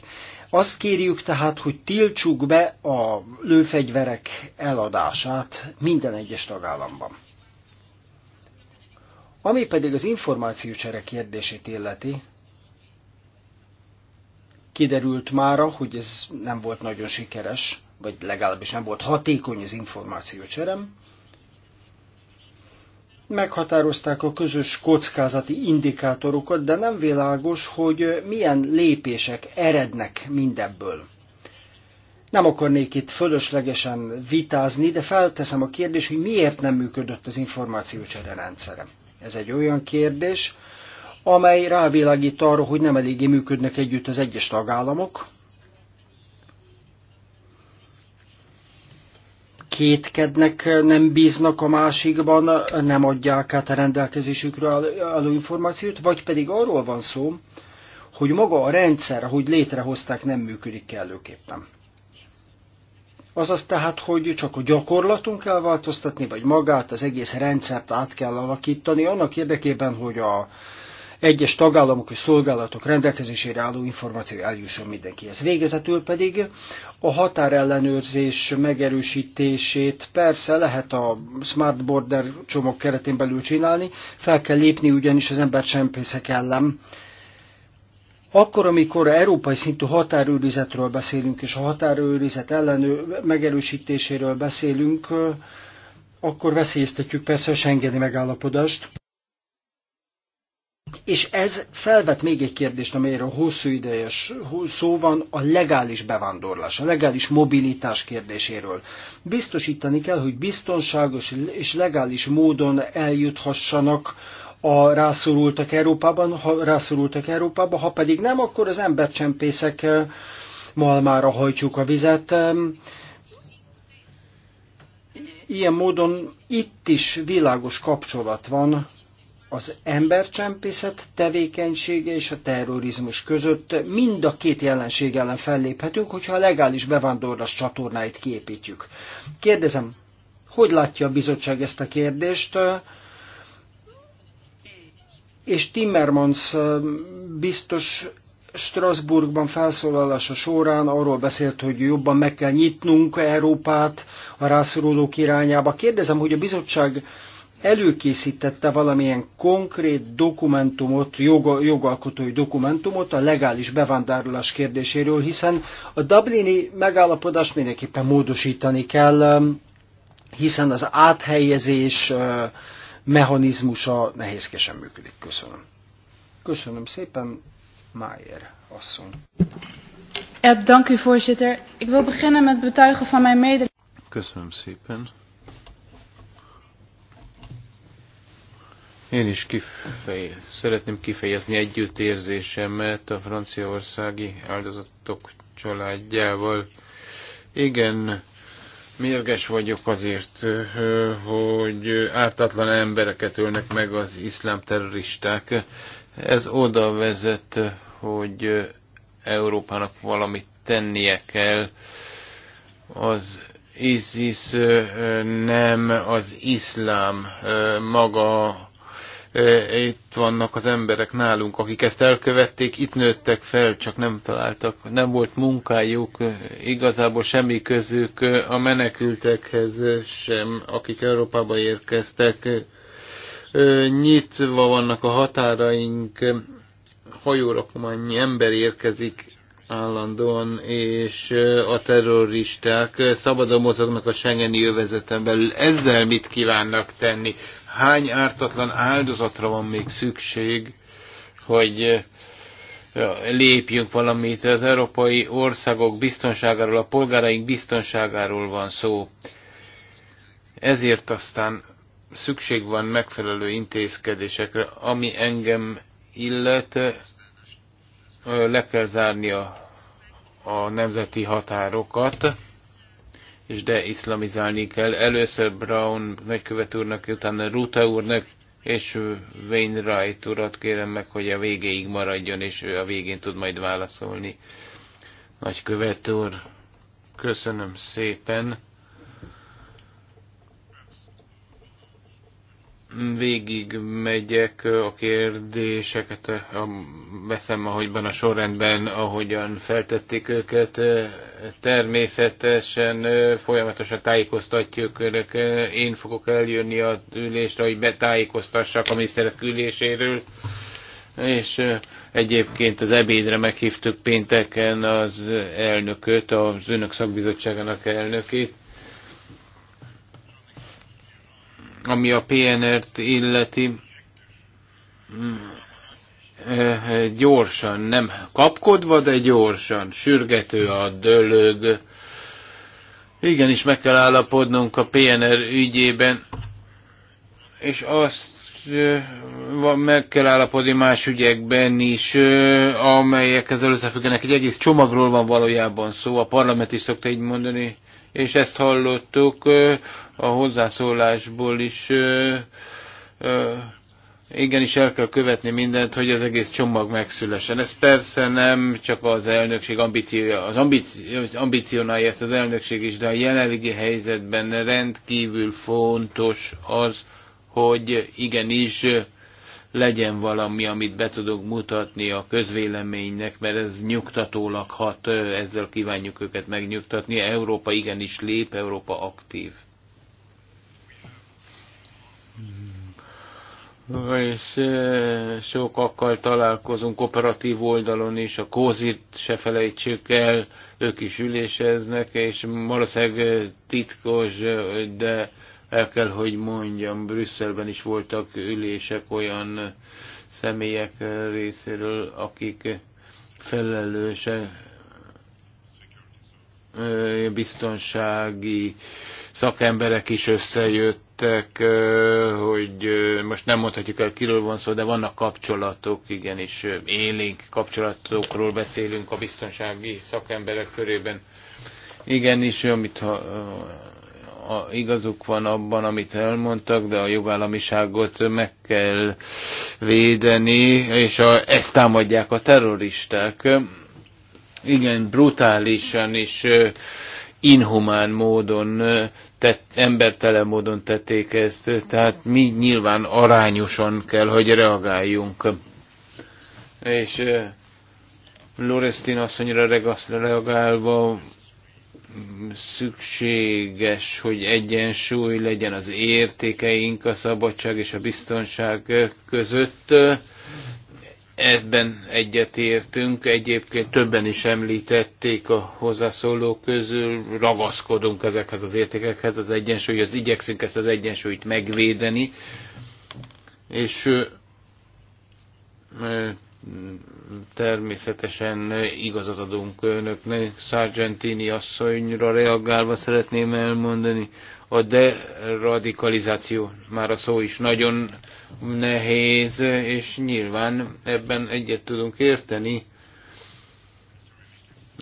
Azt kérjük tehát, hogy tiltsuk be a lőfegyverek eladását minden egyes tagállamban. Ami pedig az információcsere kérdését illeti, kiderült mára, hogy ez nem volt nagyon sikeres, vagy legalábbis nem volt hatékony az információcserem meghatározták a közös kockázati indikátorokat, de nem világos, hogy milyen lépések erednek mindebből. Nem akarnék itt fölöslegesen vitázni, de felteszem a kérdést, hogy miért nem működött az információcsere rendszere. Ez egy olyan kérdés, amely rávilágít arra, hogy nem eléggé működnek együtt az egyes tagállamok, kétkednek, nem bíznak a másikban, nem adják át a rendelkezésükről álló információt, vagy pedig arról van szó, hogy maga a rendszer, ahogy létrehozták, nem működik kellőképpen. Azaz tehát, hogy csak a gyakorlaton kell változtatni, vagy magát, az egész rendszert át kell alakítani, annak érdekében, hogy a egyes tagállamok és szolgálatok rendelkezésére álló információ eljusson mindenkihez. Végezetül pedig a határellenőrzés megerősítését persze lehet a Smart Border csomag keretén belül csinálni, fel kell lépni ugyanis az csempészek ellen, akkor, amikor európai szintű határőrizetről beszélünk, és a határőrizet ellenő megerősítéséről beszélünk, akkor veszélyeztetjük persze a Schengeni megállapodást. És ez felvet még egy kérdést, amelyre hosszú idejes szó van, a legális bevándorlás, a legális mobilitás kérdéséről. Biztosítani kell, hogy biztonságos és legális módon eljuthassanak a rászorultak Európában, ha rászorultak Európába, ha pedig nem, akkor az embercsempészek malmára hajtjuk a vizet. Ilyen módon itt is világos kapcsolat van az embercsempészet tevékenysége és a terrorizmus között mind a két jelenség ellen felléphetünk, hogyha a legális bevándorlás csatornáit kiépítjük. Kérdezem, hogy látja a bizottság ezt a kérdést? És Timmermans um, biztos Strasbourgban felszólalása során arról beszélt, hogy jobban meg kell nyitnunk Európát a rászorulók irányába. Kérdezem, hogy a bizottság előkészítette valamilyen konkrét dokumentumot, joga, jogalkotói dokumentumot a legális bevándorlás kérdéséről, hiszen a Dublini megállapodást mindenképpen módosítani kell, um, hiszen az áthelyezés uh, mechanizmusa nehézkesen működik. Köszönöm. Köszönöm szépen, Májer asszony. Ja, dank u voorzitter. Ik wil beginnen met betuigen van mijn mede... Köszönöm szépen. Én is kifej... szeretném kifejezni együttérzésemet a franciaországi áldozatok családjával. Igen, mérges vagyok azért, hogy ártatlan embereket ölnek meg az iszlám terroristák. Ez oda vezet, hogy Európának valamit tennie kell. Az ISIS nem az iszlám maga itt vannak az emberek nálunk, akik ezt elkövették, itt nőttek fel, csak nem találtak, nem volt munkájuk, igazából semmi közük a menekültekhez sem, akik Európába érkeztek. Nyitva vannak a határaink, hajórakományi ember érkezik állandóan, és a terroristák szabadon mozognak a Schengeni övezeten belül. Ezzel mit kívánnak tenni? hány ártatlan áldozatra van még szükség, hogy lépjünk valamit. Az európai országok biztonságáról, a polgáraink biztonságáról van szó. Ezért aztán szükség van megfelelő intézkedésekre, ami engem illet, le kell zárni a, a nemzeti határokat és deiszlamizálni kell. Először Brown nagykövet úrnak, utána Ruta úrnak, és Wainwright urat kérem meg, hogy a végéig maradjon, és ő a végén tud majd válaszolni. Nagykövet úr, köszönöm szépen. végig megyek a kérdéseket, veszem ahogyban a sorrendben, ahogyan feltették őket. Természetesen folyamatosan tájékoztatjuk önöket. Én fogok eljönni a ülésre, hogy betájékoztassak a miniszterek üléséről. És egyébként az ebédre meghívtuk pénteken az elnököt, az önök szakbizottságának elnökét ami a PNR-t illeti, mm, eh, eh, gyorsan, nem kapkodva, de gyorsan, sürgető a dölög. Igenis meg kell állapodnunk a PNR ügyében, és azt eh, meg kell állapodni más ügyekben is, amelyek ezzel összefüggenek. Egy egész csomagról van valójában szó, a parlament is szokta így mondani, és ezt hallottuk a hozzászólásból is. Igenis el kell követni mindent, hogy az egész csomag megszülessen. Ez persze nem csak az elnökség ambíciója, az ambícionálja ezt az elnökség is, de a jelenlegi helyzetben rendkívül fontos az, hogy igenis legyen valami, amit be tudok mutatni a közvéleménynek, mert ez nyugtatólag hat, ezzel kívánjuk őket megnyugtatni. Európa igenis lép, Európa aktív. Mm. És sokakkal találkozunk operatív oldalon is, a kózit se felejtsük el, ők is üléseznek, és valószínűleg titkos, de el kell, hogy mondjam, Brüsszelben is voltak ülések olyan személyek részéről, akik felelősek biztonsági szakemberek is összejöttek, hogy most nem mondhatjuk el, kiről van szó, de vannak kapcsolatok, igenis élénk kapcsolatokról beszélünk a biztonsági szakemberek körében. Igenis, amit ha, a, igazuk van abban, amit elmondtak, de a jogállamiságot meg kell védeni, és a, ezt támadják a terroristák. Igen, brutálisan és inhumán módon, tett, embertelen módon tették ezt, tehát mi nyilván arányosan kell, hogy reagáljunk. És Lorestin asszonyra reagálva szükséges, hogy egyensúly legyen az értékeink, a szabadság és a biztonság között. Ebben egyetértünk, egyébként többen is említették a hozzászólók közül, ragaszkodunk ezekhez az értékekhez, az egyensúly, az igyekszünk ezt az egyensúlyt megvédeni, és Természetesen igazat adunk önöknek. Sargentini asszonyra reagálva szeretném elmondani, a deradikalizáció, már a szó is nagyon nehéz, és nyilván ebben egyet tudunk érteni.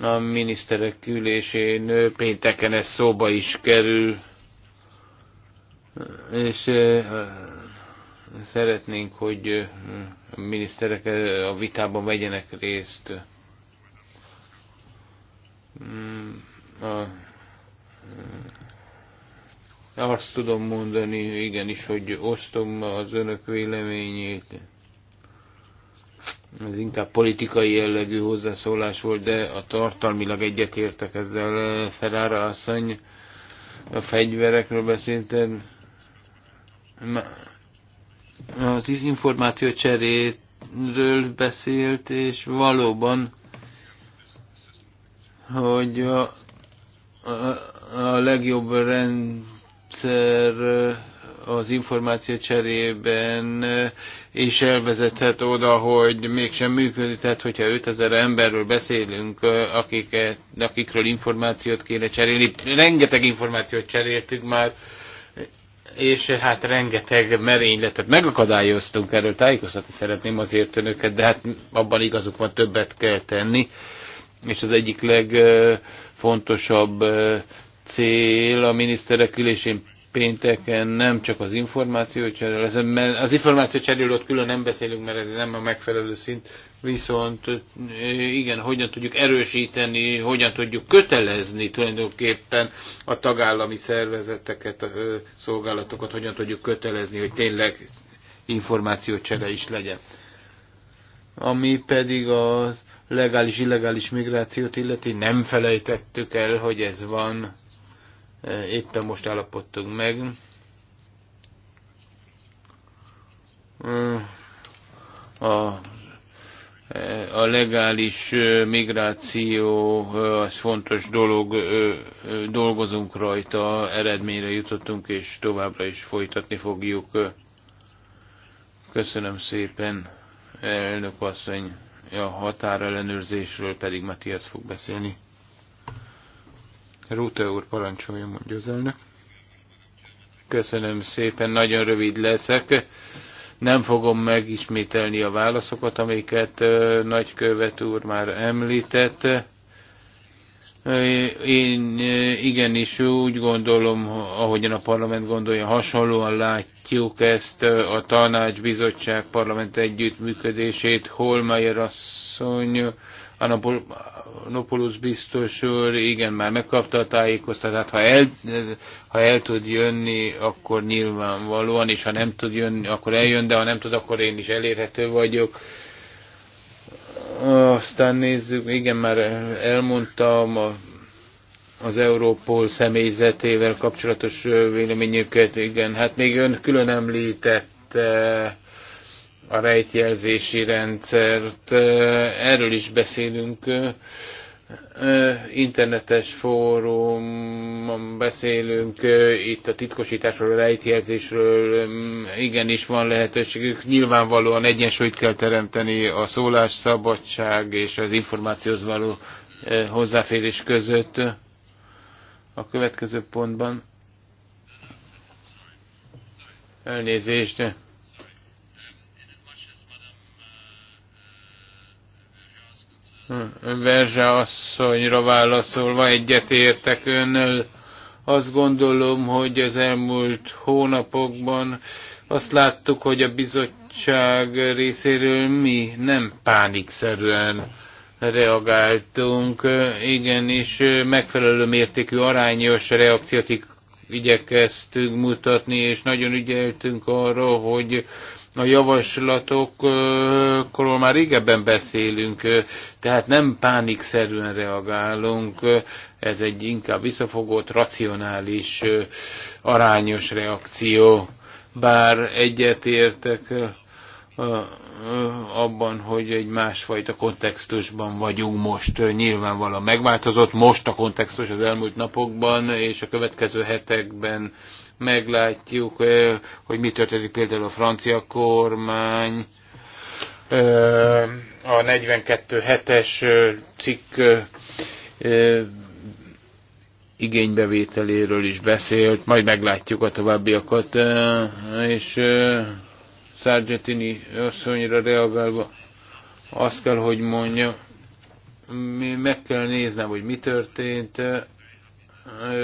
A miniszterek külésén pénteken ez szóba is kerül, és Szeretnénk, hogy a miniszterek a vitában vegyenek részt. Mm, a, azt tudom mondani, igenis, hogy osztom az önök véleményét. Ez inkább politikai jellegű hozzászólás volt, de a tartalmilag egyetértek ezzel. Ferrara asszony a fegyverekről beszéltem az információ cseréről beszélt, és valóban, hogy a, a, a legjobb rendszer az információ cserében és elvezethet oda, hogy mégsem működik, tehát hogyha 5000 emberről beszélünk, akiket, akikről információt kéne cserélni, rengeteg információt cseréltük már, és eh, hát rengeteg merényletet megakadályoztunk, erről tájékoztatni szeretném azért önöket, de hát abban igazuk van, többet kell tenni. És az egyik legfontosabb eh, cél a miniszterek ülésén pénteken nem csak az információcseréről, az információcseréről ott külön nem beszélünk, mert ez nem a megfelelő szint, Viszont igen, hogyan tudjuk erősíteni, hogyan tudjuk kötelezni tulajdonképpen a tagállami szervezeteket, a szolgálatokat, hogyan tudjuk kötelezni, hogy tényleg információcsere is legyen. Ami pedig az legális-illegális migrációt illeti, nem felejtettük el, hogy ez van, éppen most állapodtunk meg. A a legális migráció az fontos dolog, dolgozunk rajta, eredményre jutottunk, és továbbra is folytatni fogjuk. Köszönöm szépen, elnök asszony, a határellenőrzésről pedig Matthias fog beszélni. Rúte úr, parancsoljon, mondja az elnök. Köszönöm szépen, nagyon rövid leszek nem fogom megismételni a válaszokat, amiket nagykövet úr már említett. Én igenis úgy gondolom, ahogyan a parlament gondolja, hasonlóan látjuk ezt a tanács, bizottság, parlament együttműködését. Holmeyer asszony Anopoulos biztos úr, igen, már megkapta a tájékoztatást, ha el, ha el tud jönni, akkor nyilvánvalóan, és ha nem tud jönni, akkor eljön, de ha nem tud, akkor én is elérhető vagyok. Aztán nézzük, igen, már elmondtam a, az Európol személyzetével kapcsolatos véleményüket, igen, hát még ön külön említette, a rejtjelzési rendszert. Erről is beszélünk. Internetes fórumon beszélünk, itt a titkosításról, a rejtjelzésről igenis van lehetőségük. Nyilvánvalóan egyensúlyt kell teremteni a szólásszabadság és az információhoz való hozzáférés között a következő pontban. Elnézést, Verzsa asszonyra válaszolva egyetértek önnel. Azt gondolom, hogy az elmúlt hónapokban azt láttuk, hogy a bizottság részéről mi nem pánikszerűen reagáltunk, igenis megfelelő mértékű arányos reakciót igyekeztünk mutatni, és nagyon ügyeltünk arra, hogy a javaslatokról már régebben beszélünk, tehát nem pánikszerűen reagálunk, ez egy inkább visszafogott, racionális, arányos reakció. Bár egyetértek abban, hogy egy másfajta kontextusban vagyunk most. Nyilvánvalóan megváltozott most a kontextus az elmúlt napokban, és a következő hetekben meglátjuk, hogy mi történik például a francia kormány, a 42.7-es cikk igénybevételéről is beszélt, majd meglátjuk a továbbiakat, és Sargentini asszonyra reagálva azt kell, hogy mondja, meg kell néznem, hogy mi történt,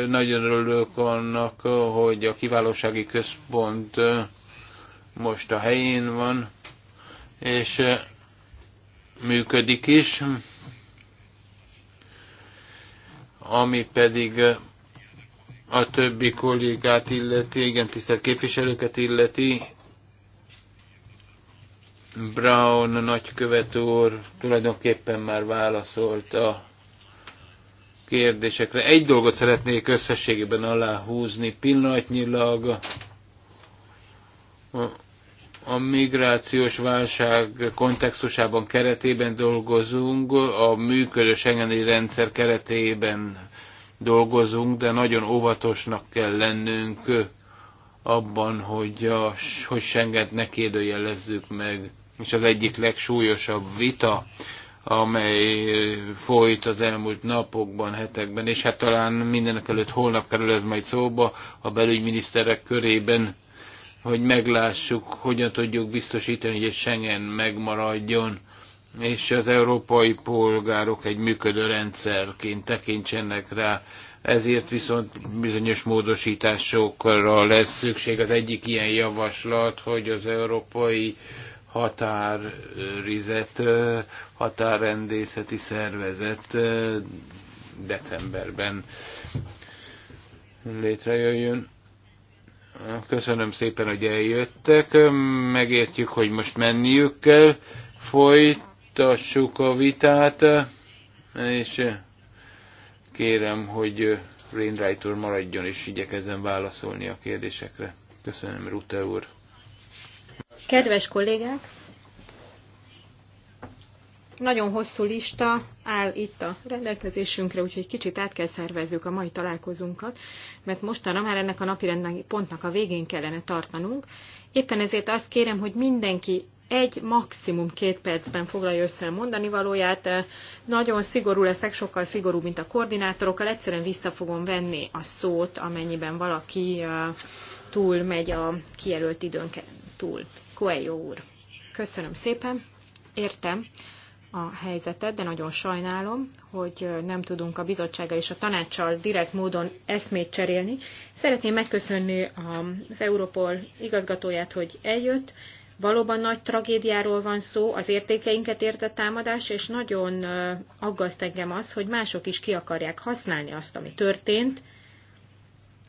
nagyon örülök annak, hogy a kiválósági központ most a helyén van, és működik is, ami pedig a többi kollégát illeti, igen, tisztelt képviselőket illeti, Brown nagykövet úr tulajdonképpen már válaszolt a kérdésekre. Egy dolgot szeretnék összességében aláhúzni pillanatnyilag. A migrációs válság kontextusában keretében dolgozunk, a működő Schengeni rendszer keretében dolgozunk, de nagyon óvatosnak kell lennünk abban, hogy, a, hogy Schengent ne kérdőjelezzük meg. És az egyik legsúlyosabb vita, amely folyt az elmúlt napokban, hetekben, és hát talán mindenek előtt holnap kerül ez majd szóba a belügyminiszterek körében, hogy meglássuk, hogyan tudjuk biztosítani, hogy egy Schengen megmaradjon, és az európai polgárok egy működő rendszerként tekintsenek rá. Ezért viszont bizonyos módosításokra lesz szükség. Az egyik ilyen javaslat, hogy az európai határrizet, határrendészeti szervezet decemberben létrejöjjön. Köszönöm szépen, hogy eljöttek. Megértjük, hogy most menniük kell. Folytassuk a vitát, és kérem, hogy Rainwright úr maradjon, és igyekezzen válaszolni a kérdésekre. Köszönöm, Rute úr. Kedves kollégák, nagyon hosszú lista áll itt a rendelkezésünkre, úgyhogy kicsit át kell szervezzük a mai találkozunkat, mert mostanra már ennek a napi pontnak a végén kellene tartanunk. Éppen ezért azt kérem, hogy mindenki egy, maximum két percben foglalja össze a mondani valóját. Nagyon szigorú leszek, sokkal szigorúbb, mint a koordinátorokkal. Egyszerűen vissza fogom venni a szót, amennyiben valaki túl megy a kijelölt időn túl. Coelho úr. Köszönöm szépen, értem a helyzetet, de nagyon sajnálom, hogy nem tudunk a bizottsága és a tanácssal direkt módon eszmét cserélni. Szeretném megköszönni az Európol igazgatóját, hogy eljött. Valóban nagy tragédiáról van szó, az értékeinket érte támadás, és nagyon aggaszt engem az, hogy mások is ki akarják használni azt, ami történt,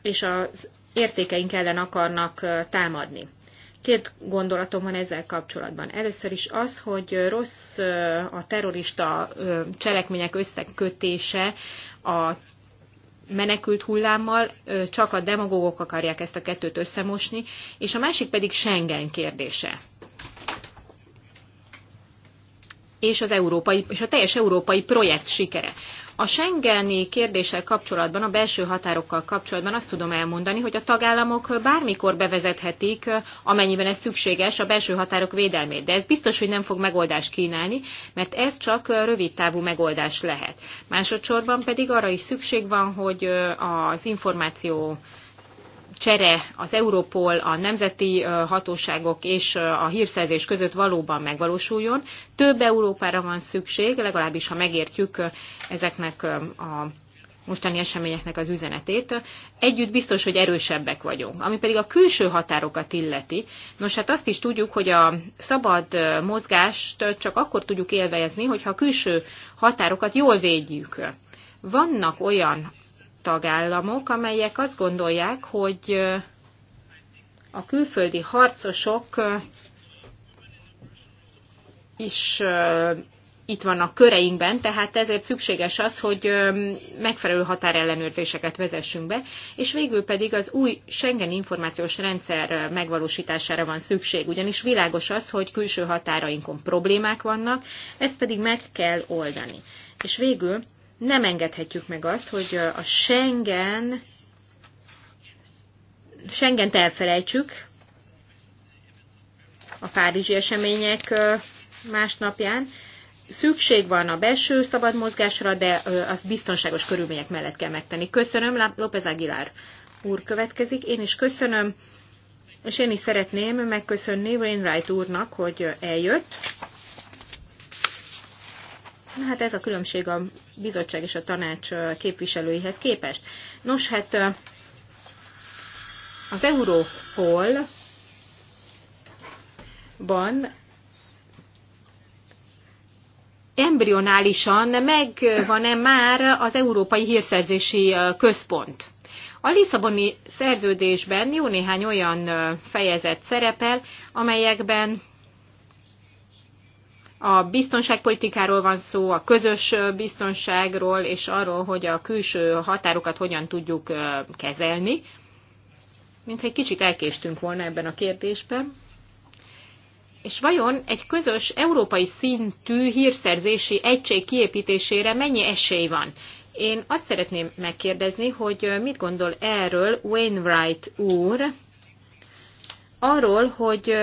és az értékeink ellen akarnak támadni. Két gondolatom van ezzel kapcsolatban. Először is az, hogy rossz a terrorista cselekmények összekötése a menekült hullámmal, csak a demagógok akarják ezt a kettőt összemosni, és a másik pedig Schengen kérdése. És, az európai, és a teljes európai projekt sikere. A Schengeni kérdéssel kapcsolatban, a belső határokkal kapcsolatban azt tudom elmondani, hogy a tagállamok bármikor bevezethetik, amennyiben ez szükséges, a belső határok védelmét. De ez biztos, hogy nem fog megoldást kínálni, mert ez csak rövid távú megoldás lehet. Másodszorban pedig arra is szükség van, hogy az információ csere az Európol, a nemzeti hatóságok és a hírszerzés között valóban megvalósuljon. Több Európára van szükség, legalábbis ha megértjük ezeknek a mostani eseményeknek az üzenetét. Együtt biztos, hogy erősebbek vagyunk. Ami pedig a külső határokat illeti, nos hát azt is tudjuk, hogy a szabad mozgást csak akkor tudjuk élvezni, hogyha a külső határokat jól védjük. Vannak olyan tagállamok, amelyek azt gondolják, hogy a külföldi harcosok is itt vannak köreinkben, tehát ezért szükséges az, hogy megfelelő határellenőrzéseket vezessünk be, és végül pedig az új Schengen információs rendszer megvalósítására van szükség, ugyanis világos az, hogy külső határainkon problémák vannak, ezt pedig meg kell oldani. És végül nem engedhetjük meg azt, hogy a Schengen Schengent elfelejtsük a párizsi események másnapján. Szükség van a belső szabad mozgásra, de azt biztonságos körülmények mellett kell megtenni. Köszönöm, López Aguilar úr következik. Én is köszönöm, és én is szeretném megköszönni Wainwright úrnak, hogy eljött Hát ez a különbség a bizottság és a tanács képviselőihez képest. Nos, hát az Európol van embrionálisan megvan-e már az Európai Hírszerzési Központ. A Lisszaboni szerződésben jó néhány olyan fejezet szerepel, amelyekben a biztonságpolitikáról van szó, a közös biztonságról, és arról, hogy a külső határokat hogyan tudjuk kezelni. Mintha egy kicsit elkéstünk volna ebben a kérdésben. És vajon egy közös európai szintű hírszerzési egység kiépítésére mennyi esély van? Én azt szeretném megkérdezni, hogy mit gondol erről Wainwright úr, arról, hogy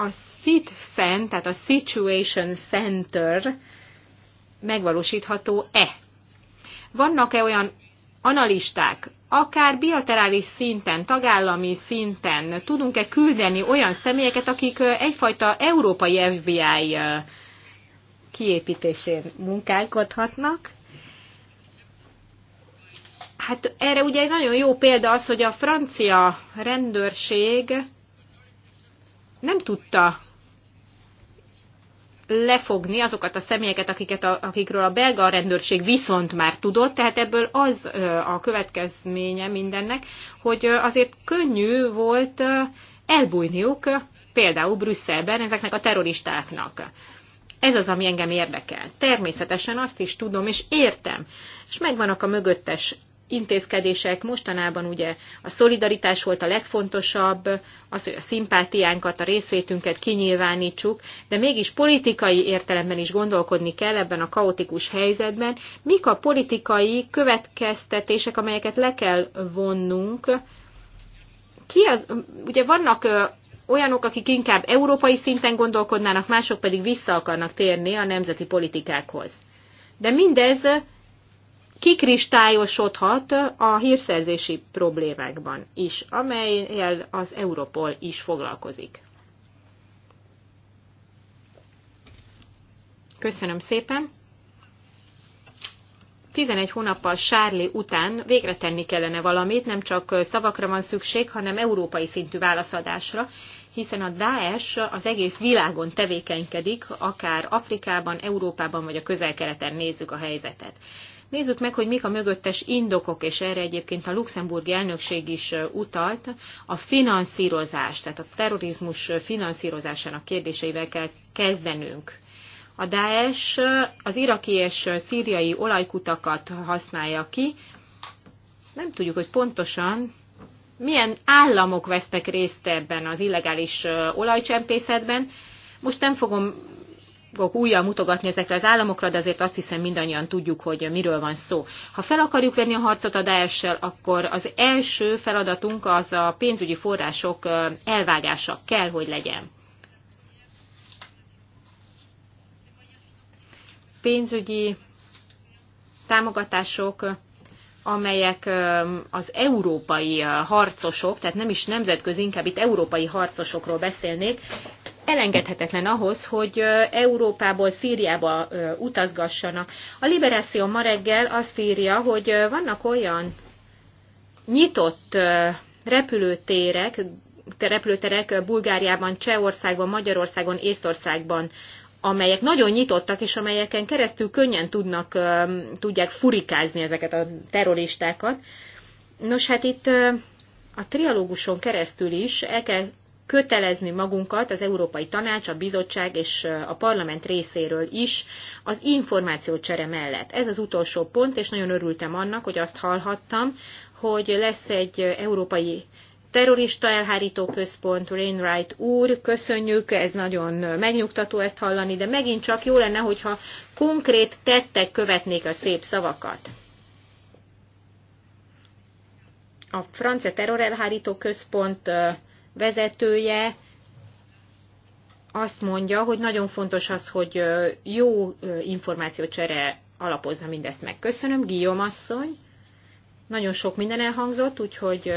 a sit Cent, tehát a Situation Center megvalósítható-e. Vannak-e olyan analisták, akár bilaterális szinten, tagállami szinten tudunk-e küldeni olyan személyeket, akik egyfajta európai FBI kiépítésén munkálkodhatnak? Hát erre ugye egy nagyon jó példa az, hogy a francia rendőrség nem tudta lefogni azokat a személyeket, akiket a, akikről a belga rendőrség viszont már tudott, tehát ebből az a következménye mindennek, hogy azért könnyű volt elbújniuk például Brüsszelben ezeknek a terroristáknak. Ez az, ami engem érdekel. Természetesen azt is tudom, és értem, és megvannak a mögöttes intézkedések mostanában ugye a szolidaritás volt a legfontosabb, az, hogy a szimpátiánkat, a részvétünket kinyilvánítsuk, de mégis politikai értelemben is gondolkodni kell ebben a kaotikus helyzetben, mik a politikai következtetések, amelyeket le kell vonnunk. Ki az, ugye vannak olyanok, akik inkább európai szinten gondolkodnának, mások pedig vissza akarnak térni a nemzeti politikákhoz. De mindez kikristályosodhat a hírszerzési problémákban is, amelyel az Europol is foglalkozik. Köszönöm szépen! 11 hónappal Sárli után végre tenni kellene valamit, nem csak szavakra van szükség, hanem európai szintű válaszadásra, hiszen a Daesh az egész világon tevékenykedik, akár Afrikában, Európában vagy a közel nézzük a helyzetet. Nézzük meg, hogy mik a mögöttes indokok, és erre egyébként a luxemburgi elnökség is utalt. A finanszírozás, tehát a terrorizmus finanszírozásának kérdéseivel kell kezdenünk. A Daesh az iraki és szíriai olajkutakat használja ki. Nem tudjuk, hogy pontosan milyen államok vesztek részt ebben az illegális olajcsempészetben. Most nem fogom fogok újra mutogatni ezekre az államokra, de azért azt hiszem mindannyian tudjuk, hogy miről van szó. Ha fel akarjuk venni a harcot a daesh akkor az első feladatunk az a pénzügyi források elvágása kell, hogy legyen. Pénzügyi támogatások, amelyek az európai harcosok, tehát nem is nemzetközi, inkább itt európai harcosokról beszélnék, elengedhetetlen ahhoz, hogy Európából Szíriába utazgassanak. A Liberáció ma reggel azt írja, hogy vannak olyan nyitott repülőtérek, repülőterek Bulgáriában, Csehországban, Magyarországon, Észtországban, amelyek nagyon nyitottak, és amelyeken keresztül könnyen tudnak, tudják furikázni ezeket a terroristákat. Nos, hát itt a trialóguson keresztül is el kell kötelezni magunkat az Európai Tanács, a Bizottság és a Parlament részéről is az információcsere mellett. Ez az utolsó pont, és nagyon örültem annak, hogy azt hallhattam, hogy lesz egy európai terrorista elhárító központ, Rainwright úr, köszönjük, ez nagyon megnyugtató ezt hallani, de megint csak jó lenne, hogyha konkrét tettek követnék a szép szavakat. A francia terrorelhárító központ vezetője azt mondja, hogy nagyon fontos az, hogy jó információcsere alapozza mindezt meg. Köszönöm, Guillaume asszony. Nagyon sok minden elhangzott, úgyhogy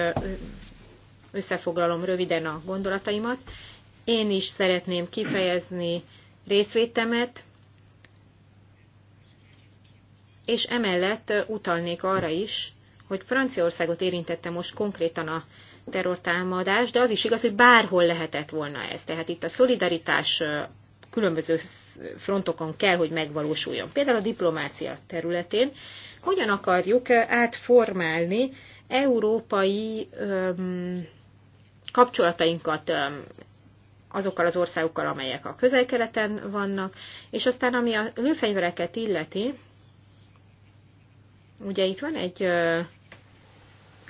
összefoglalom röviden a gondolataimat. Én is szeretném kifejezni részvétemet, és emellett utalnék arra is, hogy Franciaországot érintette most konkrétan a terrortámadás, de az is igaz, hogy bárhol lehetett volna ez. Tehát itt a szolidaritás különböző frontokon kell, hogy megvalósuljon. Például a diplomácia területén hogyan akarjuk átformálni európai öm, kapcsolatainkat öm, azokkal az országokkal, amelyek a közel-keleten vannak, és aztán ami a lőfegyvereket illeti, ugye itt van egy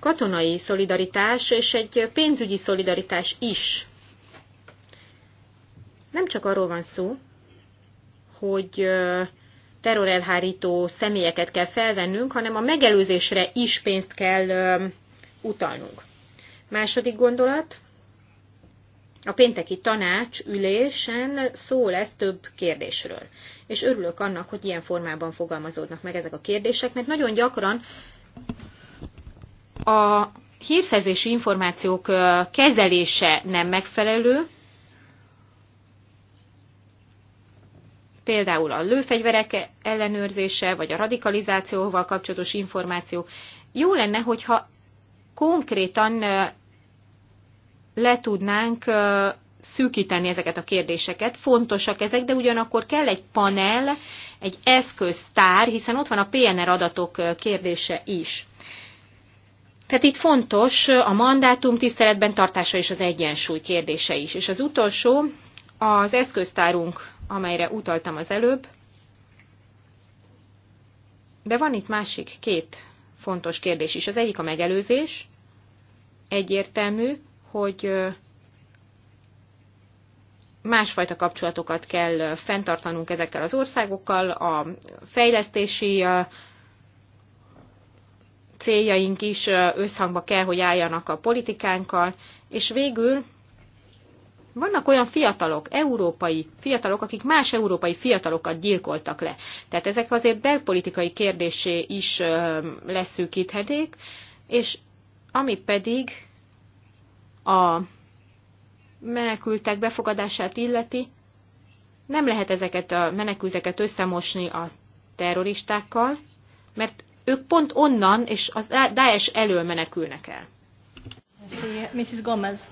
katonai szolidaritás és egy pénzügyi szolidaritás is. Nem csak arról van szó, hogy terrorelhárító személyeket kell felvennünk, hanem a megelőzésre is pénzt kell utalnunk. Második gondolat. A pénteki tanács ülésen szó lesz több kérdésről. És örülök annak, hogy ilyen formában fogalmazódnak meg ezek a kérdések, mert nagyon gyakran a hírszerzési információk kezelése nem megfelelő, például a lőfegyverek ellenőrzése, vagy a radikalizációval kapcsolatos információk. Jó lenne, hogyha konkrétan le tudnánk szűkíteni ezeket a kérdéseket. Fontosak ezek, de ugyanakkor kell egy panel, egy eszköztár, hiszen ott van a PNR adatok kérdése is. Tehát itt fontos a mandátum tiszteletben tartása és az egyensúly kérdése is. És az utolsó, az eszköztárunk, amelyre utaltam az előbb, de van itt másik két fontos kérdés is. Az egyik a megelőzés. Egyértelmű, hogy másfajta kapcsolatokat kell fenntartanunk ezekkel az országokkal, a fejlesztési céljaink is összhangba kell, hogy álljanak a politikánkkal, és végül vannak olyan fiatalok, európai fiatalok, akik más európai fiatalokat gyilkoltak le. Tehát ezek azért belpolitikai kérdésé is leszűkíthetik, és ami pedig a menekültek befogadását illeti, nem lehet ezeket a menekülteket összemosni a terroristákkal, mert ők pont onnan és a Daesh elől menekülnek el. Mrs. Gomez.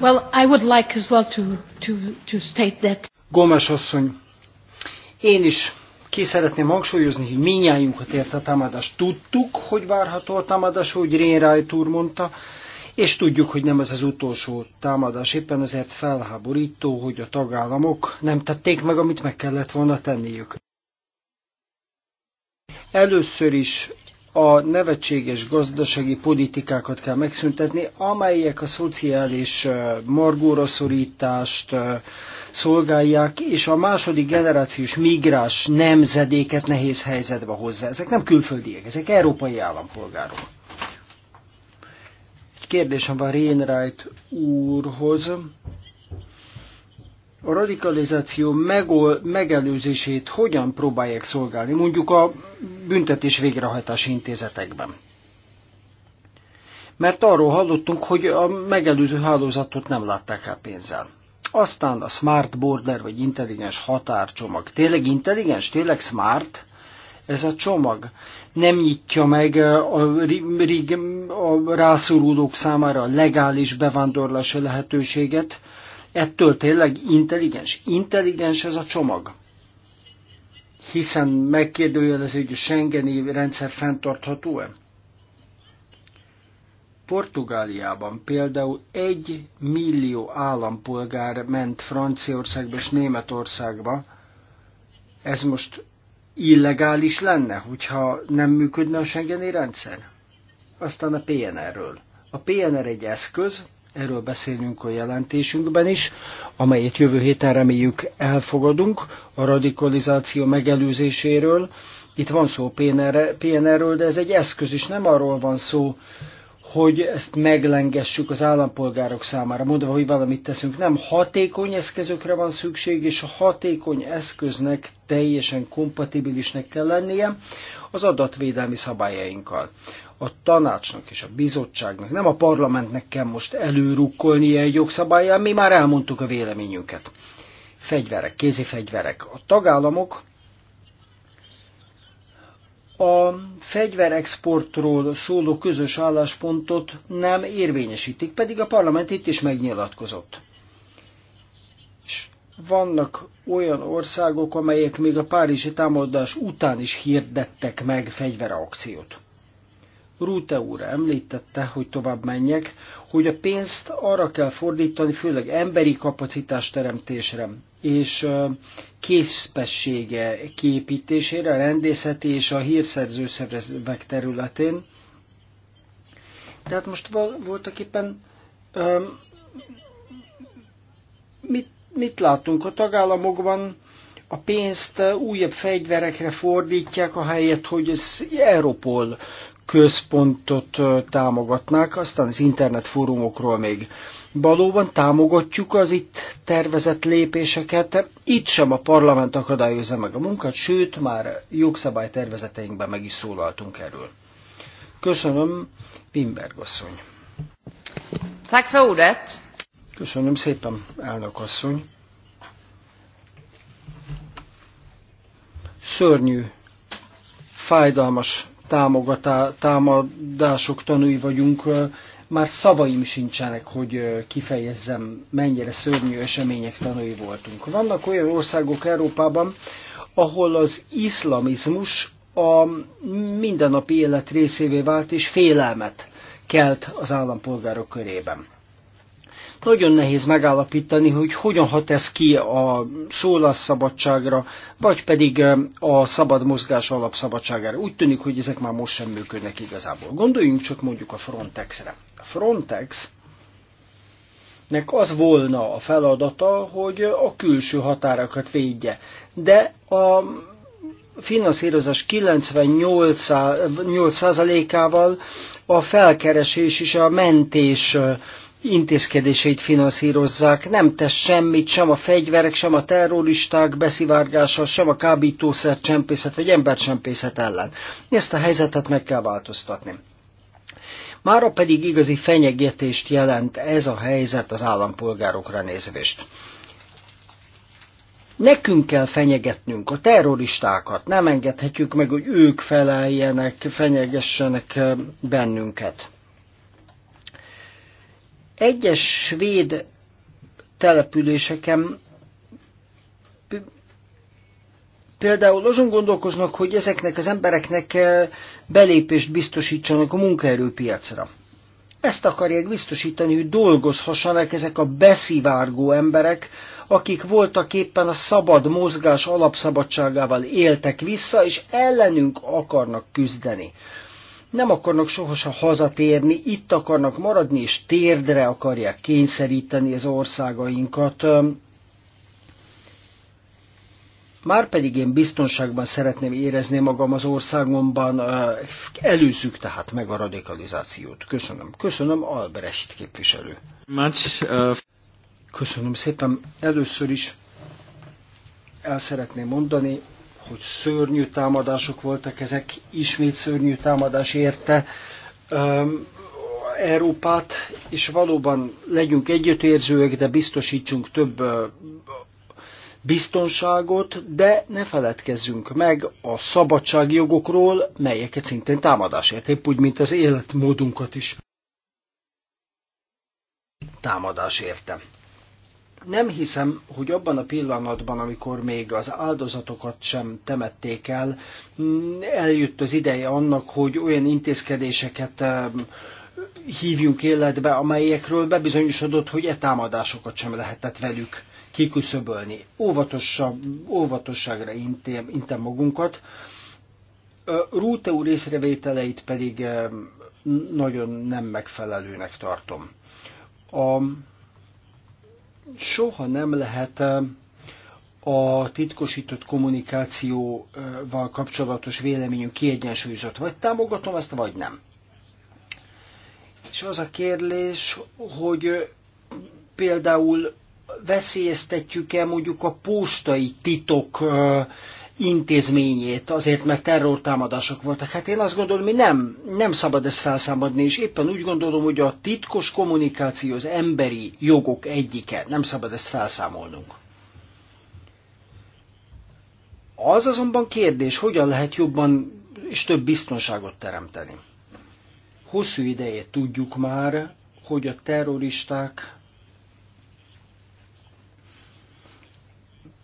Well, I would like as well to, to, to state that. Gomes asszony, én is ki szeretném hangsúlyozni, hogy minnyájunkat ért a támadást. Tudtuk, hogy várható a támadás, hogy Rénrájt úr mondta, és tudjuk, hogy nem ez az utolsó támadás. Éppen ezért felháborító, hogy a tagállamok nem tették meg, amit meg kellett volna tenniük. Először is a nevetséges gazdasági politikákat kell megszüntetni, amelyek a szociális margóra szorítást szolgálják, és a második generációs migráns nemzedéket nehéz helyzetbe hozza. Ezek nem külföldiek, ezek európai állampolgárok. Egy kérdésem van Rénrájt úrhoz a radikalizáció megol, megelőzését hogyan próbálják szolgálni, mondjuk a büntetés végrehajtási intézetekben. Mert arról hallottunk, hogy a megelőző hálózatot nem látták el pénzzel. Aztán a smart border, vagy intelligens határcsomag. Tényleg intelligens, tényleg smart? ez a csomag nem nyitja meg a, a, a rászorulók számára a legális bevándorlási lehetőséget, Ettől tényleg intelligens? Intelligens ez a csomag. Hiszen megkérdőjelezi, hogy a Schengeni rendszer fenntartható-e? Portugáliában például egy millió állampolgár ment Franciaországba és Németországba. Ez most illegális lenne, hogyha nem működne a Schengeni rendszer? Aztán a PNR-ről. A PNR egy eszköz, erről beszélünk a jelentésünkben is, amelyet jövő héten reméljük elfogadunk a radikalizáció megelőzéséről. Itt van szó PNR-ről, de ez egy eszköz is, nem arról van szó, hogy ezt meglengessük az állampolgárok számára, mondva, hogy valamit teszünk. Nem, hatékony eszközökre van szükség, és a hatékony eszköznek teljesen kompatibilisnek kell lennie az adatvédelmi szabályainkkal a tanácsnak és a bizottságnak, nem a parlamentnek kell most előrukkolni egy jogszabályán, mi már elmondtuk a véleményünket. Fegyverek, kézi fegyverek. A tagállamok a fegyverexportról szóló közös álláspontot nem érvényesítik, pedig a parlament itt is megnyilatkozott. És vannak olyan országok, amelyek még a párizsi támadás után is hirdettek meg fegyverakciót. Rúte úr említette, hogy tovább menjek, hogy a pénzt arra kell fordítani, főleg emberi kapacitás teremtésre és készpessége képítésére, a rendészeti és a hírszerző szervezetek területén. Tehát most voltak éppen mit, mit látunk a tagállamokban? a pénzt újabb fegyverekre fordítják, ahelyett, hogy ez Europol központot támogatnák, aztán az internetfórumokról még. Valóban támogatjuk az itt tervezett lépéseket, itt sem a parlament akadályozza meg a munkát, sőt, már jogszabály tervezeteinkben meg is szólaltunk erről. Köszönöm, Wimberg asszony. Köszönöm szépen, elnök asszony. Szörnyű, fájdalmas támogatá, támadások tanúi vagyunk, már szavaim sincsenek, hogy kifejezzem, mennyire szörnyű események tanúi voltunk. Vannak olyan országok Európában, ahol az iszlamizmus a mindennapi élet részévé vált és félelmet kelt az állampolgárok körében. Nagyon nehéz megállapítani, hogy hogyan hat ez ki a szólásszabadságra, vagy pedig a szabad mozgás alapszabadságára. Úgy tűnik, hogy ezek már most sem működnek igazából. Gondoljunk csak mondjuk a Frontexre. A Frontex az volna a feladata, hogy a külső határokat védje. De a finanszírozás 98%-ával a felkeresés és a mentés intézkedéseit finanszírozzák. Nem tesz semmit, sem a fegyverek, sem a terroristák beszivárgása, sem a kábítószer csempészet vagy embercsempészet ellen. Ezt a helyzetet meg kell változtatni. Mára pedig igazi fenyegetést jelent ez a helyzet az állampolgárokra nézvést. Nekünk kell fenyegetnünk a terroristákat, nem engedhetjük meg, hogy ők feleljenek, fenyegessenek eh, bennünket. Egyes svéd településeken például azon gondolkoznak, hogy ezeknek az embereknek eh, belépést biztosítsanak a munkaerőpiacra. Ezt akarják biztosítani, hogy dolgozhassanak ezek a beszivárgó emberek, akik voltak éppen a szabad mozgás alapszabadságával éltek vissza, és ellenünk akarnak küzdeni nem akarnak sohasem hazatérni, itt akarnak maradni, és térdre akarják kényszeríteni az országainkat. Márpedig én biztonságban szeretném érezni magam az országomban, előzzük tehát meg a radikalizációt. Köszönöm. Köszönöm, Albrecht képviselő. Uh, Köszönöm szépen. Először is el szeretném mondani, hogy szörnyű támadások voltak, ezek ismét szörnyű támadás érte um, Európát, és valóban legyünk együttérzőek, de biztosítsunk több uh, biztonságot, de ne feledkezzünk meg a szabadságjogokról, melyeket szintén támadásért, épp úgy, mint az életmódunkat is támadás érte nem hiszem, hogy abban a pillanatban, amikor még az áldozatokat sem temették el, eljött az ideje annak, hogy olyan intézkedéseket eh, hívjunk életbe, amelyekről bebizonyosodott, hogy e támadásokat sem lehetett velük kiküszöbölni. Óvatosabb, óvatosságra intem, intem magunkat. Eh, Rúte úr észrevételeit pedig eh, nagyon nem megfelelőnek tartom. A soha nem lehet a titkosított kommunikációval kapcsolatos véleményünk kiegyensúlyozott. Vagy támogatom ezt, vagy nem. És az a kérdés, hogy például veszélyeztetjük-e mondjuk a postai titok intézményét azért, mert terrortámadások voltak. Hát én azt gondolom, hogy nem, nem szabad ezt felszámadni, és éppen úgy gondolom, hogy a titkos kommunikáció az emberi jogok egyike. Nem szabad ezt felszámolnunk. Az azonban kérdés, hogyan lehet jobban és több biztonságot teremteni. Hosszú ideje tudjuk már, hogy a terroristák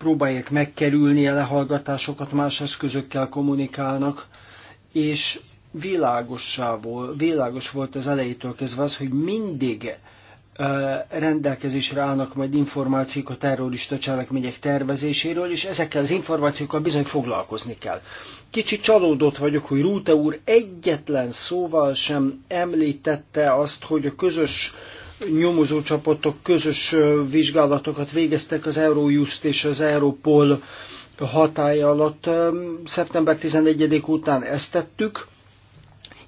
próbálják megkerülni a lehallgatásokat, más eszközökkel kommunikálnak, és világossá világos volt az elejétől kezdve az, hogy mindig rendelkezésre állnak majd információk a terrorista cselekmények tervezéséről, és ezekkel az információkkal bizony foglalkozni kell. Kicsit csalódott vagyok, hogy Rúte úr egyetlen szóval sem említette azt, hogy a közös nyomozó csapatok közös vizsgálatokat végeztek az Eurojust és az Europol hatája alatt. Szeptember 11 után ezt tettük,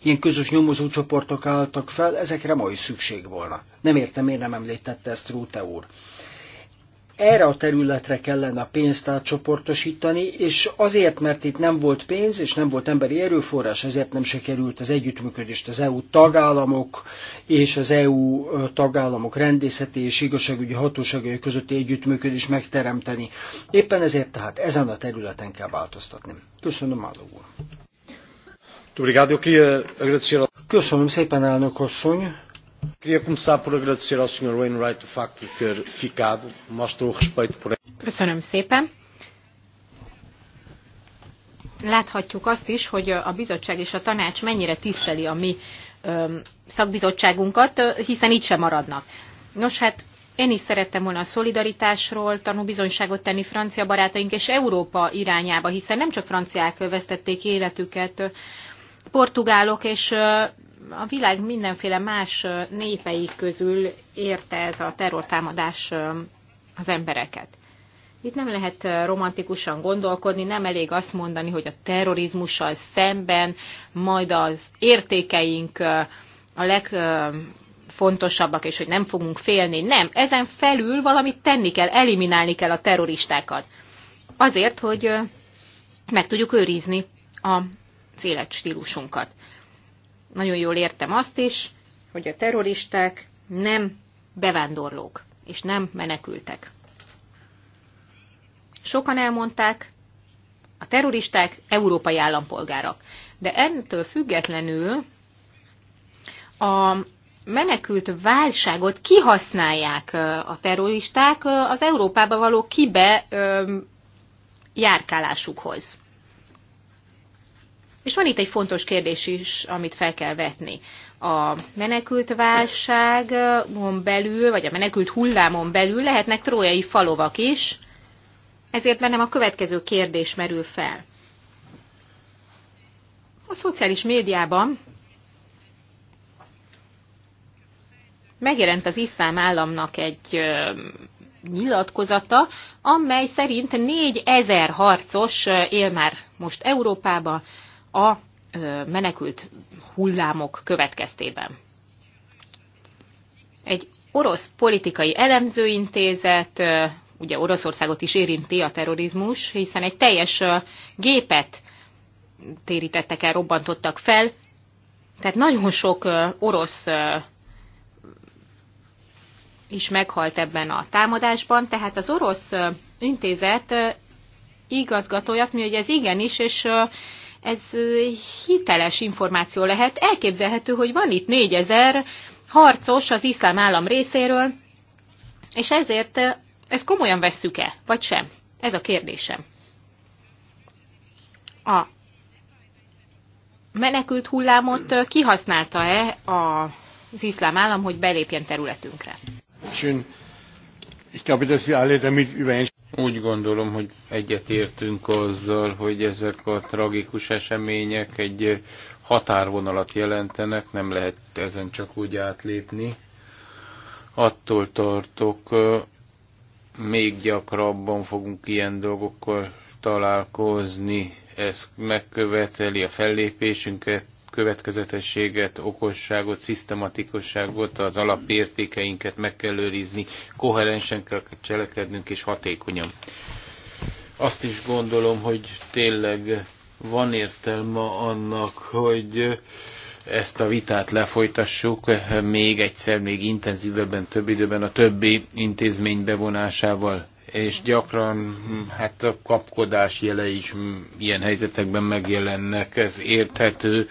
ilyen közös nyomozó csoportok álltak fel, ezekre ma is szükség volna. Nem értem, miért nem említette ezt Rúte úr erre a területre kellene a pénzt átcsoportosítani, és azért, mert itt nem volt pénz, és nem volt emberi erőforrás, ezért nem se került az együttműködést az EU tagállamok és az EU tagállamok rendészeti és igazságügyi hatóságai közötti együttműködés megteremteni. Éppen ezért tehát ezen a területen kell változtatni. Köszönöm, Álló úr. Köszönöm szépen, elnök asszony. Köszönöm szépen. Láthatjuk azt is, hogy a bizottság és a tanács mennyire tiszteli a mi szakbizottságunkat, hiszen itt sem maradnak. Nos, hát én is szerettem volna a szolidaritásról tanúbizonyságot tenni francia barátaink és Európa irányába, hiszen nem csak franciák vesztették életüket, portugálok és a világ mindenféle más népei közül érte ez a terrortámadás az embereket. Itt nem lehet romantikusan gondolkodni, nem elég azt mondani, hogy a terrorizmussal szemben majd az értékeink a legfontosabbak, és hogy nem fogunk félni. Nem, ezen felül valamit tenni kell, eliminálni kell a terroristákat. Azért, hogy meg tudjuk őrizni az életstílusunkat nagyon jól értem azt is, hogy a terroristák nem bevándorlók, és nem menekültek. Sokan elmondták, a terroristák európai állampolgárok. De ettől függetlenül a menekült válságot kihasználják a terroristák az Európába való kibe járkálásukhoz. És van itt egy fontos kérdés is, amit fel kell vetni. A menekült válságon belül, vagy a menekült hullámon belül lehetnek trójai falovak is, ezért bennem a következő kérdés merül fel. A szociális médiában megjelent az iszlám államnak egy nyilatkozata, amely szerint 4000 harcos él már most Európában a menekült hullámok következtében. Egy orosz politikai elemzőintézet, ugye Oroszországot is érinti a terrorizmus, hiszen egy teljes gépet térítettek el, robbantottak fel, tehát nagyon sok orosz is meghalt ebben a támadásban, tehát az orosz intézet igazgatója azt mondja, hogy ez igenis, és ez hiteles információ lehet. Elképzelhető, hogy van itt 4000 harcos az iszlám állam részéről, és ezért ezt komolyan vesszük-e, vagy sem? Ez a kérdésem. A menekült hullámot kihasználta-e az iszlám állam, hogy belépjen területünkre? Schön. Ich glaube, dass wir alle damit übereinstimmen. Úgy gondolom, hogy egyetértünk azzal, hogy ezek a tragikus események egy határvonalat jelentenek, nem lehet ezen csak úgy átlépni. Attól tartok, még gyakrabban fogunk ilyen dolgokkal találkozni. Ez megköveteli a fellépésünket, következetességet, okosságot, szisztematikusságot, az alapértékeinket meg kell őrizni, koherensen kell cselekednünk és hatékonyan. Azt is gondolom, hogy tényleg van értelme annak, hogy ezt a vitát lefolytassuk még egyszer, még intenzívebben, több időben a többi intézmény bevonásával és gyakran hát a kapkodás jele is ilyen helyzetekben megjelennek, ez érthető,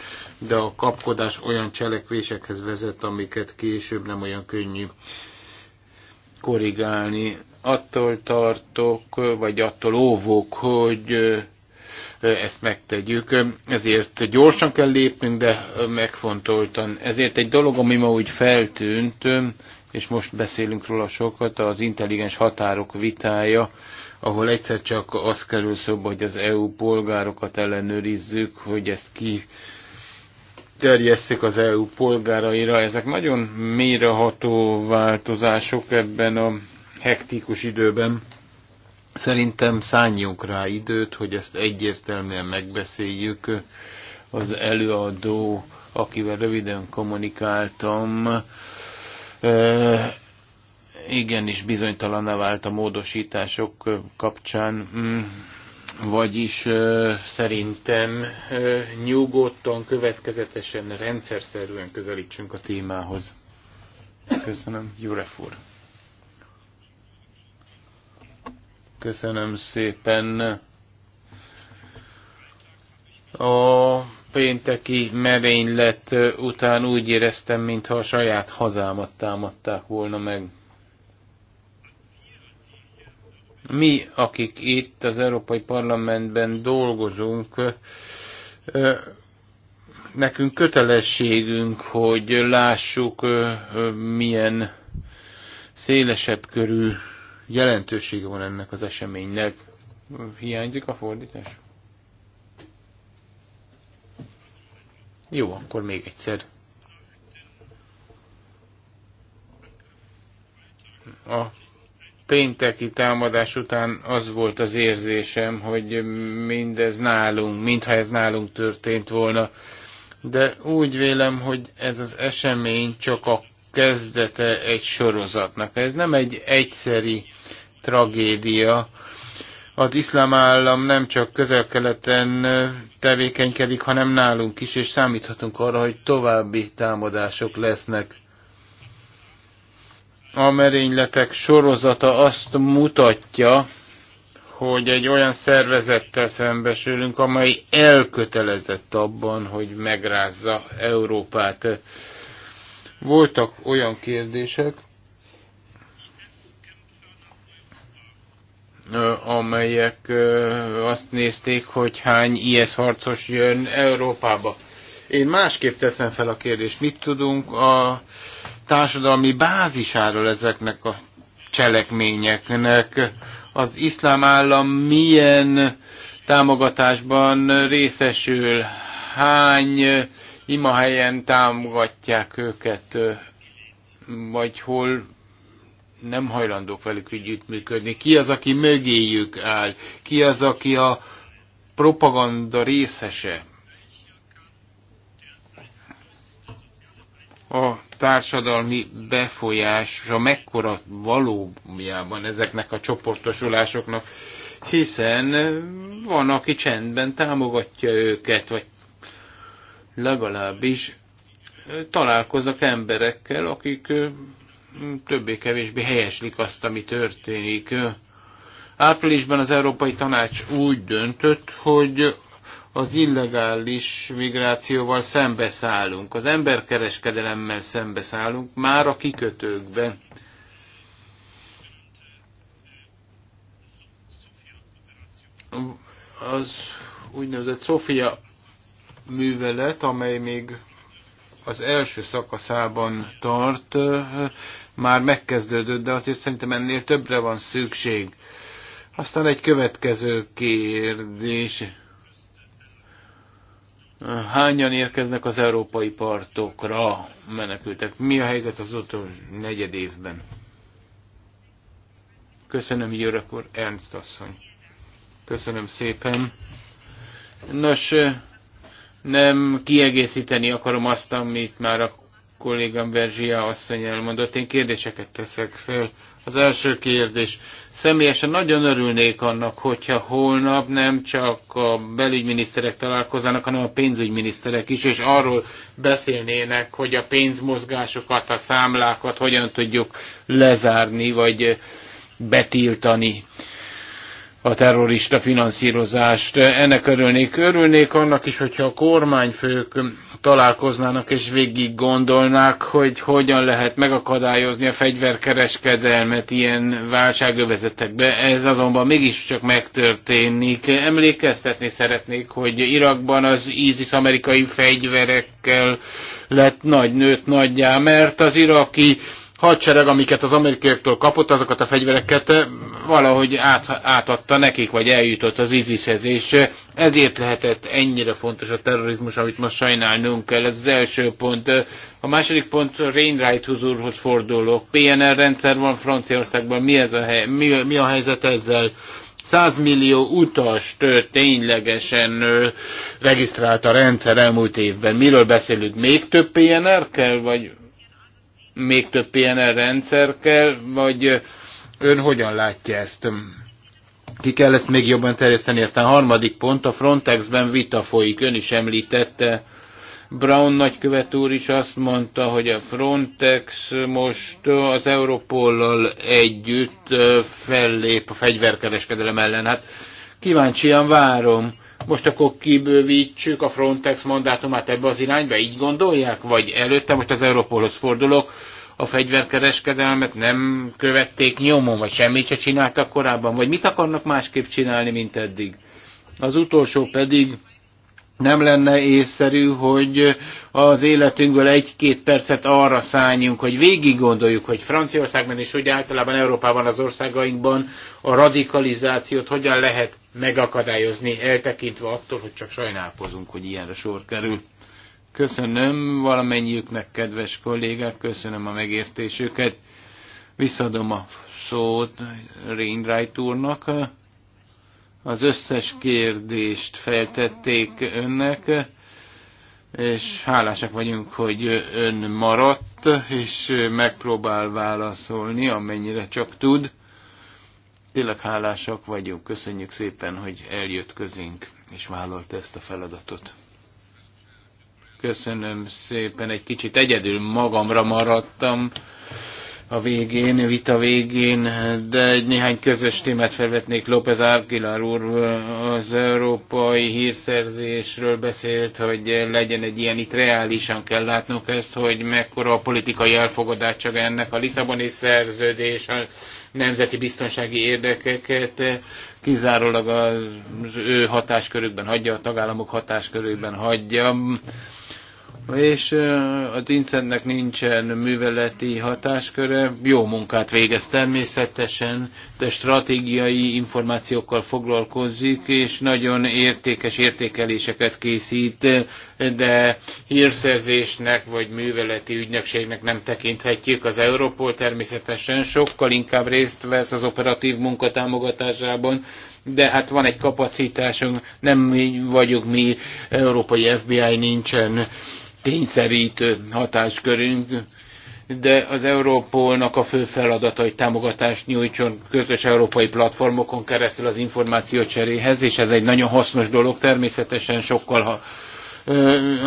de a kapkodás olyan cselekvésekhez vezet, amiket később nem olyan könnyű korrigálni. Attól tartok, vagy attól óvok, hogy ezt megtegyük. Ezért gyorsan kell lépnünk, de megfontoltan. Ezért egy dolog, ami ma úgy feltűnt, és most beszélünk róla sokat, az intelligens határok vitája, ahol egyszer csak az kerül szóba, hogy az EU polgárokat ellenőrizzük, hogy ezt ki terjesszik az EU polgáraira. Ezek nagyon mélyreható változások ebben a hektikus időben. Szerintem szálljunk rá időt, hogy ezt egyértelműen megbeszéljük. Az előadó, akivel röviden kommunikáltam, igenis bizonytalanná vált a módosítások kapcsán, mm, vagyis szerintem nyugodtan, következetesen, szerűen közelítsünk a témához. Köszönöm, Jurev úr. Köszönöm szépen. A pénteki merénylet után úgy éreztem, mintha a saját hazámat támadták volna meg. Mi, akik itt az Európai Parlamentben dolgozunk, nekünk kötelességünk, hogy lássuk, milyen szélesebb körű jelentősége van ennek az eseménynek. Hiányzik a fordítás? Jó, akkor még egyszer. A pénteki támadás után az volt az érzésem, hogy mindez nálunk, mintha ez nálunk történt volna. De úgy vélem, hogy ez az esemény csak a kezdete egy sorozatnak. Ez nem egy egyszeri tragédia, az iszlám állam nem csak közel-keleten tevékenykedik, hanem nálunk is, és számíthatunk arra, hogy további támadások lesznek. A merényletek sorozata azt mutatja, hogy egy olyan szervezettel szembesülünk, amely elkötelezett abban, hogy megrázza Európát. Voltak olyan kérdések, amelyek azt nézték, hogy hány IS harcos jön Európába. Én másképp teszem fel a kérdést, mit tudunk a társadalmi bázisáról ezeknek a cselekményeknek? Az iszlám állam milyen támogatásban részesül? Hány imahelyen támogatják őket? Vagy hol nem hajlandók velük együttműködni. Ki az, aki mögéjük áll? Ki az, aki a propaganda részese? A társadalmi befolyása mekkora valójában ezeknek a csoportosulásoknak, hiszen van, aki csendben támogatja őket, vagy legalábbis találkoznak emberekkel, akik többé-kevésbé helyeslik azt, ami történik. Áprilisban az Európai Tanács úgy döntött, hogy az illegális migrációval szembeszállunk, az emberkereskedelemmel szembeszállunk, már a kikötőkben. Az úgynevezett Sofia művelet, amely még az első szakaszában tart, már megkezdődött, de azért szerintem ennél többre van szükség. Aztán egy következő kérdés. Hányan érkeznek az európai partokra menekültek? Mi a helyzet az utolsó negyed évben? Köszönöm, Jörök úr, Ernst asszony. Köszönöm szépen. Nos, nem kiegészíteni akarom azt, amit már a kollégám Berzsia asszony elmondott, én kérdéseket teszek föl. Az első kérdés. Személyesen nagyon örülnék annak, hogyha holnap nem csak a belügyminiszterek találkozának, hanem a pénzügyminiszterek is, és arról beszélnének, hogy a pénzmozgásokat, a számlákat hogyan tudjuk lezárni, vagy betiltani a terrorista finanszírozást. Ennek örülnék. Örülnék annak is, hogyha a kormányfők találkoznának és végig gondolnák, hogy hogyan lehet megakadályozni a fegyverkereskedelmet ilyen válságövezetekbe. Ez azonban mégiscsak megtörténik. Emlékeztetni szeretnék, hogy Irakban az ISIS amerikai fegyverekkel lett nagy nőtt nagyjá, mert az iraki hadsereg, amiket az amerikaiaktól kapott, azokat a fegyvereket eh, valahogy át, átadta nekik, vagy eljutott az ISIS-hez, és eh, ezért lehetett ennyire fontos a terrorizmus, amit most sajnálnunk kell. Ez az első pont. A második pont Rainwright úrhoz fordulok. PNR rendszer van Franciaországban, mi, ez a hely, mi, mi a helyzet ezzel? 100 millió utast ténylegesen regisztrált a rendszer elmúlt évben. Miről beszélünk? Még több PNR kell, vagy még több PNR rendszer kell, vagy ön hogyan látja ezt? Ki kell ezt még jobban terjeszteni? Aztán harmadik pont, a Frontexben vita folyik, ön is említette, Brown nagykövet úr is azt mondta, hogy a Frontex most az Europollal együtt fellép a fegyverkereskedelem ellen. Hát kíváncsian várom, most akkor kibővítsük a Frontex mandátumát ebbe az irányba, így gondolják? Vagy előtte, most az Európolhoz fordulok, a fegyverkereskedelmet nem követték nyomon, vagy semmit se csináltak korábban, vagy mit akarnak másképp csinálni, mint eddig? Az utolsó pedig nem lenne észszerű, hogy az életünkből egy-két percet arra szálljunk, hogy végig gondoljuk, hogy Franciaországban és úgy általában Európában az országainkban a radikalizációt hogyan lehet megakadályozni, eltekintve attól, hogy csak sajnálkozunk, hogy ilyenre sor kerül. Köszönöm valamennyiüknek, kedves kollégák, köszönöm a megértésüket. Visszadom a szót Rindrájt úrnak. Az összes kérdést feltették önnek, és hálásak vagyunk, hogy ön maradt, és megpróbál válaszolni, amennyire csak tud. Tényleg hálásak vagyunk, köszönjük szépen, hogy eljött közénk, és vállalt ezt a feladatot. Köszönöm szépen, egy kicsit egyedül magamra maradtam a végén, vita végén, de egy néhány közös témát felvetnék. López Árkilar úr az európai hírszerzésről beszélt, hogy legyen egy ilyen, itt reálisan kell látnunk ezt, hogy mekkora a politikai elfogadátsága ennek a Lisszaboni szerződés, a nemzeti biztonsági érdekeket kizárólag az ő hatáskörükben hagyja, a tagállamok hatáskörükben hagyja és az incentnek nincsen műveleti hatásköre, jó munkát végez természetesen, de stratégiai információkkal foglalkozik, és nagyon értékes értékeléseket készít, de hírszerzésnek vagy műveleti ügynökségnek nem tekinthetjük. Az Európol természetesen sokkal inkább részt vesz az operatív munka támogatásában, de hát van egy kapacitásunk, nem mi vagyunk mi, európai FBI nincsen kényszerítő hatáskörünk, de az Európolnak a fő feladata, hogy támogatást nyújtson közös európai platformokon keresztül az információ cseréhez, és ez egy nagyon hasznos dolog, természetesen sokkal ha,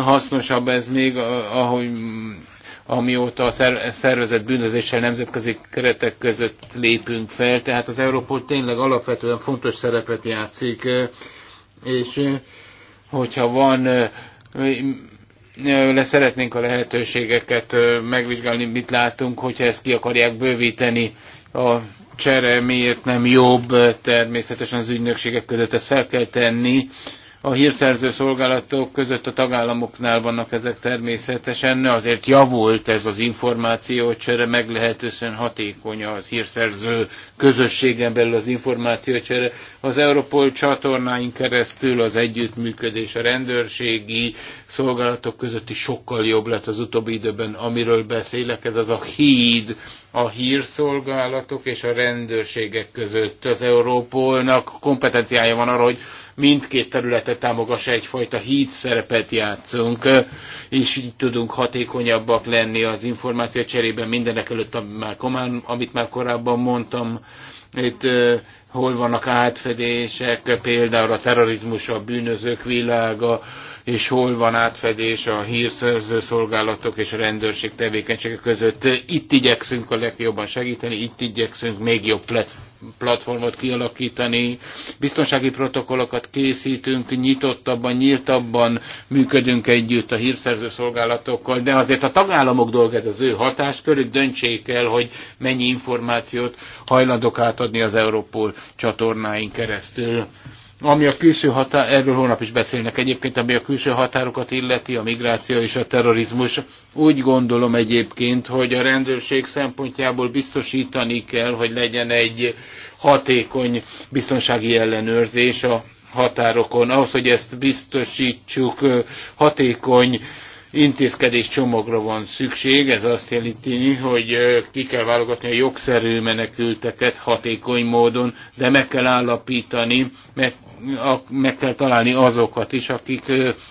hasznosabb ez még, ahogy amióta a szervezett bűnözéssel nemzetközi keretek között lépünk fel, tehát az Európol tényleg alapvetően fontos szerepet játszik, és hogyha van le szeretnénk a lehetőségeket megvizsgálni, mit látunk, hogyha ezt ki akarják bővíteni a csere miért nem jobb, természetesen az ügynökségek között ezt fel kell tenni, a hírszerző szolgálatok között a tagállamoknál vannak ezek természetesen, azért javult ez az információcsere, meglehetősen hatékony az hírszerző közösségen belül az információcsere. Az Europol csatornáin keresztül az együttműködés a rendőrségi szolgálatok között is sokkal jobb lett az utóbbi időben, amiről beszélek, ez az a híd, a hírszolgálatok és a rendőrségek között. Az Európolnak kompetenciája van arra, hogy mindkét területet támogassa, egyfajta híd szerepet játszunk, és így tudunk hatékonyabbak lenni az információ cserében mindenek előtt, amit már, amit már korábban mondtam, itt hol vannak átfedések, például a terrorizmus, a bűnözők világa, és hol van átfedés a hírszerző szolgálatok és a rendőrség tevékenysége között. Itt igyekszünk a legjobban segíteni, itt igyekszünk még jobb platformot kialakítani, biztonsági protokollokat készítünk, nyitottabban, nyíltabban működünk együtt a hírszerző szolgálatokkal, de azért a tagállamok dolga ez az ő hatáskörük, döntsék el, hogy mennyi információt hajlandok átadni az Európol csatornáin keresztül. Ami a külső határ, erről holnap is beszélnek egyébként, ami a külső határokat illeti, a migráció és a terrorizmus. Úgy gondolom egyébként, hogy a rendőrség szempontjából biztosítani kell, hogy legyen egy hatékony biztonsági ellenőrzés a határokon. Ahhoz, hogy ezt biztosítsuk, hatékony intézkedés csomagra van szükség, ez azt jelenti, hogy ki kell válogatni a jogszerű menekülteket hatékony módon, de meg kell állapítani, meg, a, meg kell találni azokat is, akik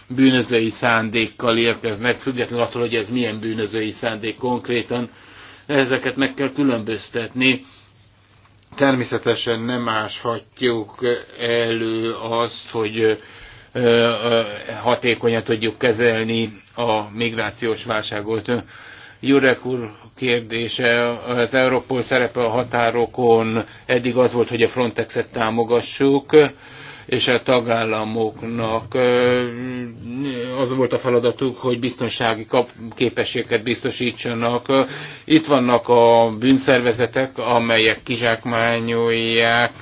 bűnözői szándékkal érkeznek, függetlenül attól, hogy ez milyen bűnözői szándék konkrétan, ezeket meg kell különböztetni. Természetesen nem áshatjuk elő azt, hogy hatékonyan tudjuk kezelni a migrációs válságot. Jurek úr kérdése, az Európol szerepe a határokon eddig az volt, hogy a Frontexet támogassuk, és a tagállamoknak az volt a feladatuk, hogy biztonsági képességet biztosítsanak. Itt vannak a bűnszervezetek, amelyek kizsákmányolják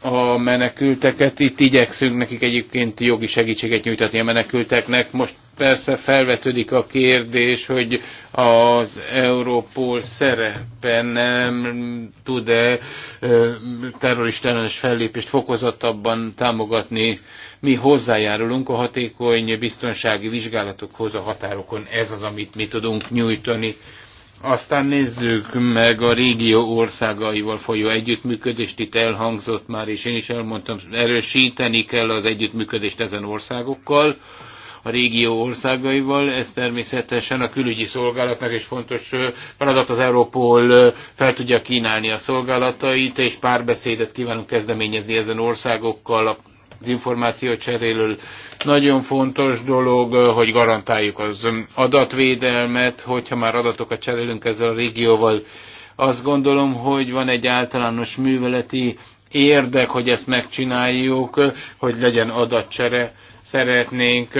a menekülteket. Itt igyekszünk nekik egyébként jogi segítséget nyújtani a menekülteknek. Most persze felvetődik a kérdés, hogy az Európol szerepe nem tud-e terroristellenes fellépést fokozottabban támogatni. Mi hozzájárulunk a hatékony biztonsági vizsgálatokhoz a határokon. Ez az, amit mi tudunk nyújtani. Aztán nézzük meg a régió országaival folyó együttműködést, itt elhangzott már, és én is elmondtam, erősíteni kell az együttműködést ezen országokkal a régió országaival. Ez természetesen a külügyi szolgálatnak is fontos feladat. Az Európol fel tudja kínálni a szolgálatait, és párbeszédet kívánunk kezdeményezni ezen országokkal az információ cseréről. Nagyon fontos dolog, hogy garantáljuk az adatvédelmet, hogyha már adatokat cserélünk ezzel a régióval. Azt gondolom, hogy van egy általános műveleti érdek, hogy ezt megcsináljuk, hogy legyen adatcsere szeretnénk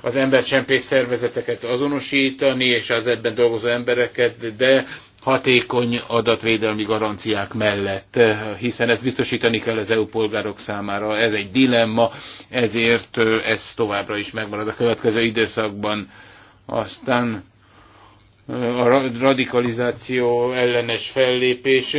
az embercsempész szervezeteket azonosítani, és az ebben dolgozó embereket, de hatékony adatvédelmi garanciák mellett, hiszen ezt biztosítani kell az EU polgárok számára. Ez egy dilemma, ezért ez továbbra is megmarad a következő időszakban. Aztán a radikalizáció ellenes fellépés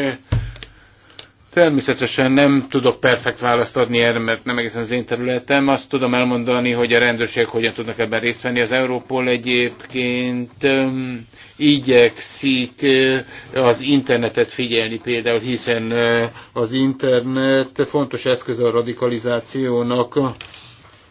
Természetesen nem tudok perfekt választ adni erre, mert nem egészen az én területem. Azt tudom elmondani, hogy a rendőrségek hogyan tudnak ebben részt venni. Az Európol egyébként um, igyekszik az internetet figyelni például, hiszen az internet fontos eszköz a radikalizációnak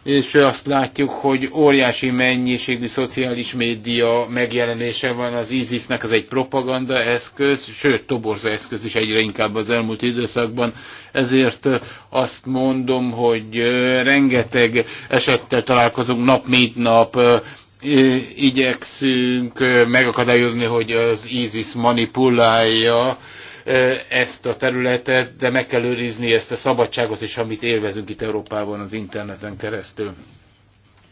és azt látjuk, hogy óriási mennyiségű szociális média megjelenése van az ISIS-nek, az egy propaganda eszköz, sőt toborza eszköz is egyre inkább az elmúlt időszakban, ezért azt mondom, hogy rengeteg esettel találkozunk nap, mint nap, igyekszünk megakadályozni, hogy az ISIS manipulálja ezt a területet, de meg kell őrizni ezt a szabadságot is, amit élvezünk itt Európában az interneten keresztül.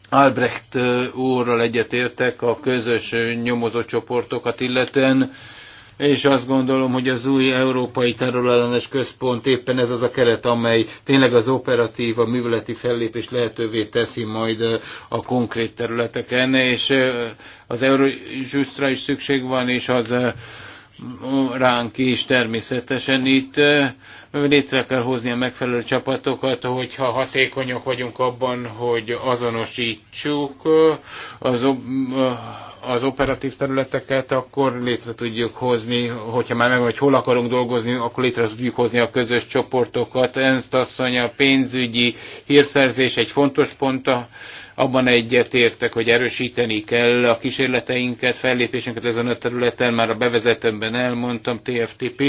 Albrecht úrral egyetértek a közös nyomozó csoportokat illetően, és azt gondolom, hogy az új Európai Terrorellenes Központ éppen ez az a keret, amely tényleg az operatív, a műveleti fellépés lehetővé teszi majd a konkrét területeken, és az Eurojustra is szükség van, és az ránk is természetesen. Itt létre kell hozni a megfelelő csapatokat, hogyha hatékonyak vagyunk abban, hogy azonosítsuk az, az operatív területeket, akkor létre tudjuk hozni, hogyha már meg, hogy hol akarunk dolgozni, akkor létre tudjuk hozni a közös csoportokat. Ernst asszony, a pénzügyi hírszerzés egy fontos pont a abban egyetértek, hogy erősíteni kell a kísérleteinket, fellépésünket ezen a területen, már a bevezetőmben elmondtam, TFTP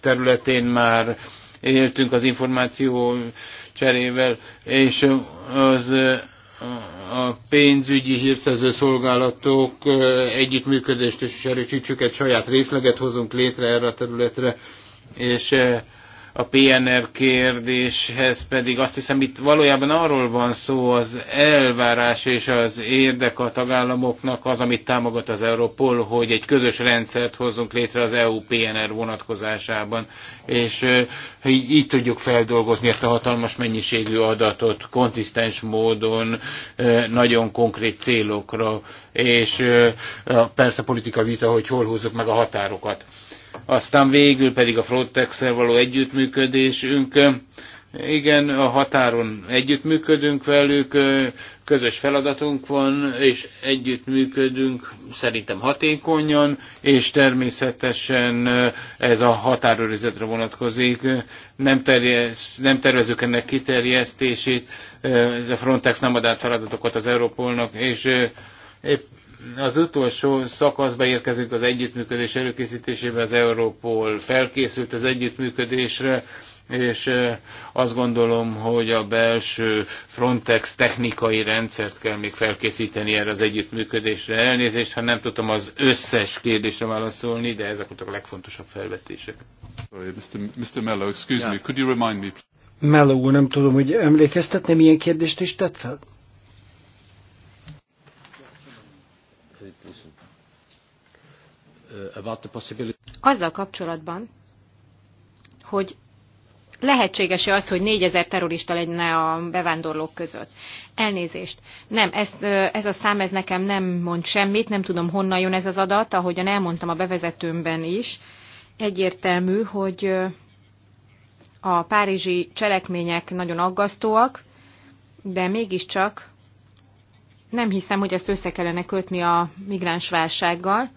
területén már éltünk az információ cserével, és az a pénzügyi hírszerző szolgálatok együttműködést és erősítsük, egy saját részleget hozunk létre erre a területre, és a PNR kérdéshez pedig azt hiszem itt valójában arról van szó az elvárás és az érdek a tagállamoknak az, amit támogat az Europol, hogy egy közös rendszert hozzunk létre az EU PNR vonatkozásában, és így, így tudjuk feldolgozni ezt a hatalmas mennyiségű adatot konzisztens módon, nagyon konkrét célokra, és persze politika vita, hogy hol húzzuk meg a határokat. Aztán végül pedig a frontex való együttműködésünk. Igen, a határon együttműködünk velük, közös feladatunk van, és együttműködünk szerintem hatékonyan, és természetesen ez a határőrizetre vonatkozik. Nem, terjesz, nem tervezünk ennek kiterjesztését, a Frontex nem ad át feladatokat az Európolnak, és épp az utolsó szakaszba érkezünk az együttműködés előkészítésében az Európol felkészült az együttműködésre, és azt gondolom, hogy a belső Frontex technikai rendszert kell még felkészíteni erre az együttműködésre. Elnézést, ha nem tudtam az összes kérdésre válaszolni, de ezek voltak a legfontosabb felvetések. Sorry, Mr. Mr. Mello, excuse yeah. me, could you remind me? Mello nem tudom, hogy emlékeztetne, milyen kérdést is tett fel? about the possibility... Azzal kapcsolatban, hogy lehetséges-e az, hogy 4000 terrorista legyen a bevándorlók között? Elnézést. Nem, ez, ez a szám ez nekem nem mond semmit, nem tudom honnan jön ez az adat, ahogyan elmondtam a bevezetőmben is. Egyértelmű, hogy a párizsi cselekmények nagyon aggasztóak, de mégiscsak nem hiszem, hogy ezt össze kellene kötni a migránsválsággal.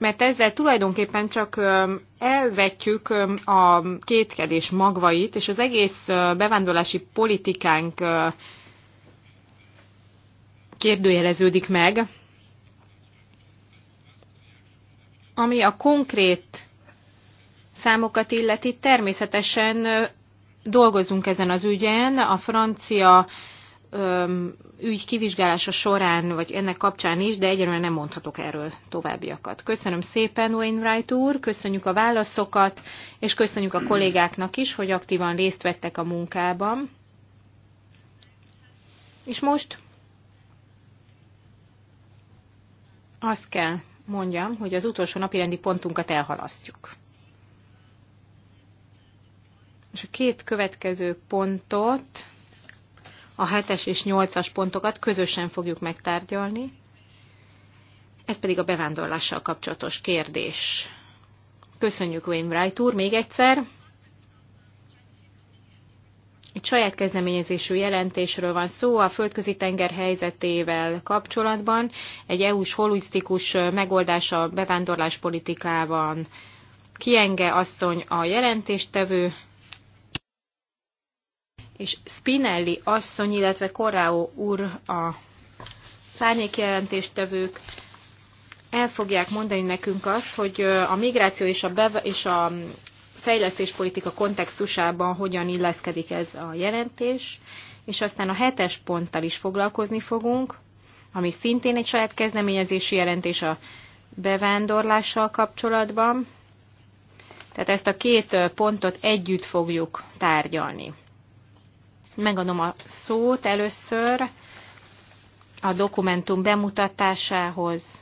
mert ezzel tulajdonképpen csak elvetjük a kétkedés magvait, és az egész bevándorlási politikánk kérdőjeleződik meg, ami a konkrét számokat illeti, természetesen dolgozunk ezen az ügyen, a francia ügy kivizsgálása során, vagy ennek kapcsán is, de egyelőre nem mondhatok erről továbbiakat. Köszönöm szépen, Wright úr, köszönjük a válaszokat, és köszönjük a kollégáknak is, hogy aktívan részt vettek a munkában. És most azt kell mondjam, hogy az utolsó napirendi pontunkat elhalasztjuk. És a két következő pontot a 7-es és 8-as pontokat közösen fogjuk megtárgyalni. Ez pedig a bevándorlással kapcsolatos kérdés. Köszönjük Wainwright úr még egyszer. Egy saját kezdeményezésű jelentésről van szó a földközi tenger helyzetével kapcsolatban. Egy EU-s holisztikus megoldása a politikában. Kienge asszony a jelentéstevő, és Spinelli asszony, illetve Korráó úr a szárnyékjelentéstevők el fogják mondani nekünk azt, hogy a migráció és a, beve- és a fejlesztéspolitika kontextusában hogyan illeszkedik ez a jelentés, és aztán a hetes ponttal is foglalkozni fogunk, ami szintén egy saját kezdeményezési jelentés a bevándorlással kapcsolatban. Tehát ezt a két pontot együtt fogjuk tárgyalni. Megadom a szót először a dokumentum bemutatásához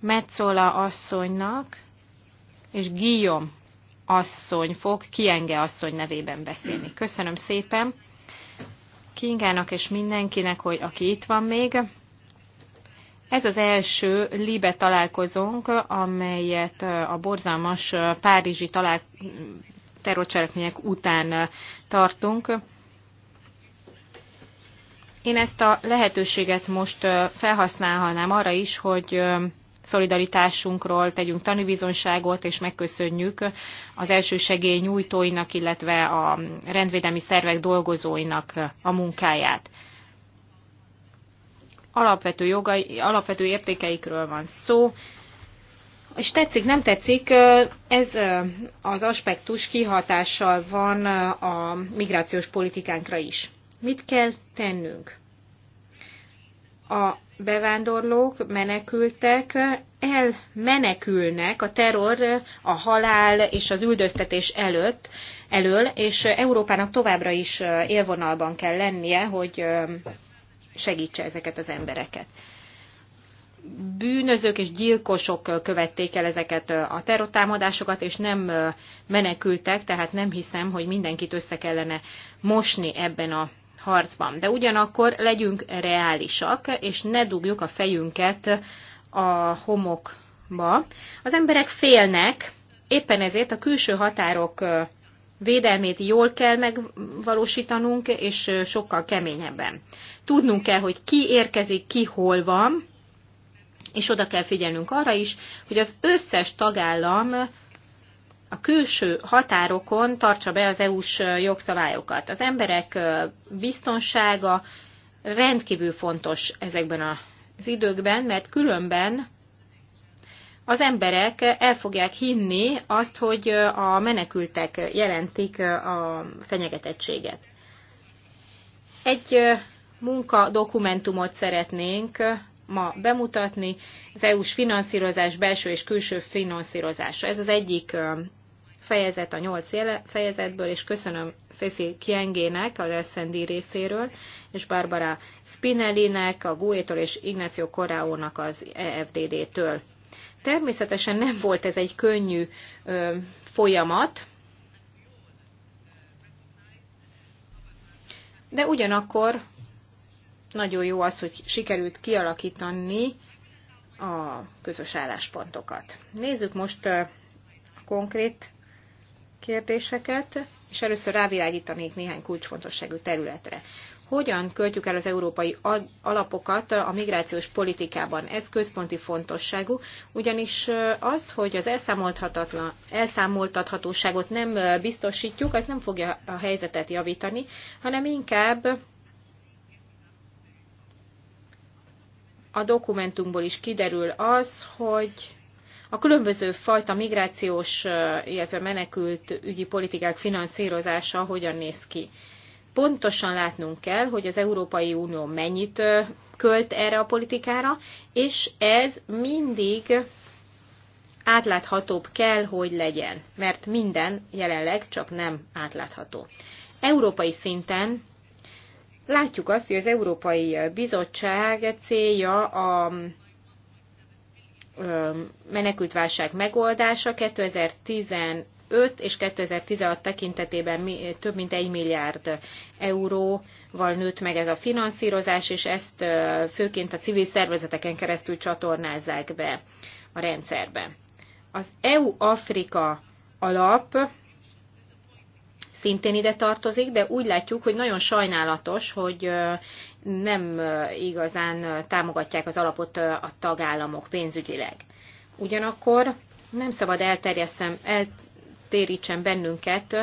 Metzola asszonynak, és Guillaume asszony fog Kienge asszony nevében beszélni. Köszönöm szépen Kingának és mindenkinek, hogy aki itt van még. Ez az első Libe találkozónk, amelyet a borzalmas párizsi talál terrorcselekmények után tartunk. Én ezt a lehetőséget most felhasználhatnám arra is, hogy szolidaritásunkról tegyünk tanúbizonságot, és megköszönjük az segély nyújtóinak, illetve a rendvédelmi szervek dolgozóinak a munkáját. Alapvető, jogai, alapvető értékeikről van szó, és tetszik, nem tetszik, ez az aspektus kihatással van a migrációs politikánkra is. Mit kell tennünk? A bevándorlók, menekültek elmenekülnek a terror, a halál és az üldöztetés előtt, elől, és Európának továbbra is élvonalban kell lennie, hogy segítse ezeket az embereket. Bűnözők és gyilkosok követték el ezeket a terrortámadásokat, és nem menekültek, tehát nem hiszem, hogy mindenkit össze kellene mosni ebben a harcban. De ugyanakkor legyünk reálisak, és ne dugjuk a fejünket a homokba. Az emberek félnek, éppen ezért a külső határok védelmét jól kell megvalósítanunk, és sokkal keményebben. Tudnunk kell, hogy ki érkezik, ki hol van, és oda kell figyelnünk arra is, hogy az összes tagállam a külső határokon tartsa be az EU-s jogszabályokat. Az emberek biztonsága rendkívül fontos ezekben az időkben, mert különben az emberek el fogják hinni azt, hogy a menekültek jelentik a fenyegetettséget. Egy munka dokumentumot szeretnénk ma bemutatni, az EU-s finanszírozás belső és külső finanszírozása. Ez az egyik fejezet a nyolc fejezetből, és köszönöm Cecil Kiengének a Leszendi részéről, és Barbara Spinellinek, a Guétól és Ignácio Koráónak az EFDD-től. Természetesen nem volt ez egy könnyű ö, folyamat, de ugyanakkor nagyon jó az, hogy sikerült kialakítani a közös álláspontokat. Nézzük most konkrét kérdéseket, és először rávilágítanék néhány kulcsfontosságú területre. Hogyan költjük el az európai alapokat a migrációs politikában? Ez központi fontosságú, ugyanis az, hogy az elszámoltathatóságot nem biztosítjuk, az nem fogja a helyzetet javítani, hanem inkább a dokumentumból is kiderül az, hogy a különböző fajta migrációs, illetve menekült ügyi politikák finanszírozása hogyan néz ki? Pontosan látnunk kell, hogy az Európai Unió mennyit költ erre a politikára, és ez mindig átláthatóbb kell, hogy legyen, mert minden jelenleg csak nem átlátható. Európai szinten látjuk azt, hogy az Európai Bizottság célja a menekültválság megoldása 2015 és 2016 tekintetében több mint 1 milliárd euróval nőtt meg ez a finanszírozás, és ezt főként a civil szervezeteken keresztül csatornázzák be a rendszerbe. Az EU-Afrika alap szintén ide tartozik, de úgy látjuk, hogy nagyon sajnálatos, hogy nem igazán támogatják az alapot a tagállamok pénzügyileg. Ugyanakkor nem szabad elterjesszem, eltérítsen bennünket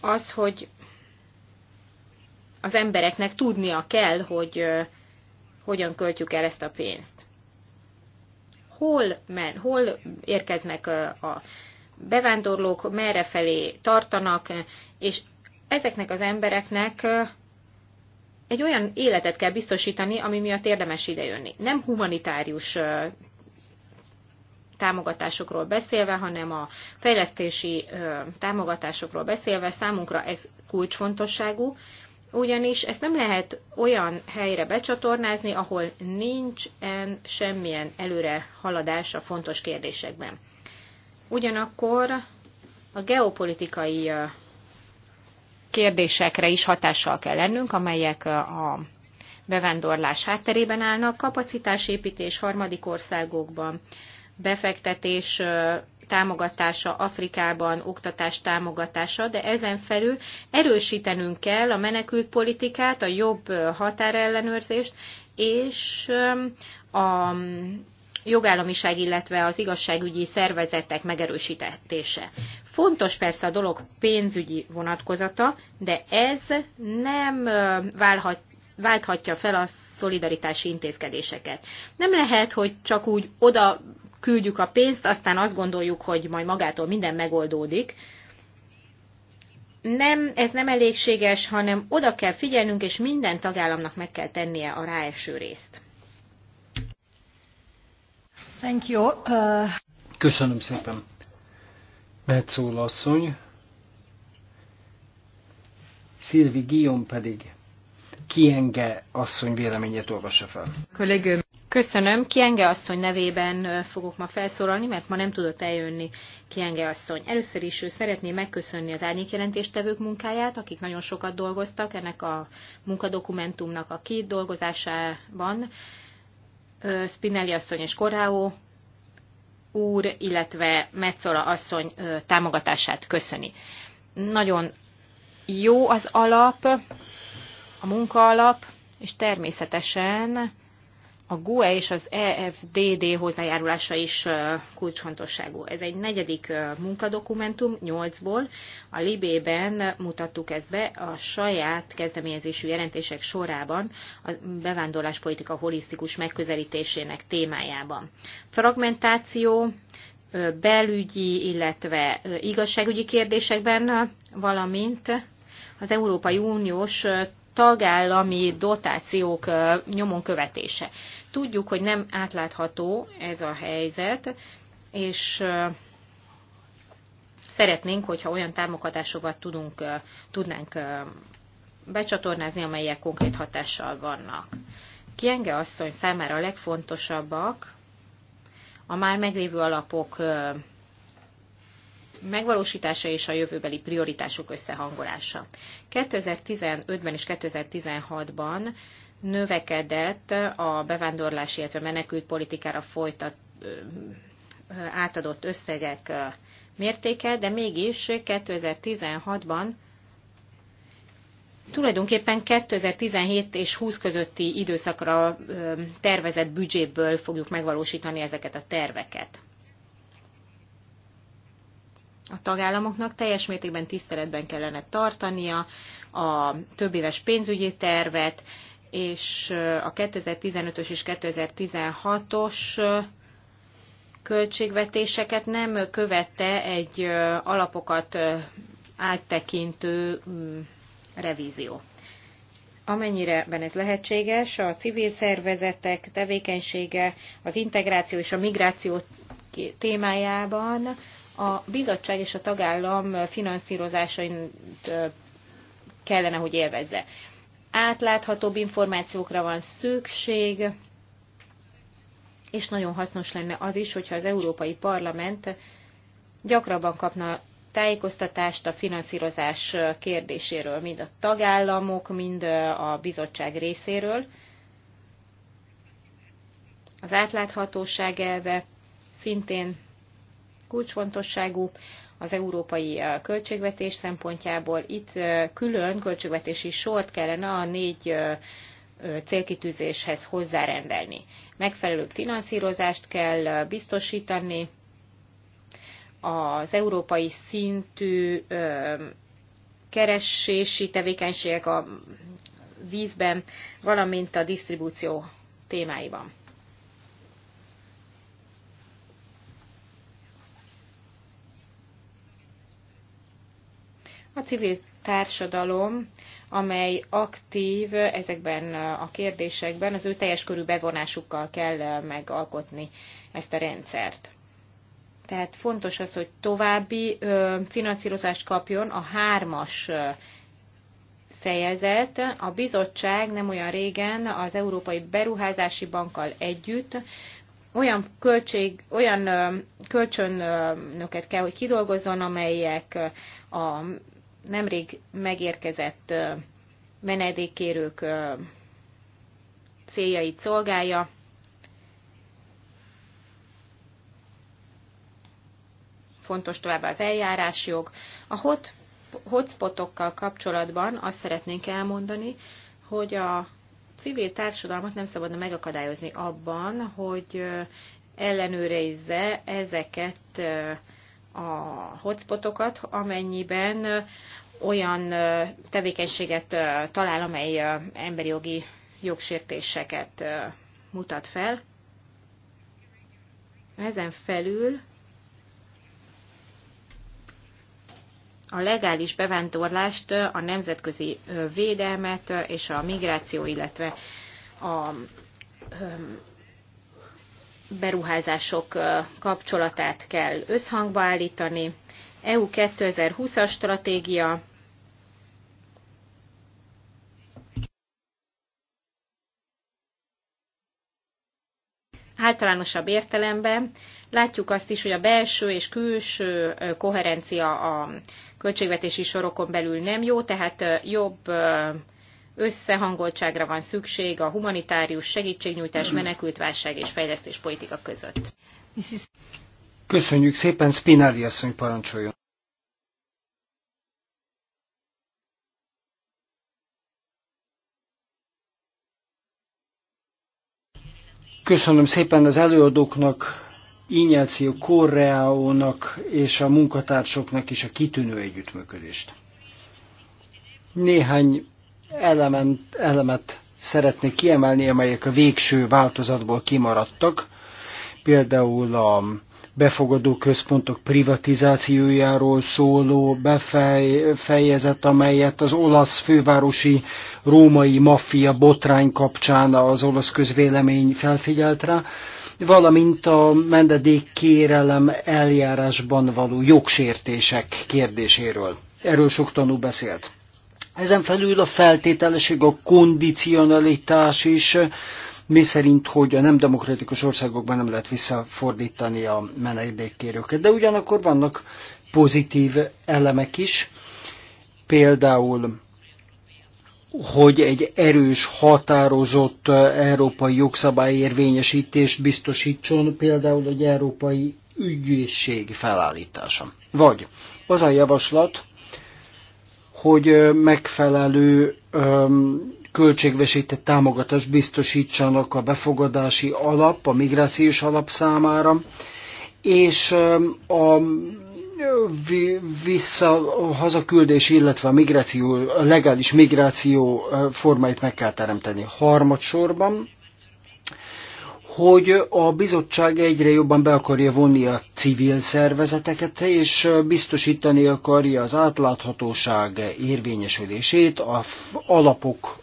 az, hogy az embereknek tudnia kell, hogy hogyan költjük el ezt a pénzt. Hol, men, hol érkeznek a bevándorlók merre felé tartanak, és ezeknek az embereknek egy olyan életet kell biztosítani, ami miatt érdemes idejönni. Nem humanitárius támogatásokról beszélve, hanem a fejlesztési támogatásokról beszélve számunkra ez kulcsfontosságú, ugyanis ezt nem lehet olyan helyre becsatornázni, ahol nincsen semmilyen előre haladás a fontos kérdésekben. Ugyanakkor a geopolitikai kérdésekre is hatással kell lennünk, amelyek a bevándorlás hátterében állnak, kapacitásépítés harmadik országokban, befektetés támogatása Afrikában, oktatás támogatása, de ezen felül erősítenünk kell a menekültpolitikát, a jobb határellenőrzést és a jogállamiság, illetve az igazságügyi szervezetek megerősítése. Fontos persze a dolog pénzügyi vonatkozata, de ez nem válhat, válthatja fel a szolidaritási intézkedéseket. Nem lehet, hogy csak úgy oda küldjük a pénzt, aztán azt gondoljuk, hogy majd magától minden megoldódik. Nem, ez nem elégséges, hanem oda kell figyelnünk, és minden tagállamnak meg kell tennie a ráeső részt. Thank you. Uh... Köszönöm szépen. Metszól asszony. Szilvi Guillaume pedig Kienge asszony véleményét olvassa fel. Kollégőm. Köszönöm. Kienge asszony nevében fogok ma felszólalni, mert ma nem tudott eljönni Kienge asszony. Először is ő szeretné megköszönni az árnyékjelentéstevők munkáját, akik nagyon sokat dolgoztak ennek a munkadokumentumnak a kidolgozásában, Spinelli asszony és Koráó úr, illetve Metzola asszony támogatását köszöni. Nagyon jó az alap, a munka alap, és természetesen a GUE és az EFDD hozzájárulása is kulcsfontosságú. Ez egy negyedik munkadokumentum, nyolcból. A Libében mutattuk ezt be a saját kezdeményezésű jelentések sorában a bevándorláspolitika holisztikus megközelítésének témájában. Fragmentáció, belügyi, illetve igazságügyi kérdésekben, valamint az Európai Uniós tagállami dotációk nyomon követése. Tudjuk, hogy nem átlátható ez a helyzet, és szeretnénk, hogyha olyan támogatásokat tudunk, tudnánk becsatornázni, amelyek konkrét hatással vannak. Kienge asszony számára a legfontosabbak a már meglévő alapok megvalósítása és a jövőbeli prioritások összehangolása. 2015-ben és 2016-ban növekedett a bevándorlás, illetve menekült politikára folytat, átadott összegek mértéke, de mégis 2016-ban tulajdonképpen 2017 és 20 közötti időszakra tervezett büdzséből fogjuk megvalósítani ezeket a terveket. A tagállamoknak teljes mértékben tiszteletben kellene tartania a többéves pénzügyi tervet, és a 2015-ös és 2016-os költségvetéseket nem követte egy alapokat áttekintő mm, revízió. Amennyire ez lehetséges, a civil szervezetek tevékenysége az integráció és a migráció témájában a bizottság és a tagállam finanszírozásait kellene, hogy élvezze átláthatóbb információkra van szükség, és nagyon hasznos lenne az is, hogyha az Európai Parlament gyakrabban kapna tájékoztatást a finanszírozás kérdéséről, mind a tagállamok, mind a bizottság részéről. Az átláthatóság elve szintén kulcsfontosságú az európai költségvetés szempontjából. Itt külön költségvetési sort kellene a négy célkitűzéshez hozzárendelni. Megfelelő finanszírozást kell biztosítani, az európai szintű keresési tevékenységek a vízben, valamint a disztribúció témáiban. A civil társadalom, amely aktív ezekben a kérdésekben, az ő teljes körű bevonásukkal kell eh, megalkotni ezt a rendszert. Tehát fontos az, hogy további finanszírozást kapjon a hármas fejezet. A bizottság nem olyan régen az Európai Beruházási Bankkal együtt olyan, költség, olyan kölcsönöket kell, hogy kidolgozzon, amelyek a nemrég megérkezett menedékkérők céljait szolgálja. Fontos továbbá az eljárásjog. A hot, hotspotokkal kapcsolatban azt szeretnénk elmondani, hogy a civil társadalmat nem szabadna megakadályozni abban, hogy ellenőrizze ezeket a hotspotokat, amennyiben olyan tevékenységet talál, amely emberi jogi jogsértéseket mutat fel. Ezen felül a legális bevándorlást, a nemzetközi védelmet és a migráció, illetve a beruházások kapcsolatát kell összhangba állítani. EU 2020-as stratégia, általánosabb értelemben. Látjuk azt is, hogy a belső és külső koherencia a költségvetési sorokon belül nem jó, tehát jobb összehangoltságra van szükség a humanitárius segítségnyújtás, menekültválság és fejlesztés politika között. Köszönjük szépen, Spinelli asszony parancsoljon. Köszönöm szépen az előadóknak, Inyáció Korreáónak és a munkatársoknak is a kitűnő együttműködést. Néhány element, elemet szeretnék kiemelni, amelyek a végső változatból kimaradtak, például a befogadó központok privatizációjáról szóló befejezet, amelyet az olasz fővárosi római maffia botrány kapcsán az olasz közvélemény felfigyelt rá, valamint a mendedék kérelem eljárásban való jogsértések kérdéséről. Erről sok tanú beszélt. Ezen felül a feltételesség, a kondicionalitás is, mi szerint, hogy a nem demokratikus országokban nem lehet visszafordítani a menedékkérőket. De ugyanakkor vannak pozitív elemek is, például hogy egy erős, határozott európai jogszabály érvényesítést biztosítson, például egy európai ügyészség felállítása. Vagy az a javaslat, hogy megfelelő költségvesített támogatást biztosítsanak a befogadási alap, a migrációs alap számára, és a vissza a hazaküldés, illetve a migráció, a legális migráció formáit meg kell teremteni. Harmadsorban hogy a bizottság egyre jobban be akarja vonni a civil szervezeteket, és biztosítani akarja az átláthatóság érvényesülését, a alapok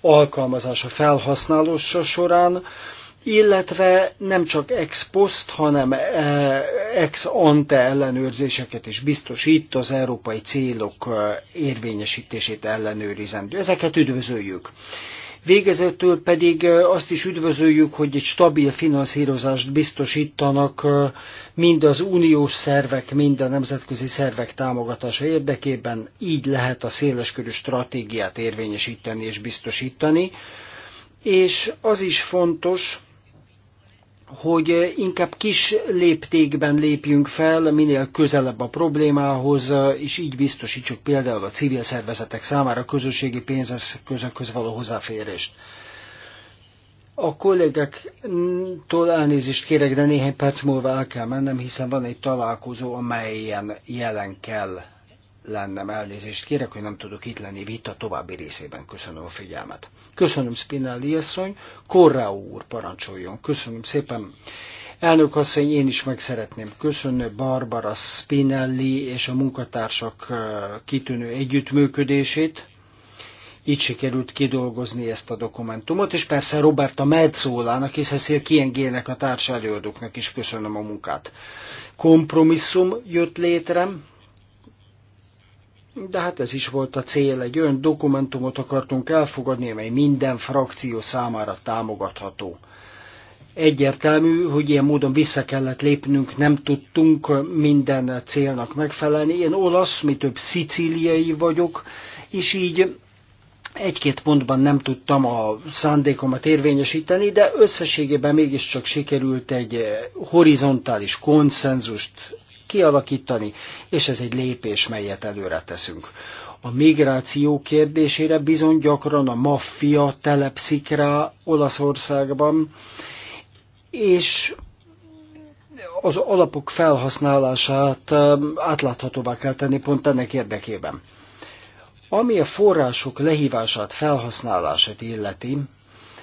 alkalmazása felhasználása során, illetve nem csak ex post, hanem e, ex ante ellenőrzéseket is biztosít az európai célok e, érvényesítését ellenőrizendő. Ezeket üdvözöljük. Végezetül pedig azt is üdvözöljük, hogy egy stabil finanszírozást biztosítanak mind az uniós szervek, mind a nemzetközi szervek támogatása érdekében, így lehet a széleskörű stratégiát érvényesíteni és biztosítani. És az is fontos, hogy eh, inkább kis léptékben lépjünk fel, minél közelebb a problémához, eh, és így biztosítsuk például a civil szervezetek számára a közösségi pénzeszközökhöz való hozzáférést. A kollégektól elnézést kérek, de néhány perc múlva el kell mennem, hiszen van egy találkozó, amelyen jelen kell lennem, elnézést kérek, hogy nem tudok itt lenni vita további részében. Köszönöm a figyelmet. Köszönöm Spinelli asszony, Korráó úr parancsoljon. Köszönöm szépen. Elnök asszony, én is meg szeretném köszönni Barbara Spinelli és a munkatársak kitűnő együttműködését. Így sikerült kidolgozni ezt a dokumentumot, és persze Roberta Metzolának és Cecil Kiengének a társelőadóknak is köszönöm a munkát. Kompromisszum jött létre, de hát ez is volt a cél, egy olyan dokumentumot akartunk elfogadni, amely minden frakció számára támogatható. Egyértelmű, hogy ilyen módon vissza kellett lépnünk, nem tudtunk minden célnak megfelelni. Én olasz, mi több szicíliai vagyok, és így egy-két pontban nem tudtam a szándékomat érvényesíteni, de összességében mégiscsak sikerült egy horizontális konszenzust kialakítani, és ez egy lépés, melyet előre teszünk. A migráció kérdésére bizony gyakran a maffia telepszik rá Olaszországban, és az alapok felhasználását um, átláthatóvá kell tenni pont ennek érdekében. Ami a források lehívását, felhasználását illeti,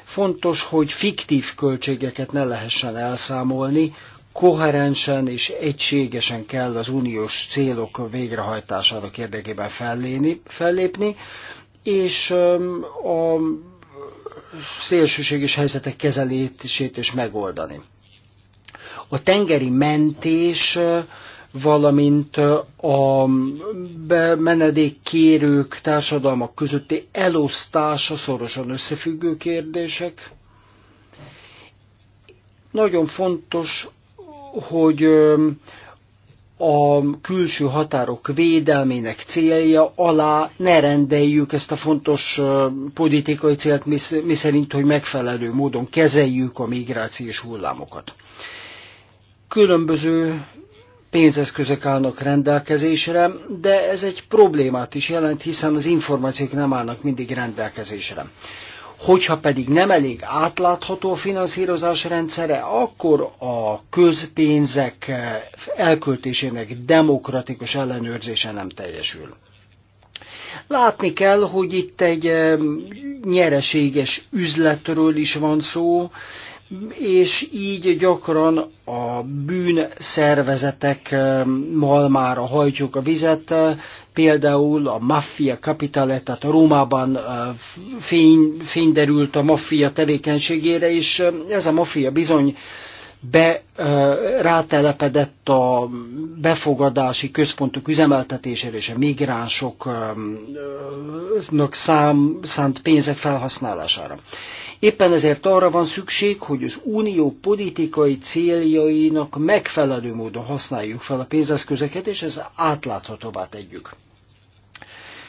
fontos, hogy fiktív költségeket ne lehessen elszámolni, koherensen és egységesen kell az uniós célok végrehajtásának érdekében felléni, fellépni, és a szélsőséges helyzetek kezelését is megoldani. A tengeri mentés valamint a menedékkérők társadalmak közötti elosztása szorosan összefüggő kérdések. Nagyon fontos hogy a külső határok védelmének célja alá ne rendeljük ezt a fontos politikai célt, miszerint, hogy megfelelő módon kezeljük a migrációs hullámokat. Különböző pénzeszközök állnak rendelkezésre, de ez egy problémát is jelent, hiszen az információk nem állnak mindig rendelkezésre. Hogyha pedig nem elég átlátható a finanszírozás rendszere, akkor a közpénzek elköltésének demokratikus ellenőrzése nem teljesül. Látni kell, hogy itt egy nyereséges üzletről is van szó, és így gyakran a bűn szervezetek eh, malmára hajtjuk a vizet, eh, például a maffia kapitale, tehát a Rómában eh, fény, fény derült a maffia tevékenységére, és ez a maffia bizony be, rátelepedett a befogadási központok üzemeltetésére és a migránsoknak szám, szánt pénzek felhasználására. Éppen ezért arra van szükség, hogy az unió politikai céljainak megfelelő módon használjuk fel a pénzeszközeket, és ez átláthatóvá tegyük.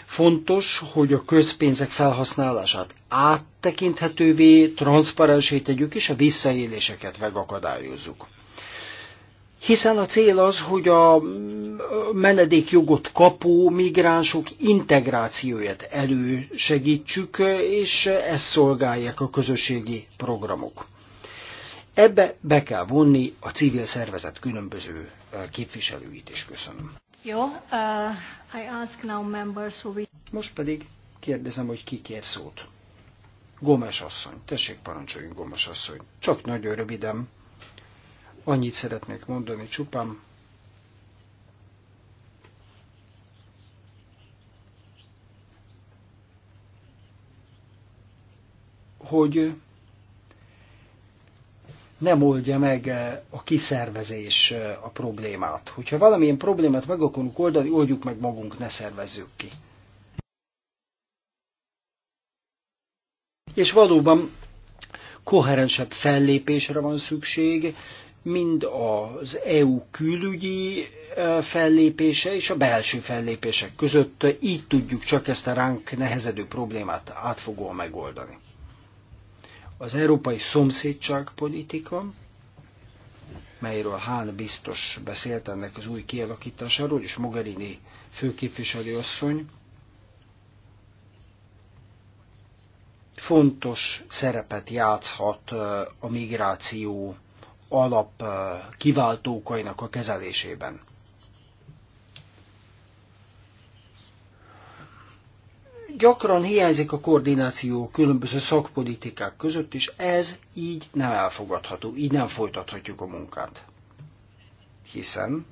Fontos, hogy a közpénzek felhasználását áttekinthetővé, transzparensé tegyük, és a visszaéléseket megakadályozzuk hiszen a cél az, hogy a menedékjogot kapó migránsok integrációját elősegítsük, és ezt szolgálják a közösségi programok. Ebbe be kell vonni a civil szervezet különböző képviselőit is. Köszönöm. Jó, uh, I ask now members who we... Most pedig kérdezem, hogy ki kér szót. Gomes asszony. Tessék, parancsoljunk, Gomes asszony. Csak nagyon röviden Annyit szeretnék mondani csupán, hogy nem oldja meg a kiszervezés a problémát. Hogyha valamilyen problémát meg akarunk oldani, oldjuk meg magunk, ne szervezzük ki. És valóban koherensebb fellépésre van szükség, mind az EU külügyi e, fellépése és a belső fellépések között. Így tudjuk csak ezt a ránk nehezedő problémát átfogóan megoldani. Az európai szomszédság politika, melyről Hán biztos beszélt ennek az új kialakításáról, és Mogherini asszony, fontos szerepet játszhat e, a migráció alap kiváltókainak a kezelésében. Gyakran hiányzik a koordináció különböző szakpolitikák között, és ez így nem elfogadható, így nem folytathatjuk a munkát. Hiszen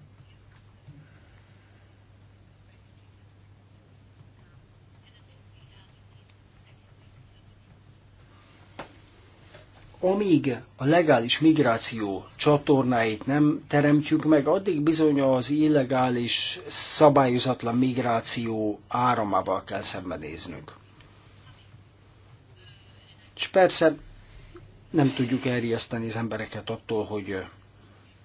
amíg a legális migráció csatornáit nem teremtjük meg, addig bizony az illegális, szabályozatlan migráció áramával kell szembenéznünk. És persze nem tudjuk elriasztani az embereket attól, hogy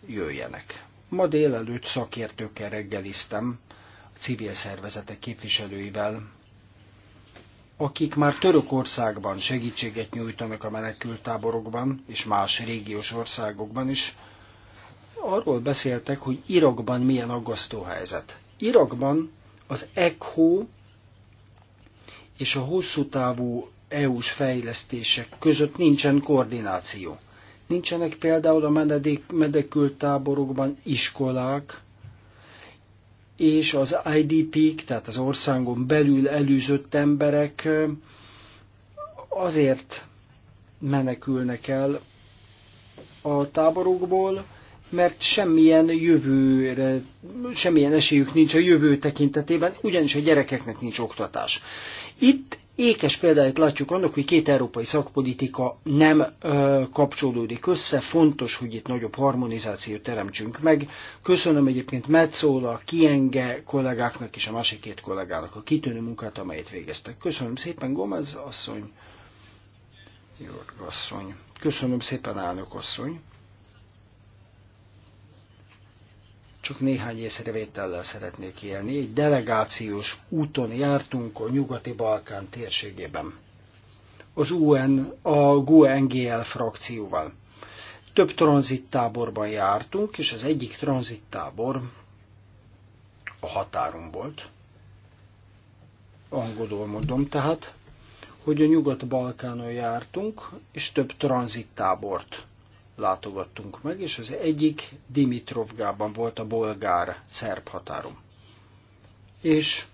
jöjjenek. Ma délelőtt szakértőkkel reggeliztem, a civil szervezetek képviselőivel, akik már Törökországban segítséget nyújtanak a menekültáborokban és más régiós országokban is, arról beszéltek, hogy Irakban milyen aggasztó helyzet. Irakban az ECHO és a hosszú távú EU-s fejlesztések között nincsen koordináció. Nincsenek például a menedék, menekült táborokban iskolák, és az IDP-k, tehát az országon belül előzött emberek azért menekülnek el a táborokból, mert semmilyen jövőre, semmilyen esélyük nincs a jövő tekintetében, ugyanis a gyerekeknek nincs oktatás. Itt Ékes példáját látjuk annak, hogy két európai szakpolitika nem ö, kapcsolódik össze, fontos, hogy itt nagyobb harmonizációt teremtsünk meg. Köszönöm egyébként Metzola, Kienge kollégáknak és a másik két kollégának a kitűnő munkát, amelyet végeztek. Köszönöm szépen, Gomez asszony. Jó, asszony. Köszönöm szépen, elnök asszony. csak néhány észrevétellel szeretnék élni. Egy delegációs úton jártunk a nyugati Balkán térségében. Az UN, a GUNGL e frakcióval. Több tranzittáborban jártunk, és az egyik tranzittábor a határon volt. Angolul mondom tehát, hogy a Nyugat-Balkánon jártunk, és több tranzittábort látogattunk meg, és az egyik Dimitrovgában volt a bolgár-szerb határom. És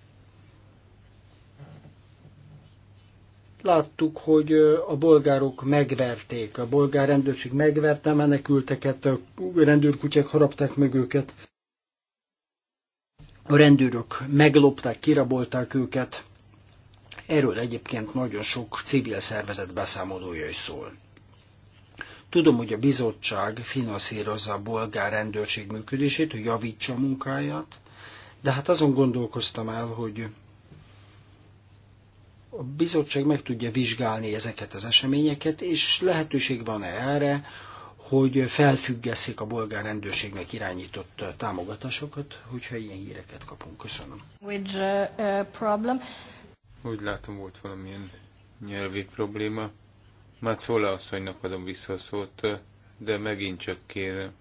láttuk, hogy a bolgárok megverték, a bolgár rendőrség megverte menekülteket, a rendőrkutyák harapták meg őket, a rendőrök meglopták, kirabolták őket. Erről egyébként nagyon sok civil szervezet beszámolója is szól. Tudom, hogy a bizottság finanszírozza a bolgár rendőrség működését, hogy javítsa a munkáját, de hát azon gondolkoztam el, hogy a bizottság meg tudja vizsgálni ezeket az eseményeket, és lehetőség van -e erre, hogy felfüggesszék a bolgár rendőrségnek irányított támogatásokat, hogyha ilyen híreket kapunk. Köszönöm. With, uh, problem. Úgy látom, volt valamilyen nyelvi probléma. Már Szóla asszonynak adom vissza a szót, de megint csak kérem,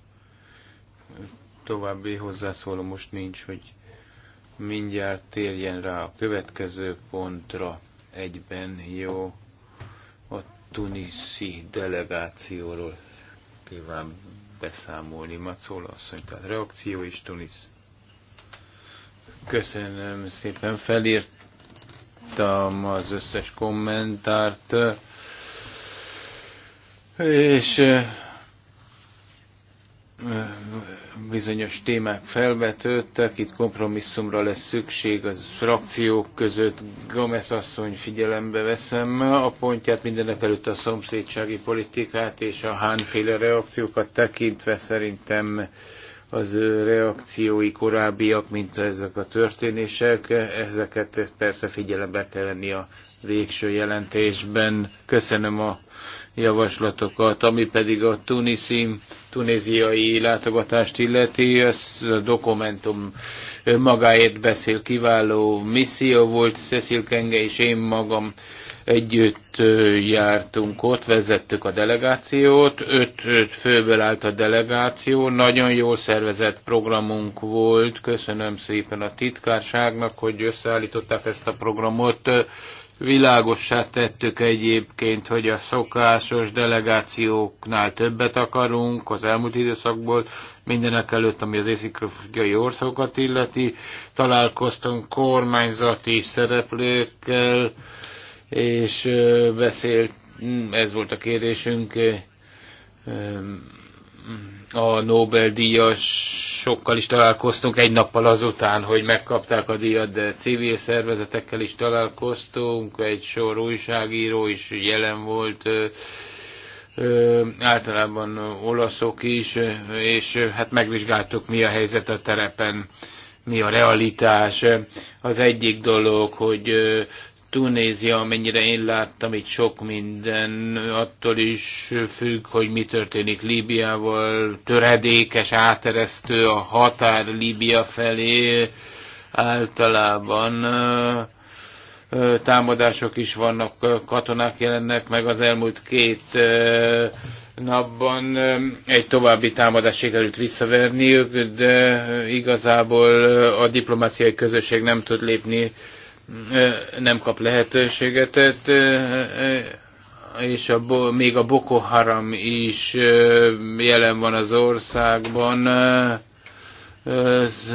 további hozzászóló most nincs, hogy mindjárt térjen rá a következő pontra egyben, jó, a tuniszi delegációról kíván beszámolni. Macola asszony, tehát reakció is Tunisz. Köszönöm szépen, felírtam az összes kommentárt és bizonyos témák felvetődtek, itt kompromisszumra lesz szükség az frakciók között. Gomez asszony figyelembe veszem a pontját, mindenek előtt a szomszédsági politikát és a hánféle reakciókat tekintve szerintem az reakciói korábbiak, mint ezek a történések, ezeket persze figyelembe kell venni a végső jelentésben. Köszönöm a javaslatokat, ami pedig a tuniszi, tunéziai látogatást illeti, ez a dokumentum magáért beszél, kiváló misszió volt, Cecil Kenge és én magam együtt jártunk ott, vezettük a delegációt, öt, öt főből állt a delegáció, nagyon jól szervezett programunk volt, köszönöm szépen a titkárságnak, hogy összeállították ezt a programot, Világossá tettük egyébként, hogy a szokásos delegációknál többet akarunk az elmúlt időszakból, mindenek előtt, ami az észikrofikai országokat illeti. Találkoztunk kormányzati szereplőkkel, és beszélt, mm, ez volt a kérdésünk, a Nobel-díjasokkal is találkoztunk egy nappal azután, hogy megkapták a díjat, de civil szervezetekkel is találkoztunk, egy sor újságíró is jelen volt, általában olaszok is, és hát megvizsgáltuk, mi a helyzet a terepen mi a realitás. Az egyik dolog, hogy Tunézia, amennyire én láttam, itt sok minden attól is függ, hogy mi történik Líbiával, töredékes, áteresztő a határ Líbia felé, általában támadások is vannak, katonák jelennek meg az elmúlt két napban egy további támadás sikerült visszaverniük, de igazából a diplomáciai közösség nem tud lépni nem kap lehetőséget, és a, még a Boko Haram is jelen van az országban. Az,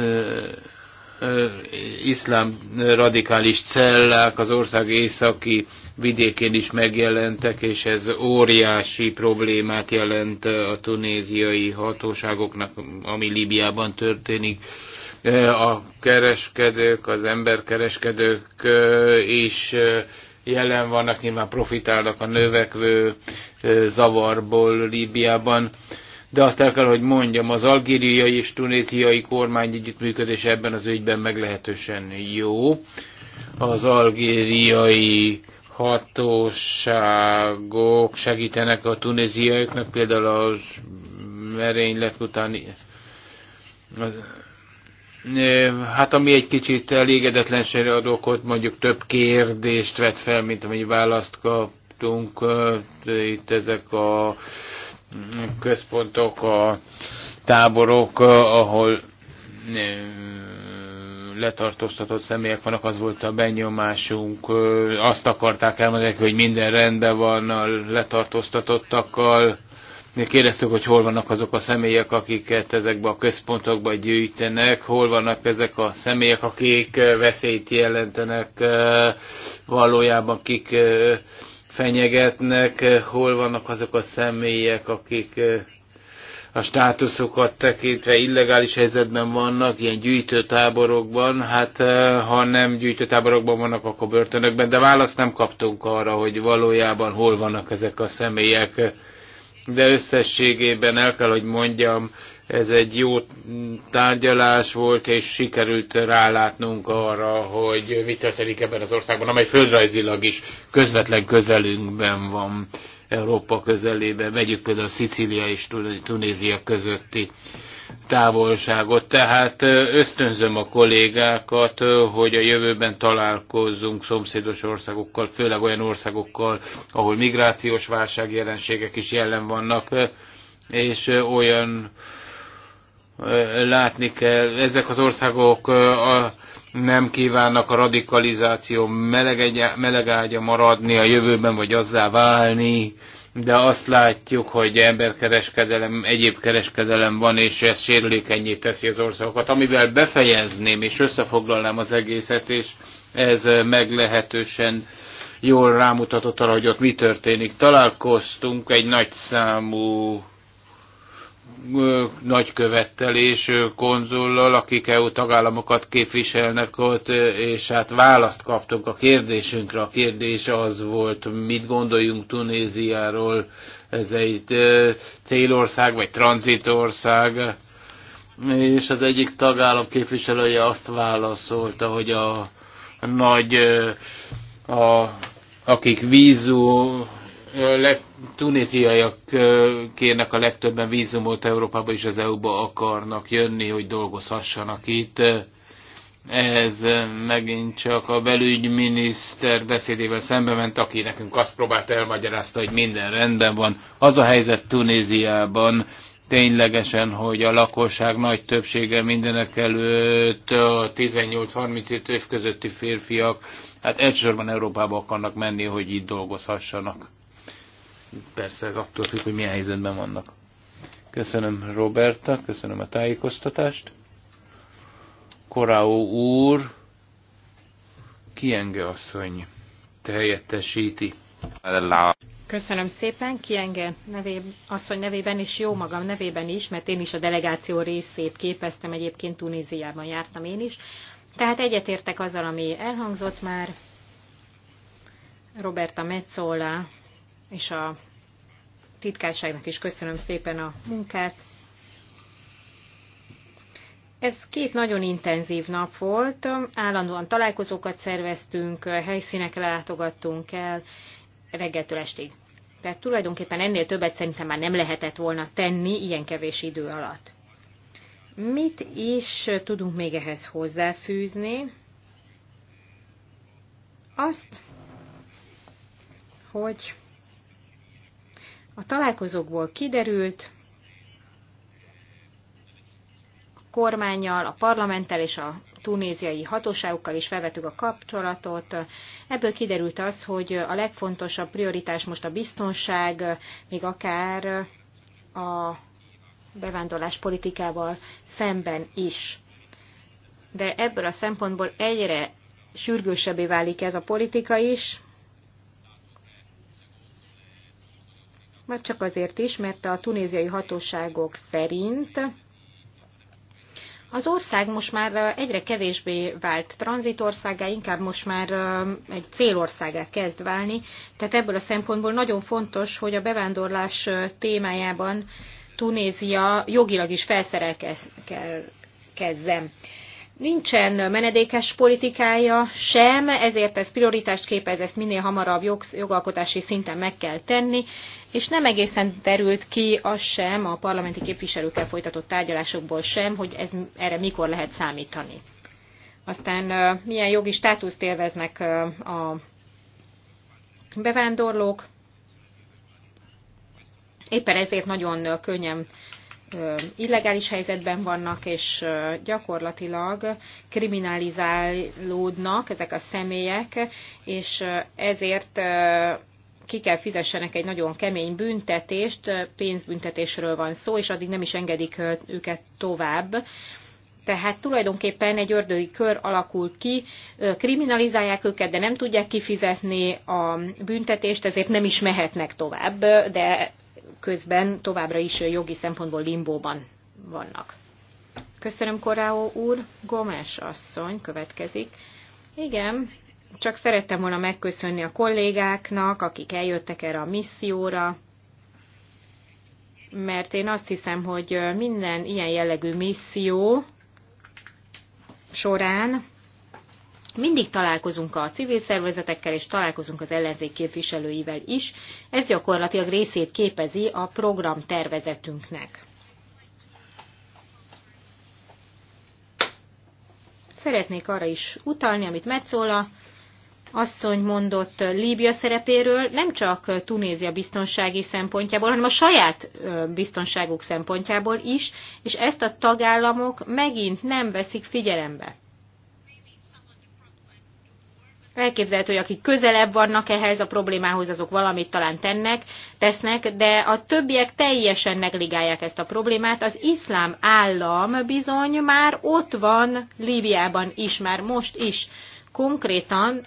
iszlám radikális cellák az ország északi vidékén is megjelentek, és ez óriási problémát jelent a tunéziai hatóságoknak, ami Libiában történik E, a kereskedők, az emberkereskedők e, is e, jelen vannak, nyilván profitálnak a növekvő zavarból Líbiában. De azt el kell, hogy mondjam, az algériai és tunéziai kormány együttműködés ebben az ügyben meglehetősen jó. Az algériai hatóságok segítenek a tunéziaiaknak, például a merénylet utáni Hát ami egy kicsit elégedetlenségre ad okot, mondjuk több kérdést vet fel, mint amennyi választ kaptunk. Itt ezek a központok, a táborok, ahol letartóztatott személyek vannak, az volt a benyomásunk. Azt akarták elmondani, hogy minden rendben van a letartóztatottakkal, mi kérdeztük, hogy hol vannak azok a személyek, akiket ezekbe a központokba gyűjtenek, hol vannak ezek a személyek, akik eh, veszélyt jelentenek, eh, valójában kik eh, fenyegetnek, hol vannak azok a személyek, akik a státuszokat tekintve illegális helyzetben vannak, ilyen gyűjtőtáborokban, hát ha nem gyűjtőtáborokban vannak, akkor börtönökben, de választ nem kaptunk arra, hogy valójában hol vannak ezek a személyek de összességében el kell, hogy mondjam, ez egy jó tárgyalás volt, és sikerült rálátnunk arra, hogy mi történik ebben az országban, amely földrajzilag is közvetlen közelünkben van, Európa közelében, vegyük például Szicília és Tunézia közötti távolságot. Tehát ösztönzöm a kollégákat, hogy a jövőben találkozzunk szomszédos országokkal, főleg olyan országokkal, ahol migrációs válság jelenségek is jelen vannak, és olyan látni kell, ezek az országok a, nem kívánnak a radikalizáció meleg, meleg ágya maradni a jövőben, vagy azzá válni, de azt látjuk, hogy emberkereskedelem, egyéb kereskedelem van, és ez sérülékenyé teszi az országokat, amivel befejezném és összefoglalnám az egészet, és ez meglehetősen jól rámutatott arra, hogy ott mi történik. Találkoztunk egy nagy számú nagykövettel és konzullal, akik EU tagállamokat képviselnek ott, és hát választ kaptunk a kérdésünkre. A kérdés az volt, mit gondoljunk Tunéziáról, ez egy célország vagy tranzitország, és az egyik tagállam képviselője azt válaszolta, hogy a nagy, a, akik vízú, le, tunéziaiak kérnek a legtöbben vízumot Európába és az EU-ba akarnak jönni, hogy dolgozhassanak itt. Ez megint csak a belügyminiszter beszédével szembe ment, aki nekünk azt próbált elmagyarázta, hogy minden rendben van. Az a helyzet Tunéziában ténylegesen, hogy a lakosság nagy többsége mindenek előtt a 18-35 év közötti férfiak, hát elsősorban Európába akarnak menni, hogy itt dolgozhassanak. Persze ez attól függ, hogy milyen helyzetben vannak. Köszönöm Roberta, köszönöm a tájékoztatást. Koráó úr, Kienge asszony te helyettesíti. Köszönöm szépen, Kienge nevé, asszony nevében is jó magam nevében is, mert én is a delegáció részét képeztem, egyébként Tunéziában jártam én is. Tehát egyetértek azzal, ami elhangzott már. Roberta Metzola és a titkárságnak is köszönöm szépen a munkát. Ez két nagyon intenzív nap volt, állandóan találkozókat szerveztünk, helyszínekre látogattunk el, reggeltől estig. Tehát tulajdonképpen ennél többet szerintem már nem lehetett volna tenni ilyen kevés idő alatt. Mit is tudunk még ehhez hozzáfűzni? Azt, hogy a találkozókból kiderült, a kormányjal, a parlamenttel és a tunéziai hatóságokkal is felvettük a kapcsolatot. Ebből kiderült az, hogy a legfontosabb prioritás most a biztonság, még akár a bevándorlás politikával szemben is. De ebből a szempontból egyre sürgősebbé válik ez a politika is, Már csak azért is, mert a tunéziai hatóságok szerint az ország most már egyre kevésbé vált tranzitországá, inkább most már egy célországá kezd válni. Tehát ebből a szempontból nagyon fontos, hogy a bevándorlás témájában Tunézia jogilag is felszerelkezzen nincsen menedékes politikája sem, ezért ez prioritást képez, ezt minél hamarabb jog, jogalkotási szinten meg kell tenni, és nem egészen terült ki az sem, a parlamenti képviselőkkel folytatott tárgyalásokból sem, hogy ez, erre mikor lehet számítani. Aztán milyen jogi státuszt élveznek a bevándorlók. Éppen ezért nagyon könnyen illegális helyzetben vannak, és gyakorlatilag kriminalizálódnak ezek a személyek, és ezért ki kell fizessenek egy nagyon kemény büntetést, pénzbüntetésről van szó, és addig nem is engedik őket tovább. Tehát tulajdonképpen egy ördögi kör alakul ki, kriminalizálják őket, de nem tudják kifizetni a büntetést, ezért nem is mehetnek tovább, de közben továbbra is jogi szempontból limbóban vannak. Köszönöm, Koráó úr. Gomes asszony következik. Igen, csak szerettem volna megköszönni a kollégáknak, akik eljöttek erre a misszióra, mert én azt hiszem, hogy minden ilyen jellegű misszió során mindig találkozunk a civil szervezetekkel, és találkozunk az ellenzék képviselőivel is. Ez gyakorlatilag részét képezi a programtervezetünknek. Szeretnék arra is utalni, amit Metzola asszony mondott Líbia szerepéről, nem csak Tunézia biztonsági szempontjából, hanem a saját biztonságuk szempontjából is, és ezt a tagállamok megint nem veszik figyelembe. Elképzelhető, hogy akik közelebb vannak ehhez a problémához, azok valamit talán tennek, tesznek, de a többiek teljesen negligálják ezt a problémát. Az iszlám állam bizony már ott van Líbiában is, már most is. Konkrétan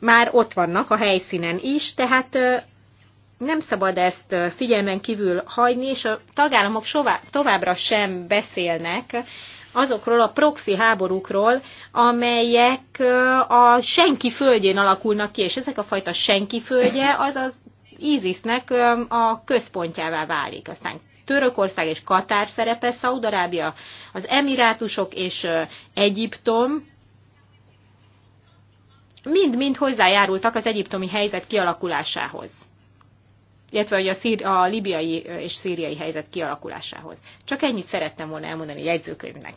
már ott vannak a helyszínen is, tehát nem szabad ezt figyelmen kívül hagyni, és a tagállamok továbbra sem beszélnek azokról a proxy háborúkról, amelyek a senki földjén alakulnak ki, és ezek a fajta senki földje az az ISIS-nek a központjává válik. Aztán Törökország és Katár szerepe, Szaudarábia, az Emirátusok és Egyiptom, mind-mind hozzájárultak az egyiptomi helyzet kialakulásához illetve hogy a, szír, a libiai és szíriai helyzet kialakulásához. Csak ennyit szerettem volna elmondani a jegyzőkönyvnek.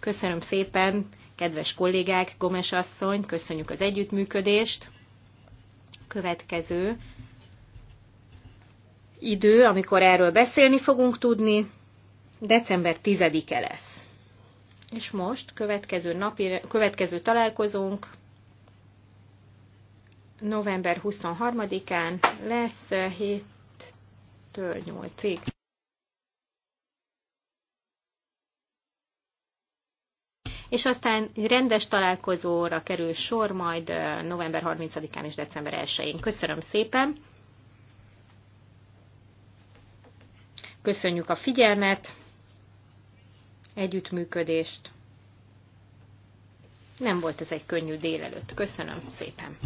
Köszönöm szépen, kedves kollégák, Gomes asszony, köszönjük az együttműködést. Következő idő, amikor erről beszélni fogunk tudni, december 10-e lesz. És most következő, napi, következő találkozónk november 23-án lesz 7-től eh, 8-ig. És aztán rendes találkozóra kerül sor majd eh, november 30-án és december 1-én. Köszönöm szépen! Köszönjük a figyelmet, együttműködést. Nem volt ez egy könnyű délelőtt. Köszönöm szépen!